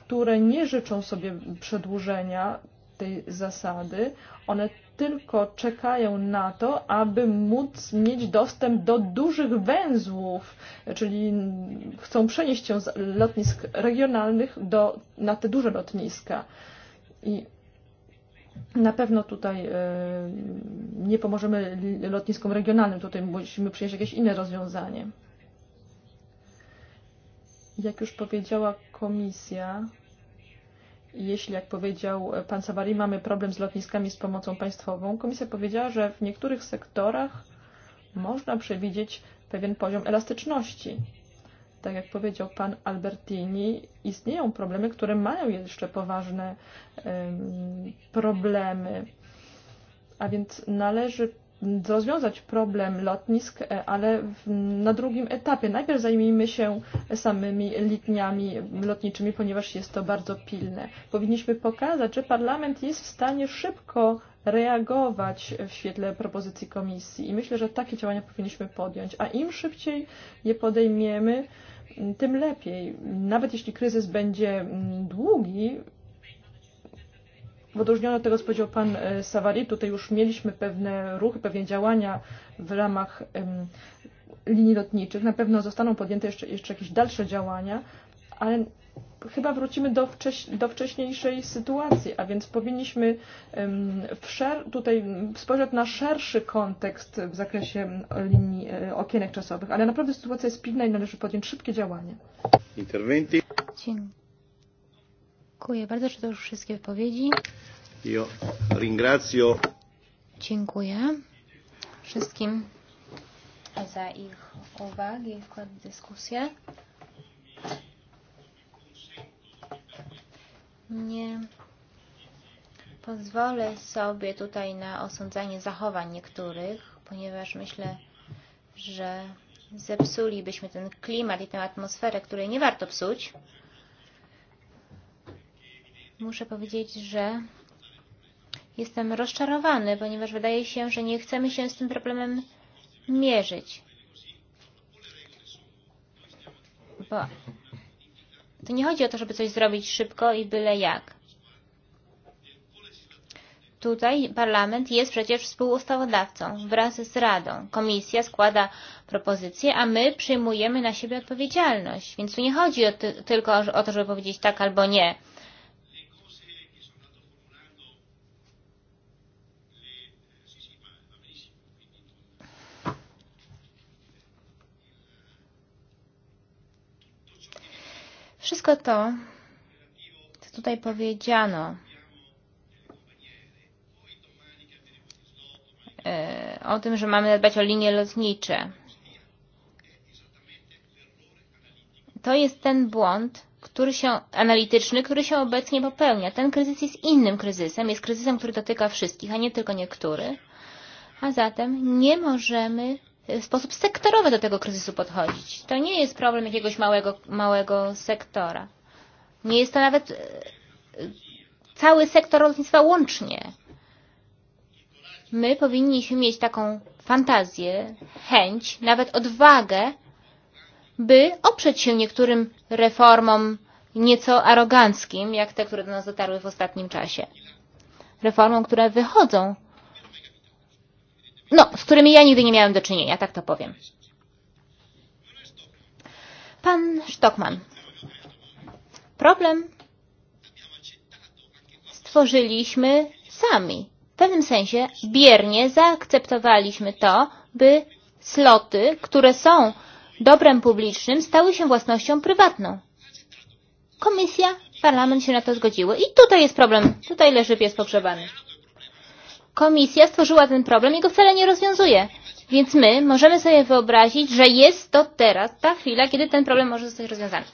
które nie życzą sobie przedłużenia tej zasady. One tylko czekają na to, aby móc mieć dostęp do dużych węzłów, czyli chcą przenieść się z lotnisk regionalnych do, na te duże lotniska. I na pewno tutaj y, e, nie pomożemy lotniskom regionalnym, tutaj musimy przyjąć jakieś inne rozwiązanie. Jak już powiedziała komisja, jeśli, jak powiedział pan Savary, mamy problem z lotniskami z pomocą państwową, komisja powiedziała, że w niektórych sektorach można przewidzieć pewien poziom elastyczności. Tak jak powiedział pan Albertini, istnieją problemy, które mają jeszcze poważne um, problemy. A więc należy rozwiązać problem lotnisk, e, ale na drugim etapie. Najpierw zajmijmy się samymi litniami lotniczymi, ponieważ jest to bardzo pilne. Powinniśmy pokazać, że parlament jest w stanie szybko reagować w świetle propozycji komisji i myślę, że takie działania powinniśmy podjąć, a im szybciej je podejmiemy, tym lepiej. Nawet jeśli kryzys będzie mm, długi, W odróżnieniu od tego, co powiedział pan e, Savary. Tutaj już mieliśmy pewne ruchy, pewne działania w ramach um, linii lotniczych. Na pewno zostaną podjęte jeszcze, jeszcze jakieś dalsze działania, ale chyba wrócimy do, wcześ, do wcześniejszej sytuacji, a więc powinniśmy w szer, tutaj spojrzeć na szerszy kontekst w zakresie linii e, okienek czasowych, ale naprawdę sytuacja jest pilna i należy podjąć szybkie działania. Interwencji. Dziękuję. Dziękuję bardzo. Czy to już wszystkie wypowiedzi? Io ringrazio. Dziękuję wszystkim za ich uwagi i wkład w dyskusję. Nie pozwolę sobie tutaj na osądzanie zachowań niektórych, ponieważ myślę, że zepsulibyśmy ten klimat i tę atmosferę, której nie warto psuć muszę powiedzieć, że jestem rozczarowany, ponieważ wydaje się, że nie chcemy się z tym problemem mierzyć. Bo to nie chodzi o to, żeby coś zrobić szybko i byle jak. Tutaj parlament jest przecież współustawodawcą wraz z Radą. Komisja składa propozycje, a my przyjmujemy na siebie odpowiedzialność. Więc tu nie chodzi o ty tylko o o to, żeby powiedzieć tak albo nie. Wszystko to, co tutaj powiedziano, e, o tym, że mamy dbać o linie lotnicze. To jest ten błąd, który się, analityczny, który się obecnie popełnia. Ten kryzys jest innym kryzysem, jest kryzysem, który dotyka wszystkich, a nie tylko niektórych. A zatem nie możemy w sposób sektorowy do tego kryzysu podchodzić. To nie jest problem jakiegoś małego, małego sektora. Nie jest to nawet e, cały sektor lotnictwa łącznie. My powinniśmy mieć taką fantazję, chęć, nawet odwagę, by oprzeć się niektórym reformom nieco aroganckim, jak te, które do nas dotarły w ostatnim czasie. Reformom, które wychodzą no, z którymi ja nigdy nie miałem do czynienia, tak to powiem. Pan Stockman. Problem stworzyliśmy sami. W pewnym sensie biernie zaakceptowaliśmy to, by sloty, które są dobrem publicznym, stały się własnością prywatną. Komisja, parlament się na to zgodziły. I tutaj jest problem. Tutaj leży pies pogrzebany komisja stworzyła ten problem i go wcale nie rozwiązuje. Więc my możemy sobie wyobrazić, że jest to teraz ta chwila, kiedy ten problem może zostać rozwiązany.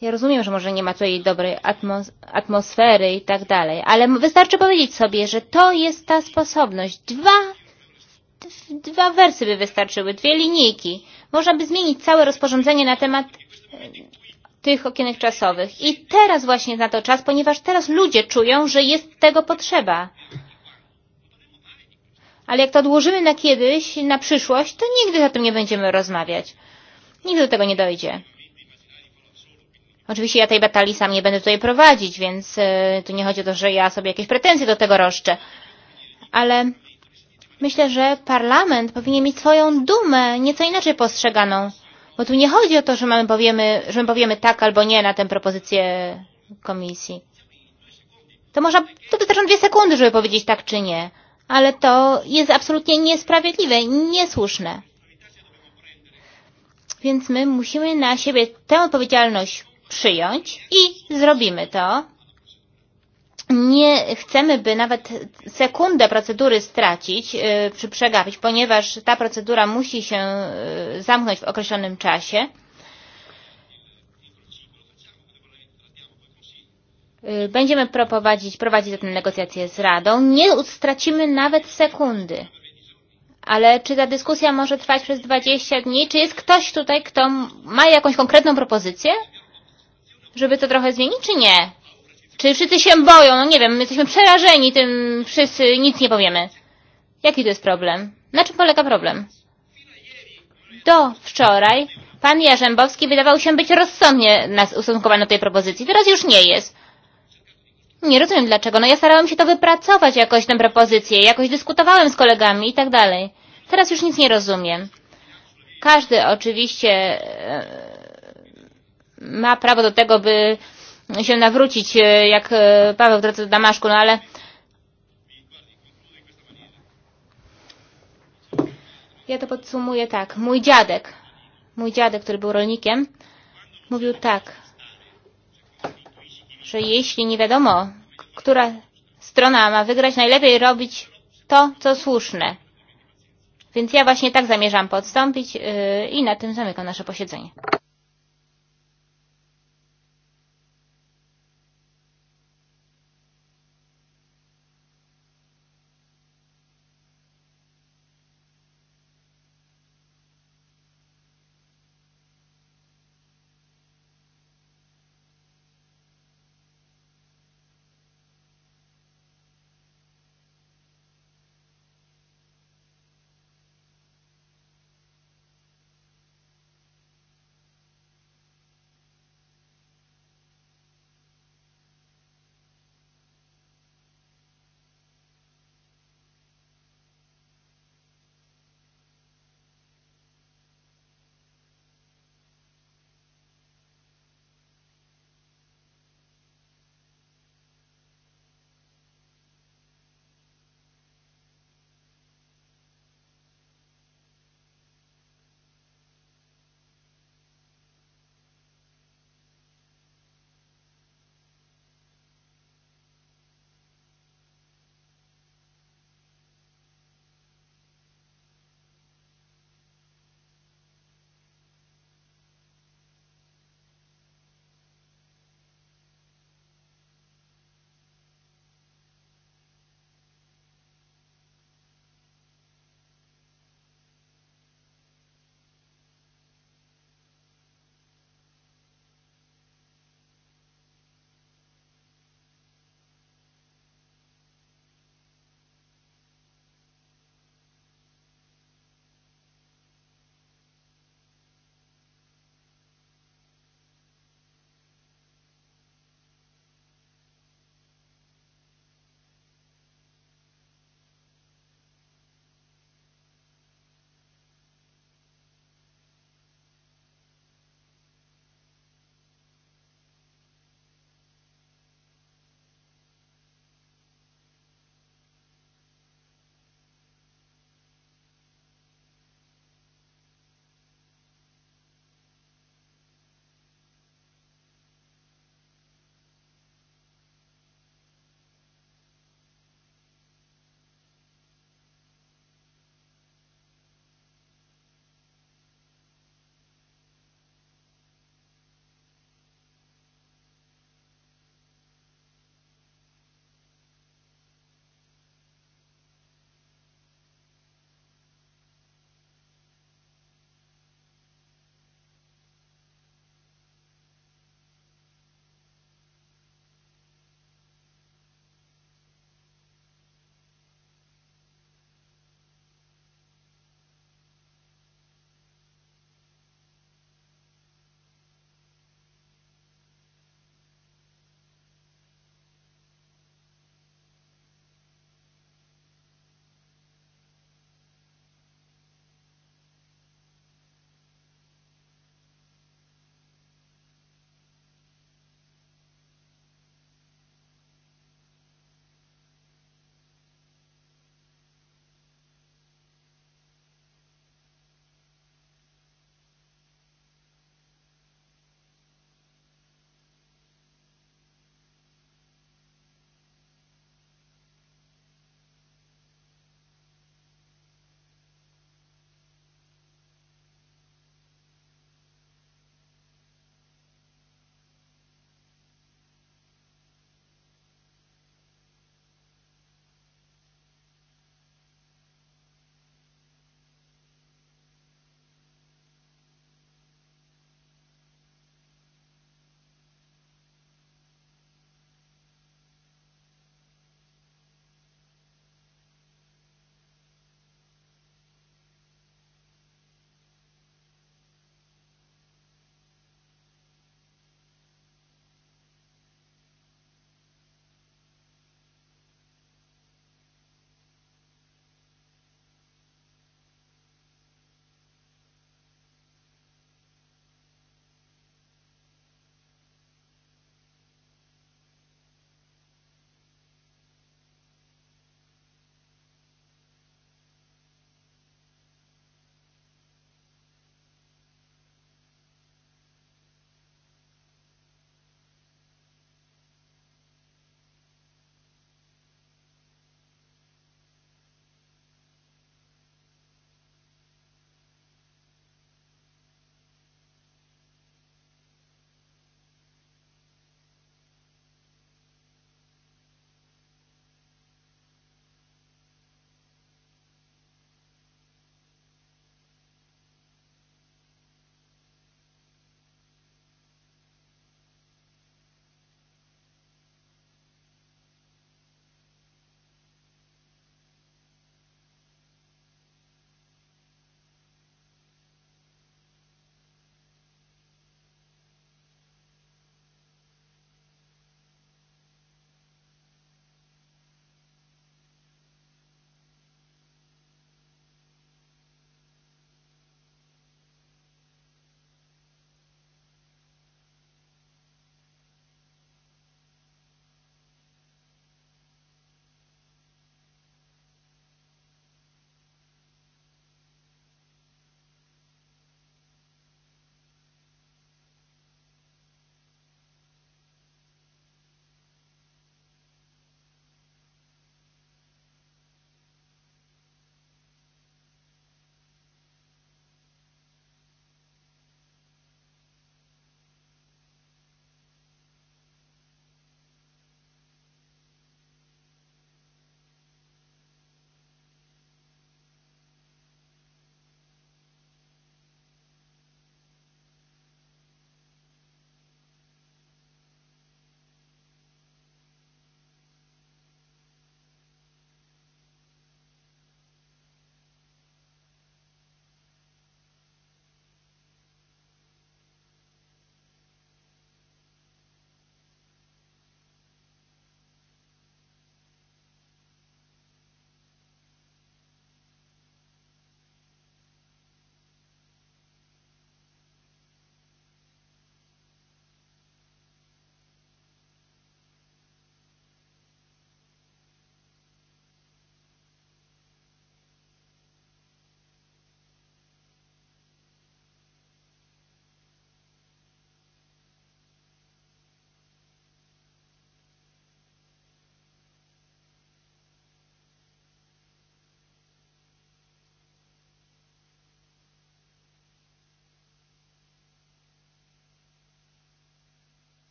Ja rozumiem, że może nie ma tutaj dobrej atmos atmosfery i tak dalej, ale wystarczy powiedzieć sobie, że to jest ta sposobność. Dwa, dwa wersy by wystarczyły, dwie linijki. Można by zmienić całe rozporządzenie na temat e, tych okienek czasowych. I teraz właśnie na to czas, ponieważ teraz ludzie czują, że jest tego potrzeba. Ale jak to odłożymy na kiedyś, na przyszłość, to nigdy o tym nie będziemy rozmawiać. Nigdy do tego nie dojdzie. Oczywiście ja tej batalii sam nie będę tutaj prowadzić, więc y, e, tu nie chodzi o to, że ja sobie jakieś pretensje do tego roszczę. Ale myślę, że parlament powinien mieć swoją dumę nieco inaczej postrzeganą. Bo tu nie chodzi o to, że, mamy powiemy, że my powiemy tak albo nie na tę propozycję komisji. To można, to wystarczą dwie sekundy, żeby powiedzieć tak czy nie ale to jest absolutnie niesprawiedliwe, i niesłuszne. Więc my musimy na siebie tę odpowiedzialność przyjąć i zrobimy to. Nie chcemy, by nawet sekundę procedury stracić czy przegapić, ponieważ ta procedura musi się zamknąć w określonym czasie. Będziemy prowadzić, prowadzić te negocjacje z Radą. Nie stracimy nawet sekundy. Ale czy ta dyskusja może trwać przez 20 dni? Czy jest ktoś tutaj, kto ma jakąś konkretną propozycję, żeby to trochę zmienić, czy nie? Czy wszyscy się boją? No nie wiem, my jesteśmy przerażeni tym, wszyscy nic nie powiemy. Jaki to jest problem? Na czym polega problem? Do wczoraj pan Jarzębowski wydawał się być rozsądnie nas ustosunkowany do tej propozycji. Teraz już nie jest. Nie rozumiem dlaczego. No ja starałam się to wypracować jakoś, tę propozycję. Jakoś dyskutowałem z kolegami i tak dalej. Teraz już nic nie rozumiem. Każdy oczywiście e, ma prawo do tego, by się nawrócić, e, jak e, Paweł w drodze do Damaszku, no ale ja to podsumuję tak. Mój dziadek, mój dziadek, który był rolnikiem, mówił tak że jeśli nie wiadomo, która strona ma wygrać, najlepiej robić to, co słuszne. Więc ja właśnie tak zamierzam podstąpić i na tym zamykam nasze posiedzenie.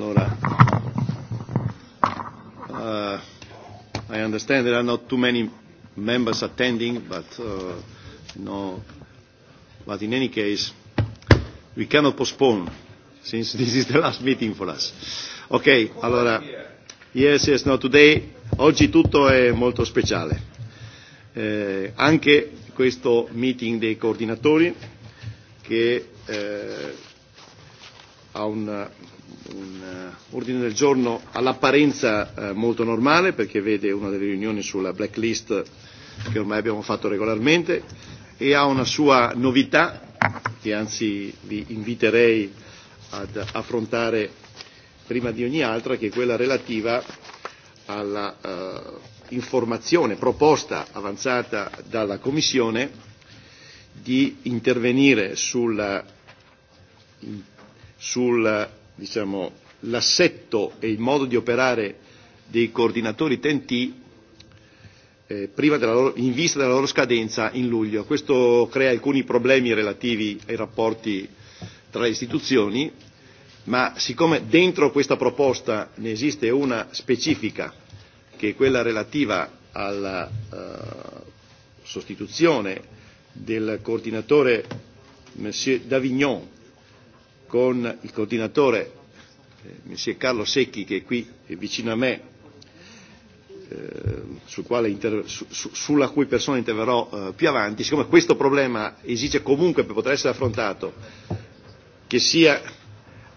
Nora. Uh, I understand there are not too many members attending, but uh, no. But in any case, we cannot postpone, since this is the last meeting for us. Ok, allora, yes, yes, no, today, oggi tutto è molto speciale. Eh, anche questo meeting dei coordinatori che eh, ha un un uh, ordine del giorno all'apparenza uh, molto normale perché vede una delle riunioni sulla blacklist che ormai abbiamo fatto regolarmente e ha una sua novità che anzi vi inviterei ad affrontare prima di ogni altra che è quella relativa alla uh, informazione proposta avanzata dalla Commissione di intervenire sulla, sul diciamo, l'assetto e il modo di operare dei coordinatori TNT eh, prima della loro, in vista della loro scadenza in luglio. Questo crea alcuni problemi relativi ai rapporti tra le istituzioni, ma siccome dentro questa proposta ne esiste una specifica, che è quella relativa alla eh, sostituzione del coordinatore Monsieur Davignon con il coordinatore, eh, Messie Carlo Secchi, che è qui è vicino a me, eh, sul quale inter- su- sulla cui persona interverrò eh, più avanti, siccome questo problema esige comunque per poter essere affrontato che, sia,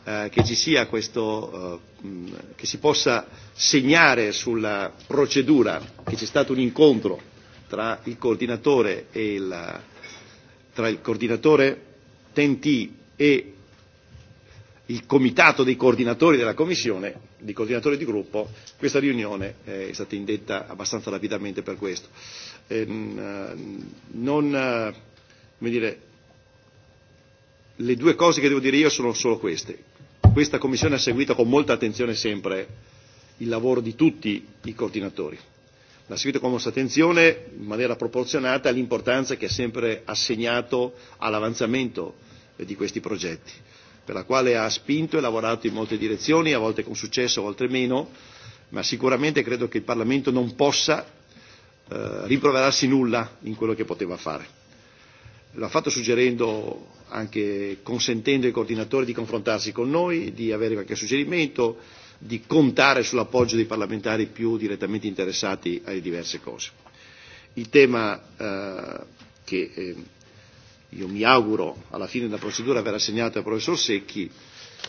eh, che ci sia questo, eh, mh, che si possa segnare sulla procedura che c'è stato un incontro tra il coordinatore e il, tra il coordinatore TNT e il comitato dei coordinatori della Commissione, di coordinatori di gruppo, questa riunione eh, è stata indetta abbastanza rapidamente per questo. Ehm, eh, non, eh, come dire, le due cose che devo dire io sono solo queste. Questa Commissione ha seguito con molta attenzione sempre il lavoro di tutti i coordinatori. L'ha seguito con molta attenzione in maniera proporzionata all'importanza che ha sempre assegnato all'avanzamento di questi progetti per la quale ha spinto e lavorato in molte direzioni, a volte con successo, a volte meno, ma sicuramente credo che il Parlamento non possa eh, rimproverarsi nulla in quello che poteva fare. L'ha fatto suggerendo, anche consentendo ai coordinatori di confrontarsi con noi, di avere qualche suggerimento, di contare sull'appoggio dei parlamentari più direttamente interessati alle diverse cose. Il tema eh, che eh, io mi auguro alla fine della procedura verrà assegnato al professor Secchi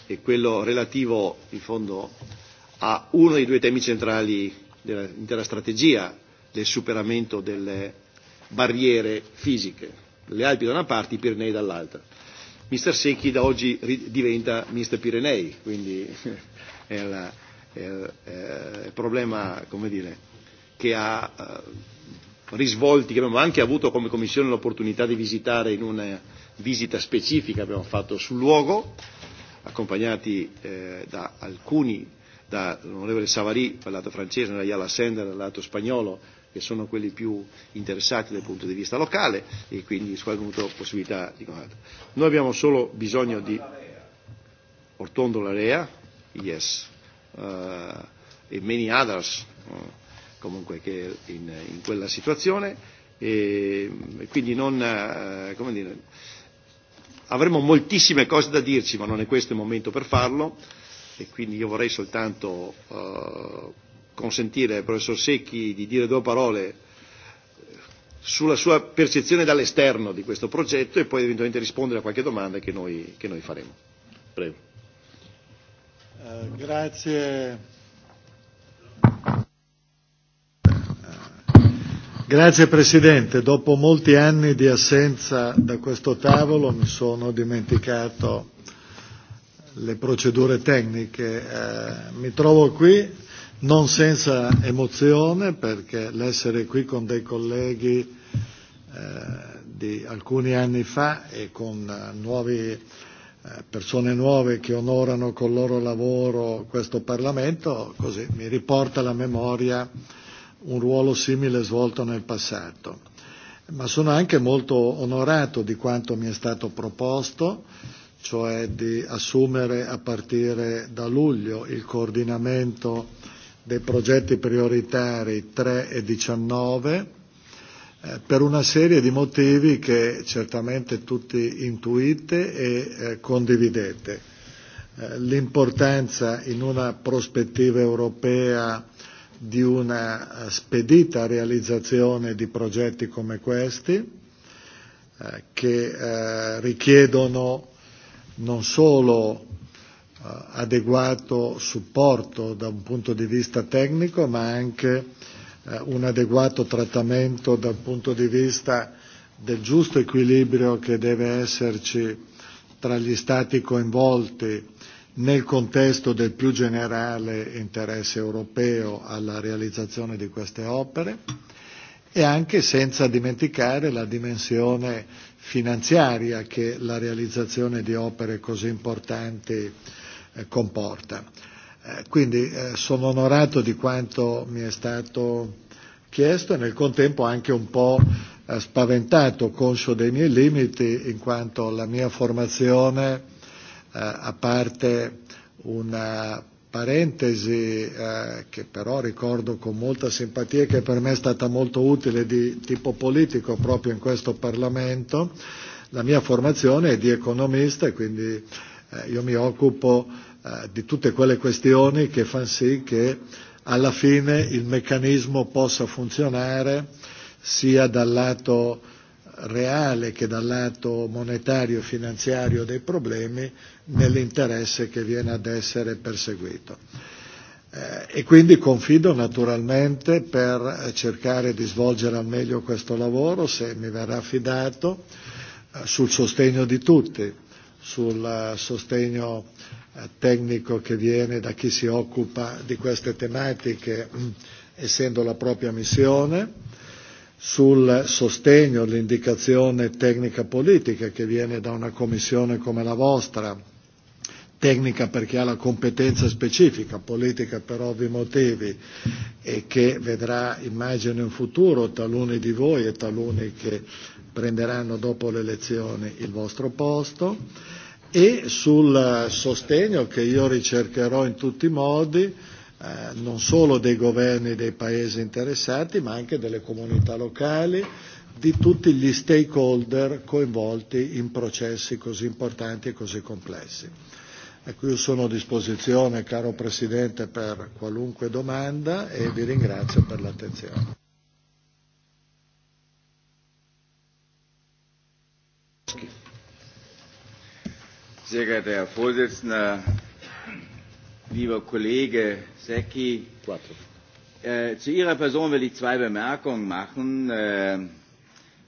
è quello relativo in fondo a uno dei due temi centrali dell'intera strategia, del superamento delle barriere fisiche, le Alpi da una parte, i Pirenei dall'altra. Mister Secchi da oggi diventa Mister Pirenei, quindi è, la, è, è il problema come dire, che ha eh, risvolti che abbiamo anche avuto come Commissione l'opportunità di visitare in una visita specifica che abbiamo fatto sul luogo, accompagnati eh, da alcuni, dall'onorevole Savary dal lato francese, dalla Yala Sender dal lato spagnolo, che sono quelli più interessati dal punto di vista locale e quindi su avuto possibilità di contatto. Noi abbiamo solo bisogno di Ortondo Larea, yes, uh, e many others. Uh, comunque che in, in quella situazione e, e quindi non, eh, come dire, avremo moltissime cose da dirci ma non è questo il momento per farlo e quindi io vorrei soltanto uh, consentire al professor Secchi di dire due parole sulla sua percezione dall'esterno di questo progetto e poi eventualmente rispondere a qualche domanda che noi, che noi faremo. Prego. Uh, grazie Grazie Presidente, dopo molti anni di assenza da questo tavolo mi sono dimenticato le procedure tecniche. Eh, mi trovo qui non senza emozione perché l'essere qui con dei colleghi eh, di alcuni anni fa e con eh, nuovi, eh, persone nuove che onorano col loro lavoro questo Parlamento, così mi riporta alla memoria eh, un ruolo simile svolto nel passato, ma sono anche molto onorato di quanto mi è stato proposto, cioè di assumere a partire da luglio il coordinamento dei progetti prioritari 3 e 19 eh, per una serie di motivi che certamente tutti intuite e eh, condividete. Eh, l'importanza in una prospettiva europea di una eh, spedita realizzazione di progetti come questi, eh, che eh, richiedono non solo eh, adeguato supporto da un punto di vista tecnico, ma anche eh, un adeguato trattamento dal punto di vista del giusto equilibrio che deve esserci tra gli Stati coinvolti nel contesto del più generale interesse europeo alla realizzazione di queste opere e anche senza dimenticare la dimensione finanziaria che la realizzazione di opere così importanti eh, comporta. Eh, quindi eh, sono onorato di quanto mi è stato chiesto e nel contempo anche un po' spaventato, conscio dei miei limiti, in quanto la mia formazione Eh, a parte una parentesi eh, che però ricordo con molta simpatia e che per me è stata molto utile di tipo politico proprio in questo Parlamento. La mia formazione è di economista e quindi eh, io mi occupo eh, di tutte quelle questioni che fanno sì che alla fine il meccanismo possa funzionare sia dal lato reale che dal lato monetario e finanziario dei problemi nell'interesse che viene ad essere perseguito. Eh, e quindi confido naturalmente per eh, cercare di svolgere al meglio questo lavoro, se mi verrà affidato, eh, sul sostegno di tutti, sul eh, sostegno eh, tecnico che viene da chi si occupa di queste tematiche, mh, mm, essendo la propria missione, sul sostegno l'indicazione tecnica politica che viene da una commissione come la vostra, tecnica perché ha la competenza specifica, politica per ovvi motivi e che vedrà immagino in futuro taluni di voi e taluni che prenderanno dopo le elezioni il vostro posto e sul sostegno che io ricercherò in tutti i modi eh, non solo dei governi dei paesi interessati ma anche delle comunità locali di tutti gli stakeholder coinvolti in processi così importanti e così complessi a io sono a disposizione, caro Presidente, per qualunque domanda e vi ringrazio per l'attenzione. Sehr geehrter Herr Vorsitzender, lieber Kollege Secchi, äh, zu Ihrer Person will ich zwei Bemerkungen machen. Äh,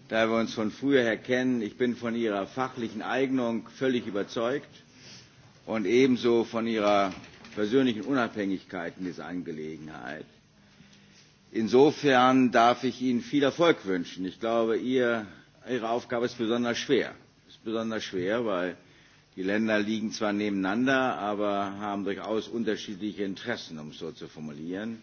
da wir uns von früher her kennen, ich bin von Ihrer fachlichen Eignung völlig überzeugt und ebenso von ihrer persönlichen Unabhängigkeit in dieser Angelegenheit. Insofern darf ich Ihnen viel Erfolg wünschen. Ich glaube, ihr, Ihre Aufgabe ist besonders schwer. Ist besonders schwer, weil die Länder liegen zwar nebeneinander, aber haben durchaus unterschiedliche Interessen, um es so zu formulieren.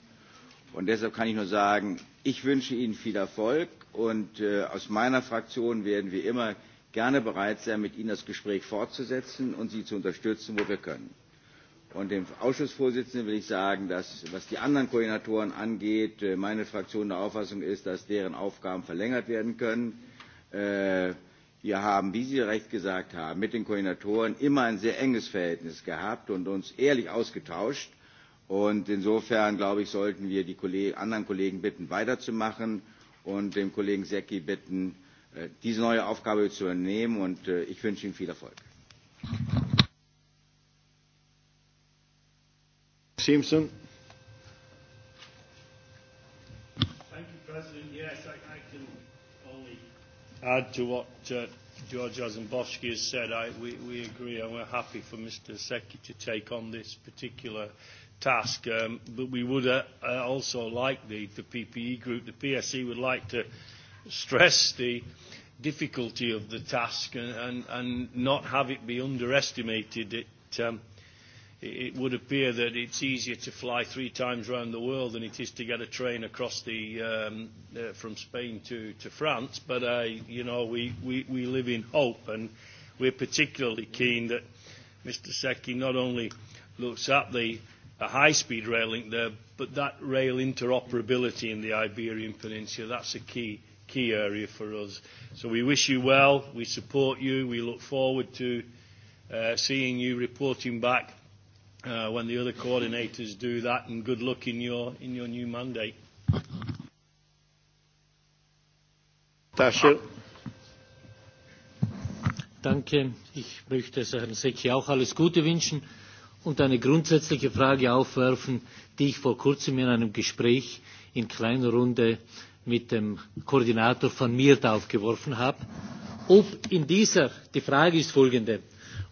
Und deshalb kann ich nur sagen, ich wünsche Ihnen viel Erfolg und äh, aus meiner Fraktion werden wir immer gerne bereit sein, mit Ihnen das Gespräch fortzusetzen und Sie zu unterstützen, wo wir können. Und dem Ausschussvorsitzenden will ich sagen, dass, was die anderen Koordinatoren angeht, äh, meine Fraktion der Auffassung ist, dass deren Aufgaben verlängert werden können. Äh, wir haben, wie Sie recht gesagt haben, mit den Koordinatoren immer ein sehr enges Verhältnis gehabt und uns ehrlich ausgetauscht. Und insofern, glaube ich, sollten wir die anderen Kollegen bitten, weiterzumachen und den Kollegen Secki bitten, Äh, diese neue Aufgabe zu übernehmen. Und äh, ich wünsche Ihnen viel Erfolg. Simpson. Thank you, President. Yes, I, I can only add to what uh, George has said. I, we, we agree and we're happy for Mr. Secchi to take on this particular task. Um, but we would uh, uh also like the, the PPE group, the PSE would like to stress the difficulty of the task and, and, and not have it be underestimated. It, um, it would appear that it's easier to fly three times around the world than it is to get a train across the, um, uh, from Spain to, to France. But, uh, you know, we, we, we live in hope and we're particularly keen that Mr. Secchi not only looks at the, the high-speed rail link there, but that rail interoperability in the Iberian Peninsula, that's a key key area for us. So we wish you well. We support you. We look forward to uh, seeing you reporting back uh, when the other coordinators do that. And good luck in your, in your new mandate. Tasche. Danke. Ich möchte Herrn Secchi auch alles Gute wünschen und eine grundsätzliche Frage aufwerfen, die ich vor kurzem in einem Gespräch in kleiner Runde mit dem Koordinator von mir da aufgeworfen habe. Ob in dieser, die Frage ist folgende,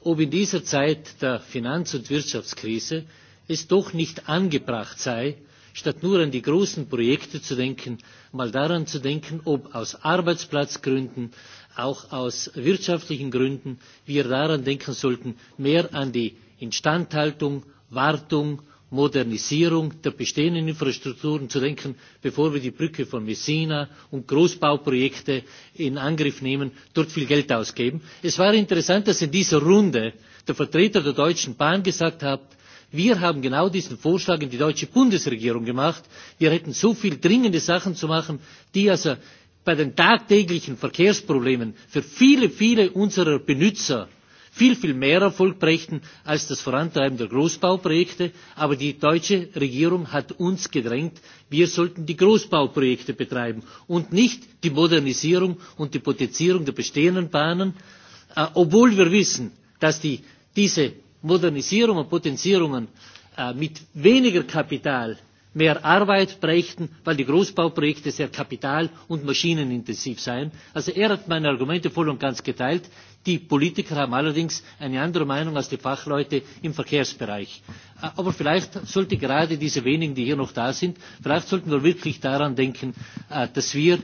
ob in dieser Zeit der Finanz- und Wirtschaftskrise es doch nicht angebracht sei, statt nur an die großen Projekte zu denken, mal daran zu denken, ob aus Arbeitsplatzgründen, auch aus wirtschaftlichen Gründen wir daran denken sollten, mehr an die Instandhaltung, Wartung Modernisierung der bestehenden Infrastrukturen zu denken, bevor wir die Brücke von Messina und Großbauprojekte in Angriff nehmen, dort viel Geld ausgeben. Es war interessant, dass in dieser Runde der Vertreter der Deutschen Bahn gesagt hat, wir haben genau diesen Vorschlag in die deutsche Bundesregierung gemacht. Wir hätten so viele dringende Sachen zu machen, die also bei den tagtäglichen Verkehrsproblemen für viele, viele unserer Benutzer viel, viel mehr Erfolg brächten als das Vorantreiben der Großbauprojekte. Aber die deutsche Regierung hat uns gedrängt, wir sollten die Großbauprojekte betreiben und nicht die Modernisierung und die Potenzierung der bestehenden Bahnen, äh, obwohl wir wissen, dass die, diese Modernisierung und Potenzierungen äh, mit weniger Kapital mehr Arbeit brächten, weil die Großbauprojekte sehr kapital- und maschinenintensiv seien. Also er hat meine Argumente voll und ganz geteilt. Die Politiker haben allerdings eine andere Meinung als die Fachleute im Verkehrsbereich. Äh, aber vielleicht sollte gerade diese wenigen, die hier noch da sind, vielleicht sollten wir wirklich daran denken, äh, dass wir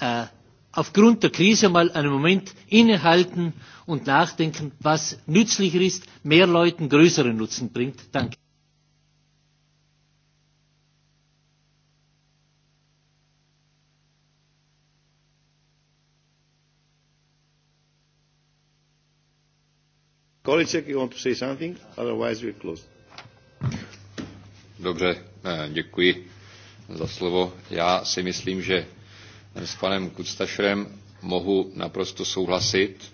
äh, aufgrund der Krise mal einen Moment innehalten und nachdenken, was nützlicher ist, mehr Leuten größeren Nutzen bringt. Danke. Kolicek, you want to say something? Otherwise we're closed. Dobře, eh, děkuji za slovo. Já si myslím, že s panem Kustašerem mohu naprosto souhlasit,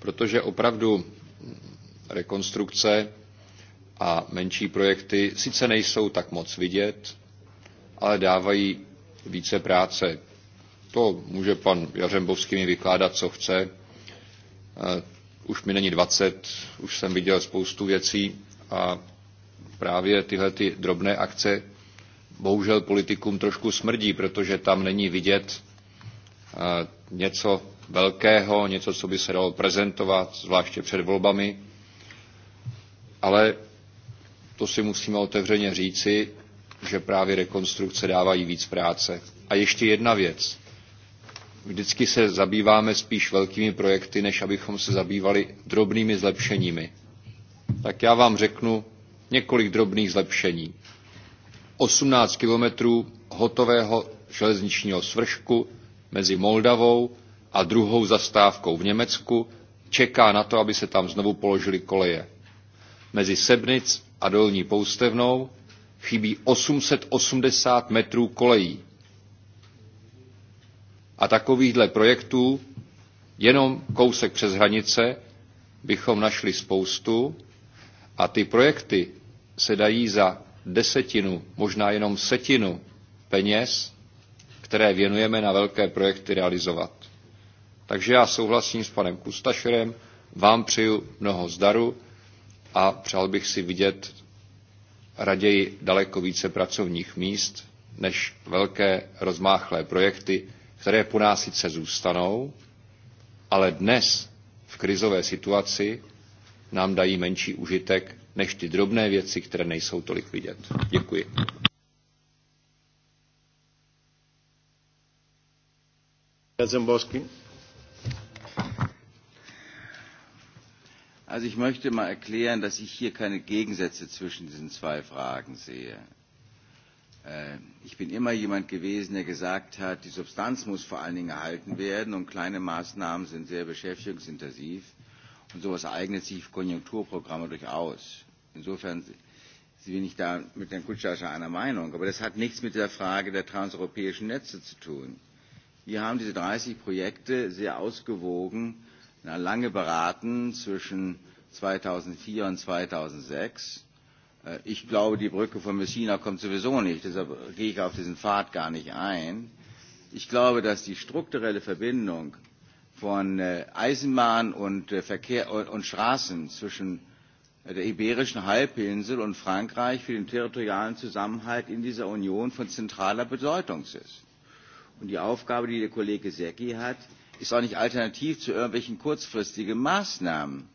protože opravdu rekonstrukce a menší projekty sice nejsou tak moc vidět, ale dávají více práce. To může pan Jařembovský mi vykládat, co chce. Eh, Už mi není 20, už jsem viděl spoustu věcí a právě tyhle ty drobné akce bohužel politikům trošku smrdí, protože tam není vidět eh, něco velkého, něco, co by se dalo prezentovat, zvláště před volbami. Ale to si musíme otevřeně říci, že právě rekonstrukce dávají víc práce. A ještě jedna věc vždycky se zabýváme spíš velkými projekty, než abychom se zabývali drobnými zlepšeními. Tak já vám řeknu několik drobných zlepšení. 18 kilometrů hotového železničního svršku mezi Moldavou a druhou zastávkou v Německu čeká na to, aby se tam znovu položily koleje. Mezi Sebnic a Dolní Poustevnou chybí 880 metrů kolejí A takovýchhle projektů jenom kousek přes hranice bychom našli spoustu a ty projekty se dají za desetinu, možná jenom setinu peněz, které věnujeme na velké projekty realizovat. Takže já souhlasím s panem Kustašerem, vám přeju mnoho zdaru a přál bych si vidět raději daleko více pracovních míst než velké rozmáchlé projekty, které po nás sice zůstanou, ale dnes v krizové situaci nám dají menší užitek než ty drobné věci, které nejsou tolik vidět. Děkuji. Also ich möchte mal erklären, dass ich hier keine Gegensätze zwischen diesen zwei Fragen sehe. Äh, ich bin immer jemand gewesen, der gesagt hat, die Substanz muss vor allen Dingen erhalten werden und kleine Maßnahmen sind sehr beschäftigungsintensiv und sowas eignet sich Konjunkturprogramme durchaus. Insofern bin ich da mit Herrn Kutschascher einer Meinung. Aber das hat nichts mit der Frage der transeuropäischen Netze zu tun. Wir haben diese 30 Projekte sehr ausgewogen, lange beraten zwischen 2004 und 2006 Äh, ich glaube, die Brücke von Messina kommt sowieso nicht. Deshalb gehe ich auf diesen Pfad gar nicht ein. Ich glaube, dass die strukturelle Verbindung von äh, Eisenbahn und, äh, Verkehr und Straßen zwischen der iberischen Halbinsel und Frankreich für den territorialen Zusammenhalt in dieser Union von zentraler Bedeutung ist. Und die Aufgabe, die der Kollege Secki hat, ist auch nicht alternativ zu irgendwelchen kurzfristigen Maßnahmen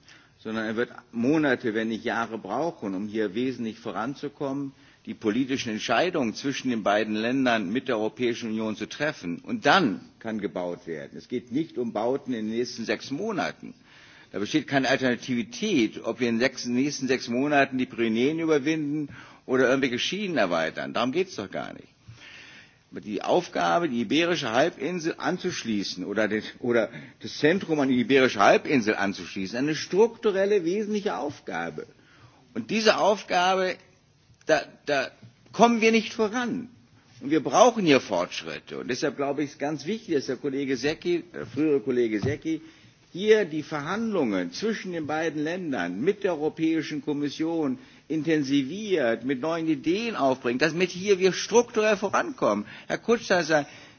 sondern er wird Monate, wenn nicht Jahre brauchen, um hier wesentlich voranzukommen, die politischen Entscheidungen zwischen den beiden Ländern mit der Europäischen Union zu treffen. Und dann kann gebaut werden. Es geht nicht um Bauten in den nächsten sechs Monaten. Da besteht keine Alternativität, ob wir in den nächsten sechs Monaten die Pyrenäen überwinden oder irgendwelche Schienen erweitern. Darum geht es doch gar nicht die Aufgabe, die Iberische Halbinsel anzuschließen oder, den, oder das Zentrum an die Iberische Halbinsel anzuschließen, eine strukturelle, wesentliche Aufgabe. Und diese Aufgabe, da, da kommen wir nicht voran. Und wir brauchen hier Fortschritte. Und deshalb glaube ich, ist ganz wichtig, dass der Kollege Secki, der frühere Kollege Secki, hier die Verhandlungen zwischen den beiden Ländern mit der Europäischen Kommission intensiviert, mit neuen Ideen aufbringt, damit hier wir strukturell vorankommen. Herr Kutscher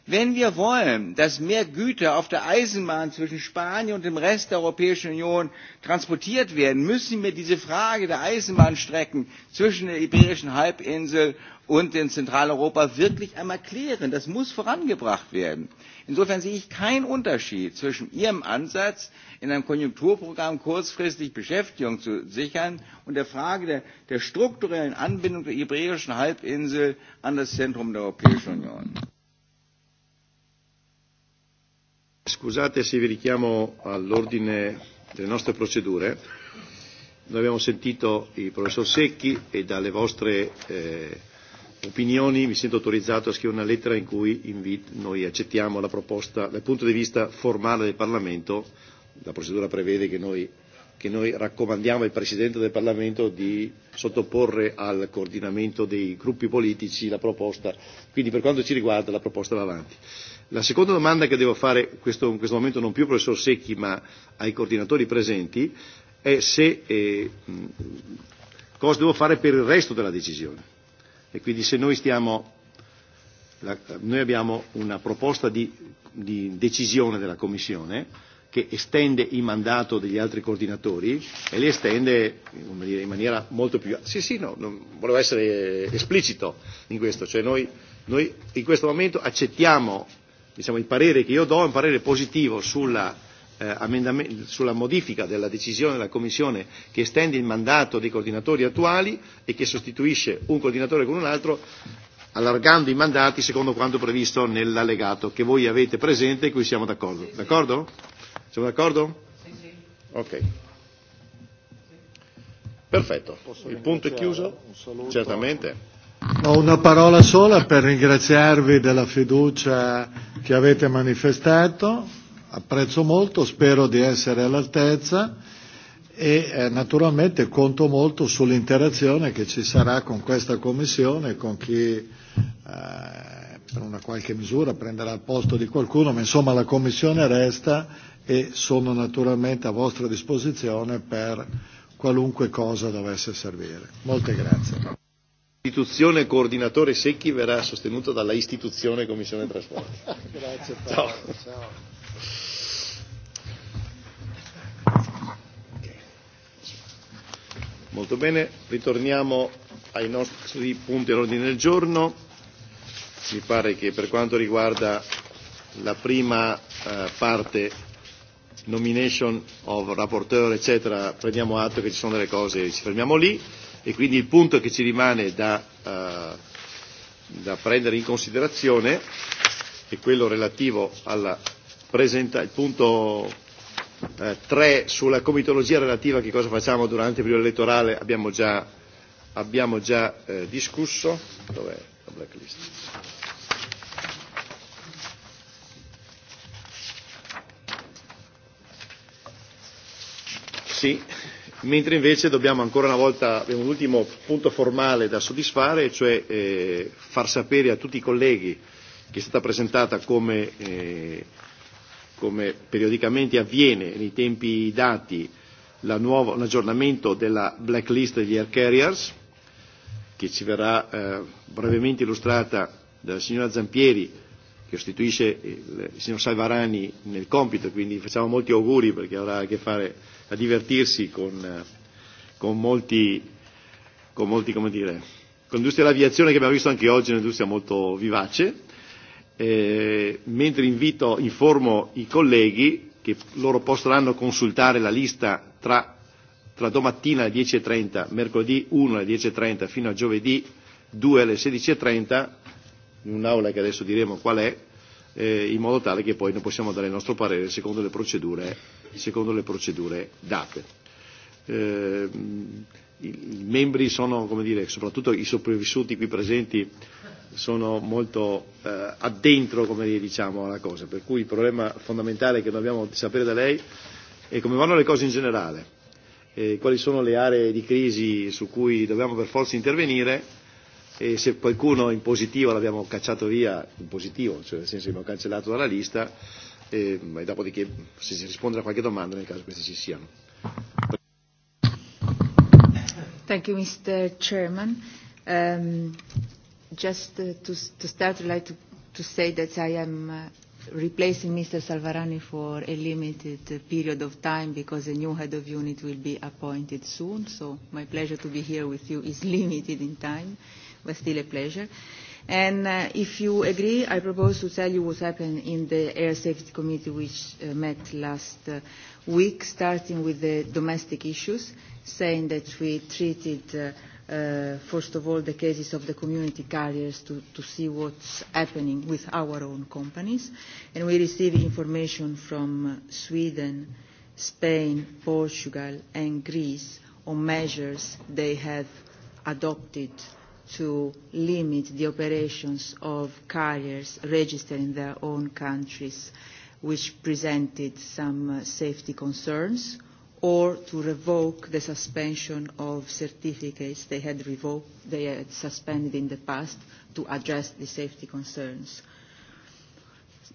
Wenn wir wollen, dass mehr Güter auf der Eisenbahn zwischen Spanien und dem Rest der Europäischen Union transportiert werden, müssen wir diese Frage der Eisenbahnstrecken zwischen der Iberischen Halbinsel und in Zentraleuropa wirklich einmal klären. Das muss vorangebracht werden. Insofern sehe ich keinen Unterschied zwischen Ihrem Ansatz, in einem Konjunkturprogramm kurzfristig Beschäftigung zu sichern und der Frage der, der strukturellen Anbindung der Iberischen Halbinsel an das Zentrum der Europäischen Union. Scusate se vi richiamo all'ordine delle nostre procedure. Noi abbiamo sentito il professor Secchi e dalle vostre eh, opinioni mi sento autorizzato a scrivere una lettera in cui invito, noi accettiamo la proposta dal punto di vista formale del Parlamento. La procedura prevede che noi, che noi raccomandiamo al Presidente del Parlamento di sottoporre al coordinamento dei gruppi politici la proposta. Quindi per quanto ci riguarda la proposta va avanti. La seconda domanda che devo fare questo, in questo momento non più al professor Secchi ma ai coordinatori presenti è se, eh, cosa devo fare per il resto della decisione. E quindi se noi stiamo la, noi abbiamo una proposta di, di decisione della Commissione che estende il mandato degli altri coordinatori e li estende in maniera molto più... Sì, sì, no, non, volevo essere esplicito in questo. Cioè noi, noi in questo momento accettiamo diciamo, il parere che io do è un parere positivo sulla, eh, sulla modifica della decisione della Commissione che estende il mandato dei coordinatori attuali e che sostituisce un coordinatore con un altro allargando i mandati secondo quanto previsto nell'allegato che voi avete presente e cui siamo d'accordo. Sì, d'accordo? Sì. Siamo d'accordo? Sì, sì. Ok. Perfetto. Posso il punto è chiuso? Certamente. Ho una parola sola per ringraziarvi della fiducia che avete manifestato, apprezzo molto, spero di essere all'altezza e eh, naturalmente conto molto sull'interazione che ci sarà con questa Commissione, con chi eh, per una qualche misura prenderà il posto di qualcuno, ma insomma la Commissione resta e sono naturalmente a vostra disposizione per qualunque cosa dovesse servire. Molte grazie. L'istituzione coordinatore Secchi verrà sostenuto dalla istituzione Commissione Trasporti. Grazie Paolo. Ciao. Ciao. Molto bene, ritorniamo ai nostri punti all'ordine del giorno. Mi pare che per quanto riguarda la prima eh, parte nomination of rapporteur eccetera prendiamo atto che ci sono delle cose e ci fermiamo lì e quindi il punto che ci rimane da, uh, da prendere in considerazione è quello relativo al presenta, il punto 3 eh, sulla comitologia relativa a che cosa facciamo durante il periodo elettorale abbiamo già, abbiamo già uh, discusso. Dov'è la blacklist? Sì, mentre invece dobbiamo ancora una volta, abbiamo un ultimo punto formale da soddisfare, cioè eh, far sapere a tutti i colleghi che è stata presentata come, eh, come periodicamente avviene nei tempi dati la nuova, un aggiornamento della blacklist degli air carriers, che ci verrà eh, brevemente illustrata dalla signora Zampieri, che sostituisce il, il signor Salvarani nel compito, quindi facciamo molti auguri perché avrà a che fare a divertirsi con, eh, con molti, con molti come dire, con l'industria dell'aviazione che abbiamo visto anche oggi, un'industria molto vivace, eh, mentre invito, informo i colleghi che loro potranno consultare la lista tra, tra domattina alle 10.30, e mercoledì 1 alle 10.30 e fino a giovedì 2 alle 16.30, e in un'aula che adesso diremo qual è, eh, in modo tale che poi noi possiamo dare il nostro parere secondo le procedure, secondo le procedure date. Eh, I I membri sono, come dire, soprattutto i sopravvissuti qui presenti, sono molto eh, addentro come dire, diciamo, alla cosa, per cui il problema fondamentale che dobbiamo sapere da lei è come vanno le cose in generale, eh, quali sono le aree di crisi su cui dobbiamo per forza intervenire e se qualcuno in positivo l'abbiamo cacciato via, in positivo, cioè nel senso che abbiamo cancellato dalla lista, e, e dopodiché se si risponde a qualche domanda nel caso questi ci siano. Thank you, Mr. Chairman. Um, just uh, to, to start, I'd like to, to say that I am uh, replacing Mr. Salvarani for a limited period of time because a new head of unit will be appointed soon, so my pleasure to be here with you is limited in time. Uh, but still a pleasure. And uh, if you agree, I propose to tell you what happened in the Air Safety Committee, which uh, met last uh, week, starting with the domestic issues, saying that we treated, uh, uh, first of all, the cases of the community carriers to, to see what's happening with our own companies. And we received information from Sweden, Spain, Portugal, and Greece on measures they have adopted to limit the operations of carriers registered in their own countries which presented some uh, safety concerns or to revoke the suspension of certificates they had, revoked, they had suspended in the past to address the safety concerns.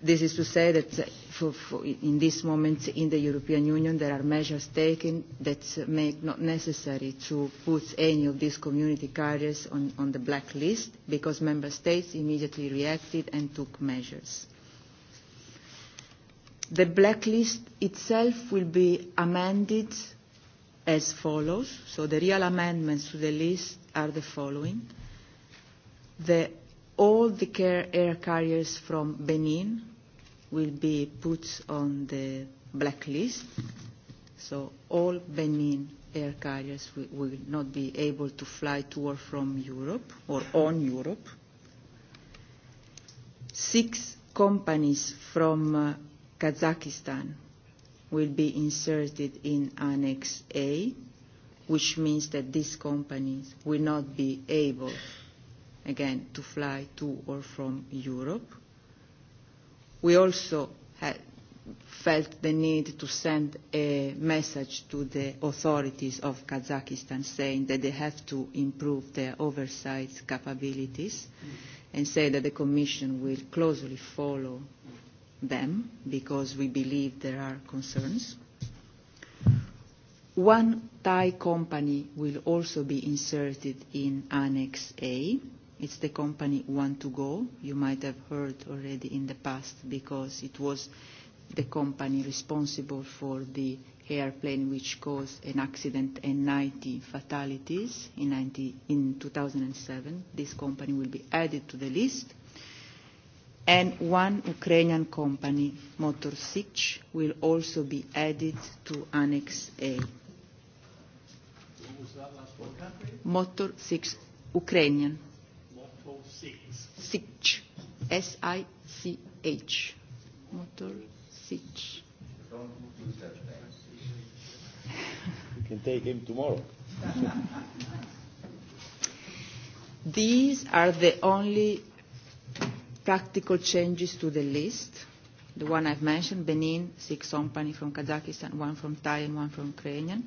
This is to say that uh, for, for in this moment in the European Union there are measures taken that make not necessary to put any of these community carriers on, on the blacklist because member states immediately reacted and took measures. The blacklist itself will be amended as follows. So the real amendments to the list are the following. The all the care air carriers from Benin will be put on the blacklist. So all Benin air carriers will, will not be able to fly to or from Europe or on Europe. Six companies from uh, Kazakhstan will be inserted in Annex A, which means that these companies will not be able again, to fly to or from Europe. We also had felt the need to send a message to the authorities of Kazakhstan saying that they have to improve their oversight capabilities and say that the Commission will closely follow them because we believe there are concerns. One Thai company will also be inserted in Annex A It's the company Want to Go. You might have heard already in the past because it was the company responsible for the airplane which caused an accident and 90 fatalities in, 90, in 2007. This company will be added to the list. And one Ukrainian company, Motor Sich, will also be added to Annex A. Motor Sich, Ukrainian. SICH. S-I-C-H. Motor SICH. Don't do you can take him tomorrow. These are the only practical changes to the list. The one I've mentioned, Benin, six company from Kazakhstan, one from Thai and one from Ukrainian.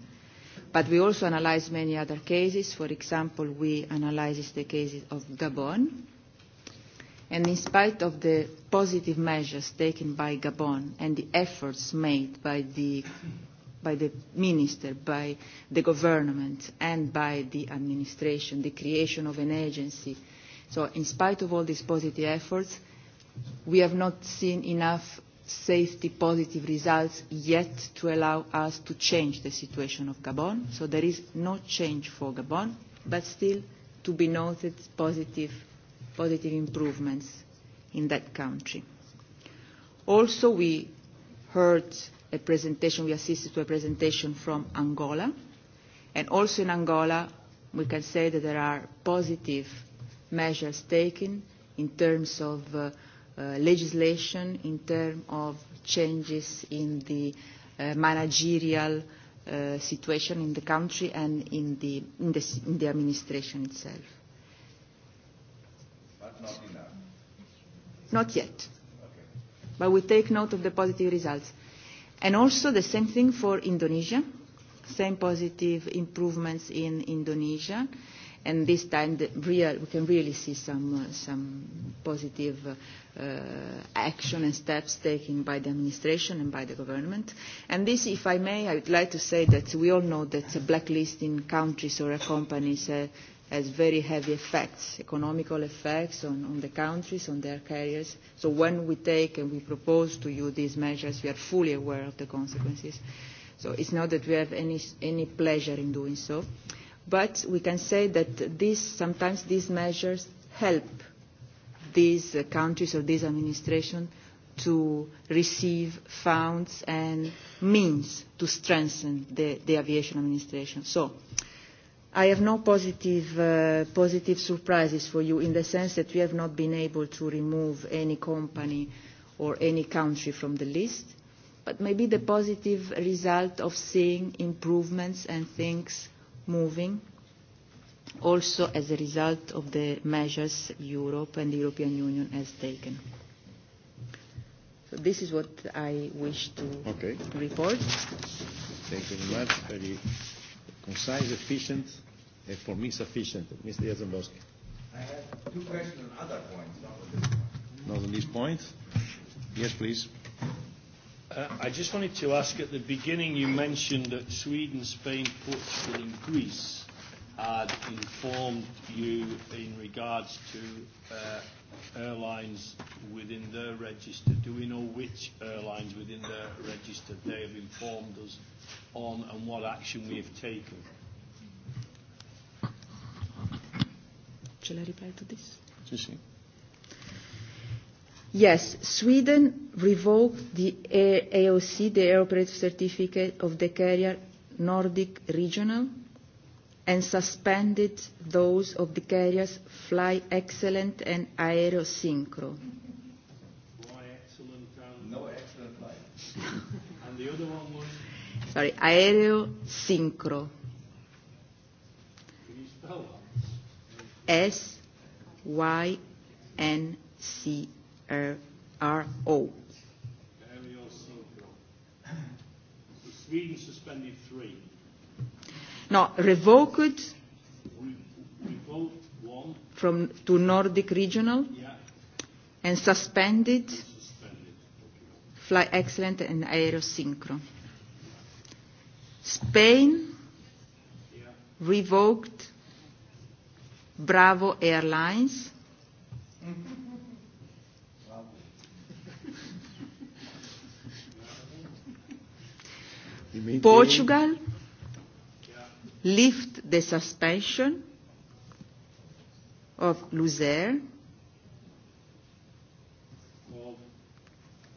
But we also analyze many other cases. For example, we analyze the cases of Gabon. And in spite of the positive measures taken by Gabon and the efforts made by the, by the minister, by the government, and by the administration, the creation of an agency, so in spite of all these positive efforts, we have not seen enough safety positive results yet to allow us to change the situation of Gabon. So there is no change for Gabon, but still to be noted positive, positive improvements in that country. Also, we heard a presentation, we assisted to a presentation from Angola, and also in Angola, we can say that there are positive measures taken in terms of uh, Uh, legislation in terms of changes in the uh, managerial uh, situation in the country and in the, in the, in the administration itself. But not Not yet. Okay. But we take note of the positive results. And also the same thing for Indonesia, same positive improvements in Indonesia and this time the real, we can really see some, uh, some positive uh, uh, action and steps taken by the administration and by the government. And this, if I may, I would like to say that we all know that a blacklist in countries or companies uh, has very heavy effects, economical effects on, on the countries, on their carriers. So when we take and we propose to you these measures, we are fully aware of the consequences. So it's not that we have any, any pleasure in doing so. Uh, But we can say that this, sometimes these measures help these uh, countries or this administration to receive funds and means to strengthen the, the aviation administration. So I have no positive, uh, positive surprises for you in the sense that we have not been able to remove any company or any country from the list, but maybe the positive result of seeing improvements and things moving, also as a result of the measures Europe and the European Union has taken. So this is what I wish to okay. report. Thank you very much. Very concise, efficient, and for me sufficient. Mr. Jasenbowski. I have two questions on other points, not on this point. Not on this point? Yes, please. Uh, I just wanted to ask at the beginning, you mentioned that Sweden, Spain, Portugal, and Greece had informed you in regards to uh, airlines within their register. Do we know which airlines within their register they have informed us on and what action we have taken? Shall I reply to this? Just see. Yes, Sweden revoked the AOC, the Air Operative Certificate of the carrier Nordic Regional, and suspended those of the carriers Fly Excellent and Aerosynchro. Fly Excellent and... No Excellent Fly. and the other one was? Sorry, Aerosynchro. Can you spell that? S-Y-N-C-O. LRO. So Sweden suspended three. No, revoked revoked one. from to Nordic Regional yeah. and suspended, suspended. Fly Excellent and Aerosynchro. Spain yeah. revoked Bravo Airlines Portugal lift the suspension of Luzer.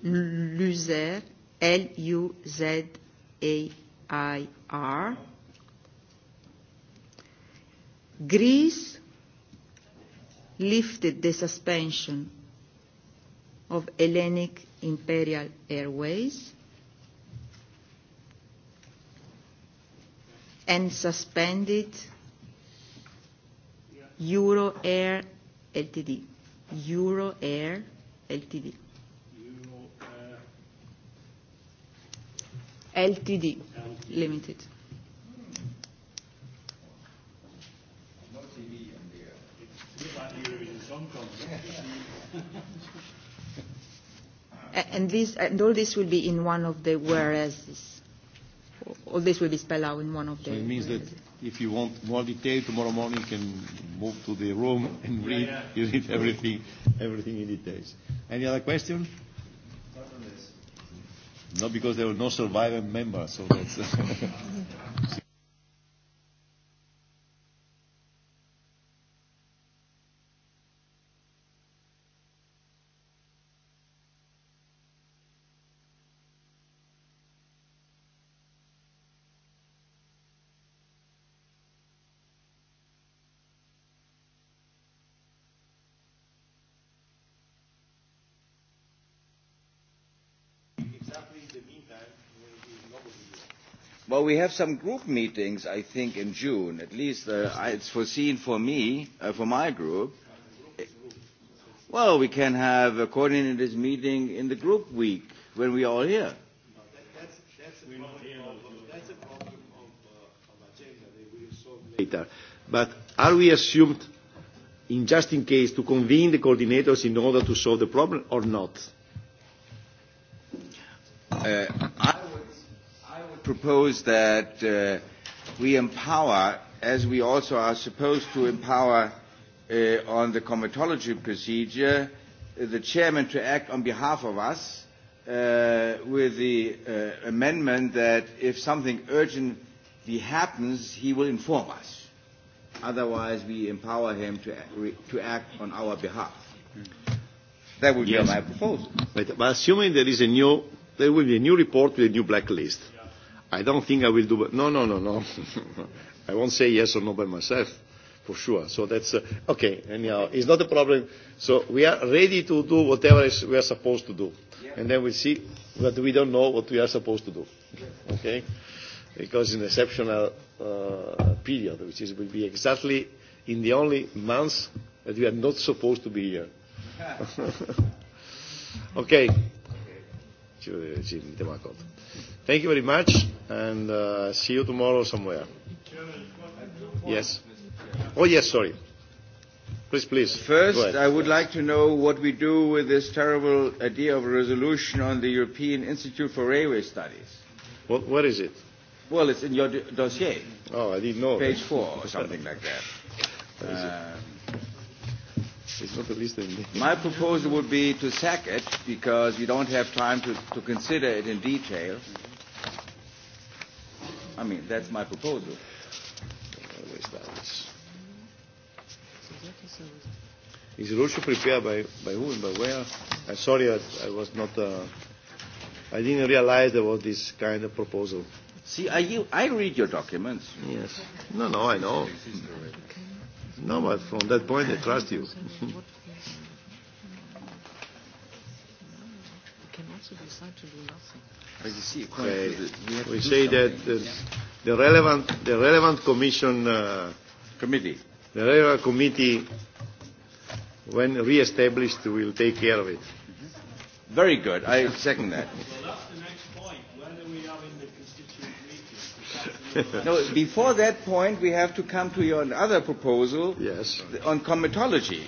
Luzer, L-U-Z-A-I-R. Greece lifted the suspension of Hellenic Imperial Airways. and suspended Euro Air Ltd. Euro Air Ltd. Ltd. Limited. and, this, and all this will be in one of the whereas all this will be spelled out in one of the. So it means that if you want more detail tomorrow morning, you can move to the room and read. Yeah, yeah. You read everything, everything in details. Any other question? Not Not because there were no surviving members, so that's. So we have some group meetings, I think, in June. At least uh, it's foreseen for me, uh, for my group. Well, we can have a coordinators meeting in the group week when we are all here. But are we assumed, in just in case, to convene the coordinators in order to solve the problem or not? Uh, I propose that uh, we empower, as we also are supposed to empower uh, on the comitology procedure, uh, the chairman to act on behalf of us uh, with the uh, amendment that if something urgently happens, he will inform us. Otherwise, we empower him to, act, to act on our behalf. That would yes. be my proposal. But, but assuming there is a new, there will be a new report with a new blacklist I don't think I will do. No, no, no, no. I won't say yes or no by myself, for sure. So that's uh, okay. Anyhow, it's not a problem. So we are ready to do whatever is we are supposed to do, yeah. and then we see that we don't know what we are supposed to do. Okay, because in an exceptional uh, period, which is will be exactly in the only months that we are not supposed to be here. okay. okay. Ci, Thank you very much, and uh, see you tomorrow somewhere. Yes. Oh, yes, sorry. Please, please. First, I would like to know what we do with this terrible idea of a resolution on the European Institute for Railway Studies. What, what is it? Well, it's in your dossier. Oh, I didn't know. Page four or something like that. Uh, it's not the least thing. My proposal would be to sack it because we don't have time to, to consider it in detail. Mm-hmm I mean, that's my proposal. Is it also prepared by, by who and by where? I'm sorry, I, I was not, uh, I didn't realize there was this kind of proposal. See, I, you, I read your documents. Yes. No, no, I know. No, but from that point, I trust you. can also decide to do nothing we say that the, the relevant the relevant commission uh, committee the relevant committee when re-established will take care of it. Mm-hmm. Very good. I second that. no, before that point, we have to come to your other proposal yes. on comitology.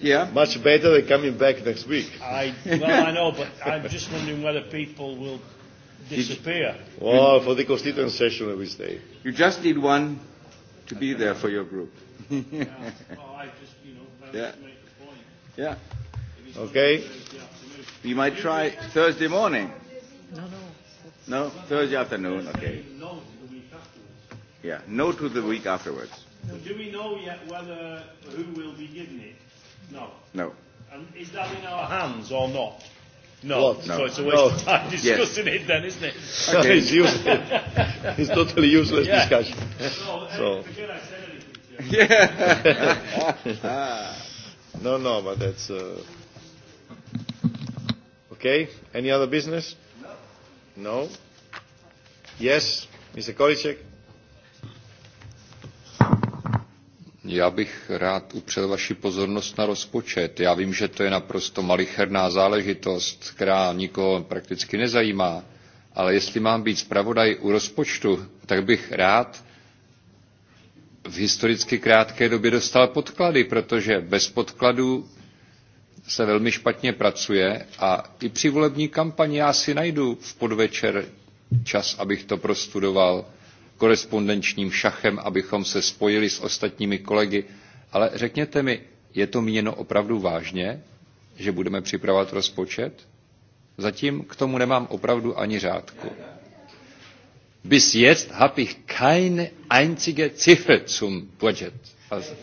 Yeah. Much better than coming back next week. I, well, I know, but I'm just wondering whether people will disappear. Well, for the constituent session we stay. You just need one to be there for your group. yeah. Well, I just, you know, yeah. point. Yeah. Okay. We might try Thursday morning. No, no. No, Thursday afternoon. Okay. No yeah. No to the week afterwards. Do we know yet whether who will be given it? No. No. And is that in our hands or not? No. What? no. So it's a waste no. of time discussing yes. it then, isn't it? Okay. it's useless. it's totally useless yeah. discussion. No, so. forget I said anything. Yeah. no, no, but that's. Uh... Okay. Any other business? No. No. Yes, Mr. Kolicek. Já bych rád upřel vaši pozornost na rozpočet. Já vím, že to je naprosto malicherná záležitost, která nikoho prakticky nezajímá, ale jestli mám být zpravodaj u rozpočtu, tak bych rád v historicky krátké době dostal podklady, protože bez podkladů se velmi špatně pracuje a i při volební kampani já si najdu v podvečer čas, abych to prostudoval korespondenčním šachem, abychom se spojili s ostatními kolegy. Ale řekněte mi, je to míněno opravdu vážně, že budeme připravovat rozpočet? Zatím k tomu nemám opravdu ani řádku. Bis jetzt habe ich keine einzige Ziffer zum Budget. Also.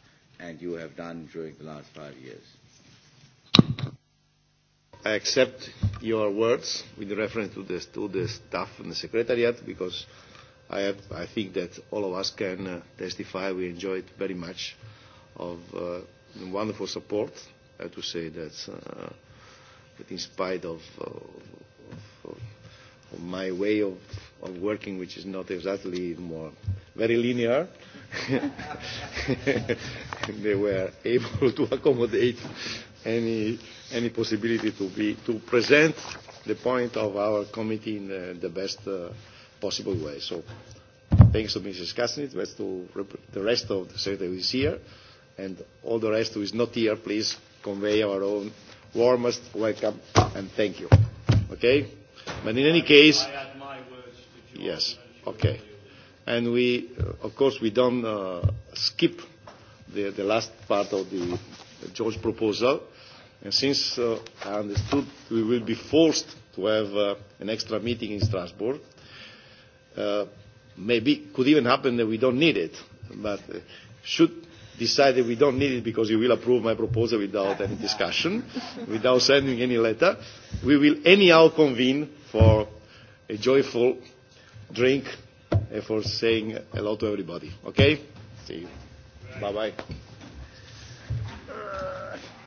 and you have done during the last five years. I accept your words with reference to the, to the staff and the secretariat because I, have, I think that all of us can uh, testify we enjoyed very much of uh, wonderful support. I have to say that, uh, that in spite of, uh, of, of my way of, of working, which is not exactly more very linear, uh, they were able to accommodate any, any possibility to, be, to present the point of our committee in the, the best uh, possible way. So thanks to Mrs. Kasnitz, thanks to the rest of the secretary who is here, and all the rest who is not here, please convey our own warmest welcome and thank you. Okay? But in any case, I add my words to yes, okay and we, uh, of course, we don't uh, skip the, the last part of the George proposal. And since uh, I understood we will be forced to have uh, an extra meeting in Strasbourg, uh, maybe could even happen that we don't need it, but uh, should decide that we don't need it because you will approve my proposal without any discussion, without sending any letter, we will anyhow convene for a joyful drink and for saying hello to everybody. Okay? See you. Bye-bye.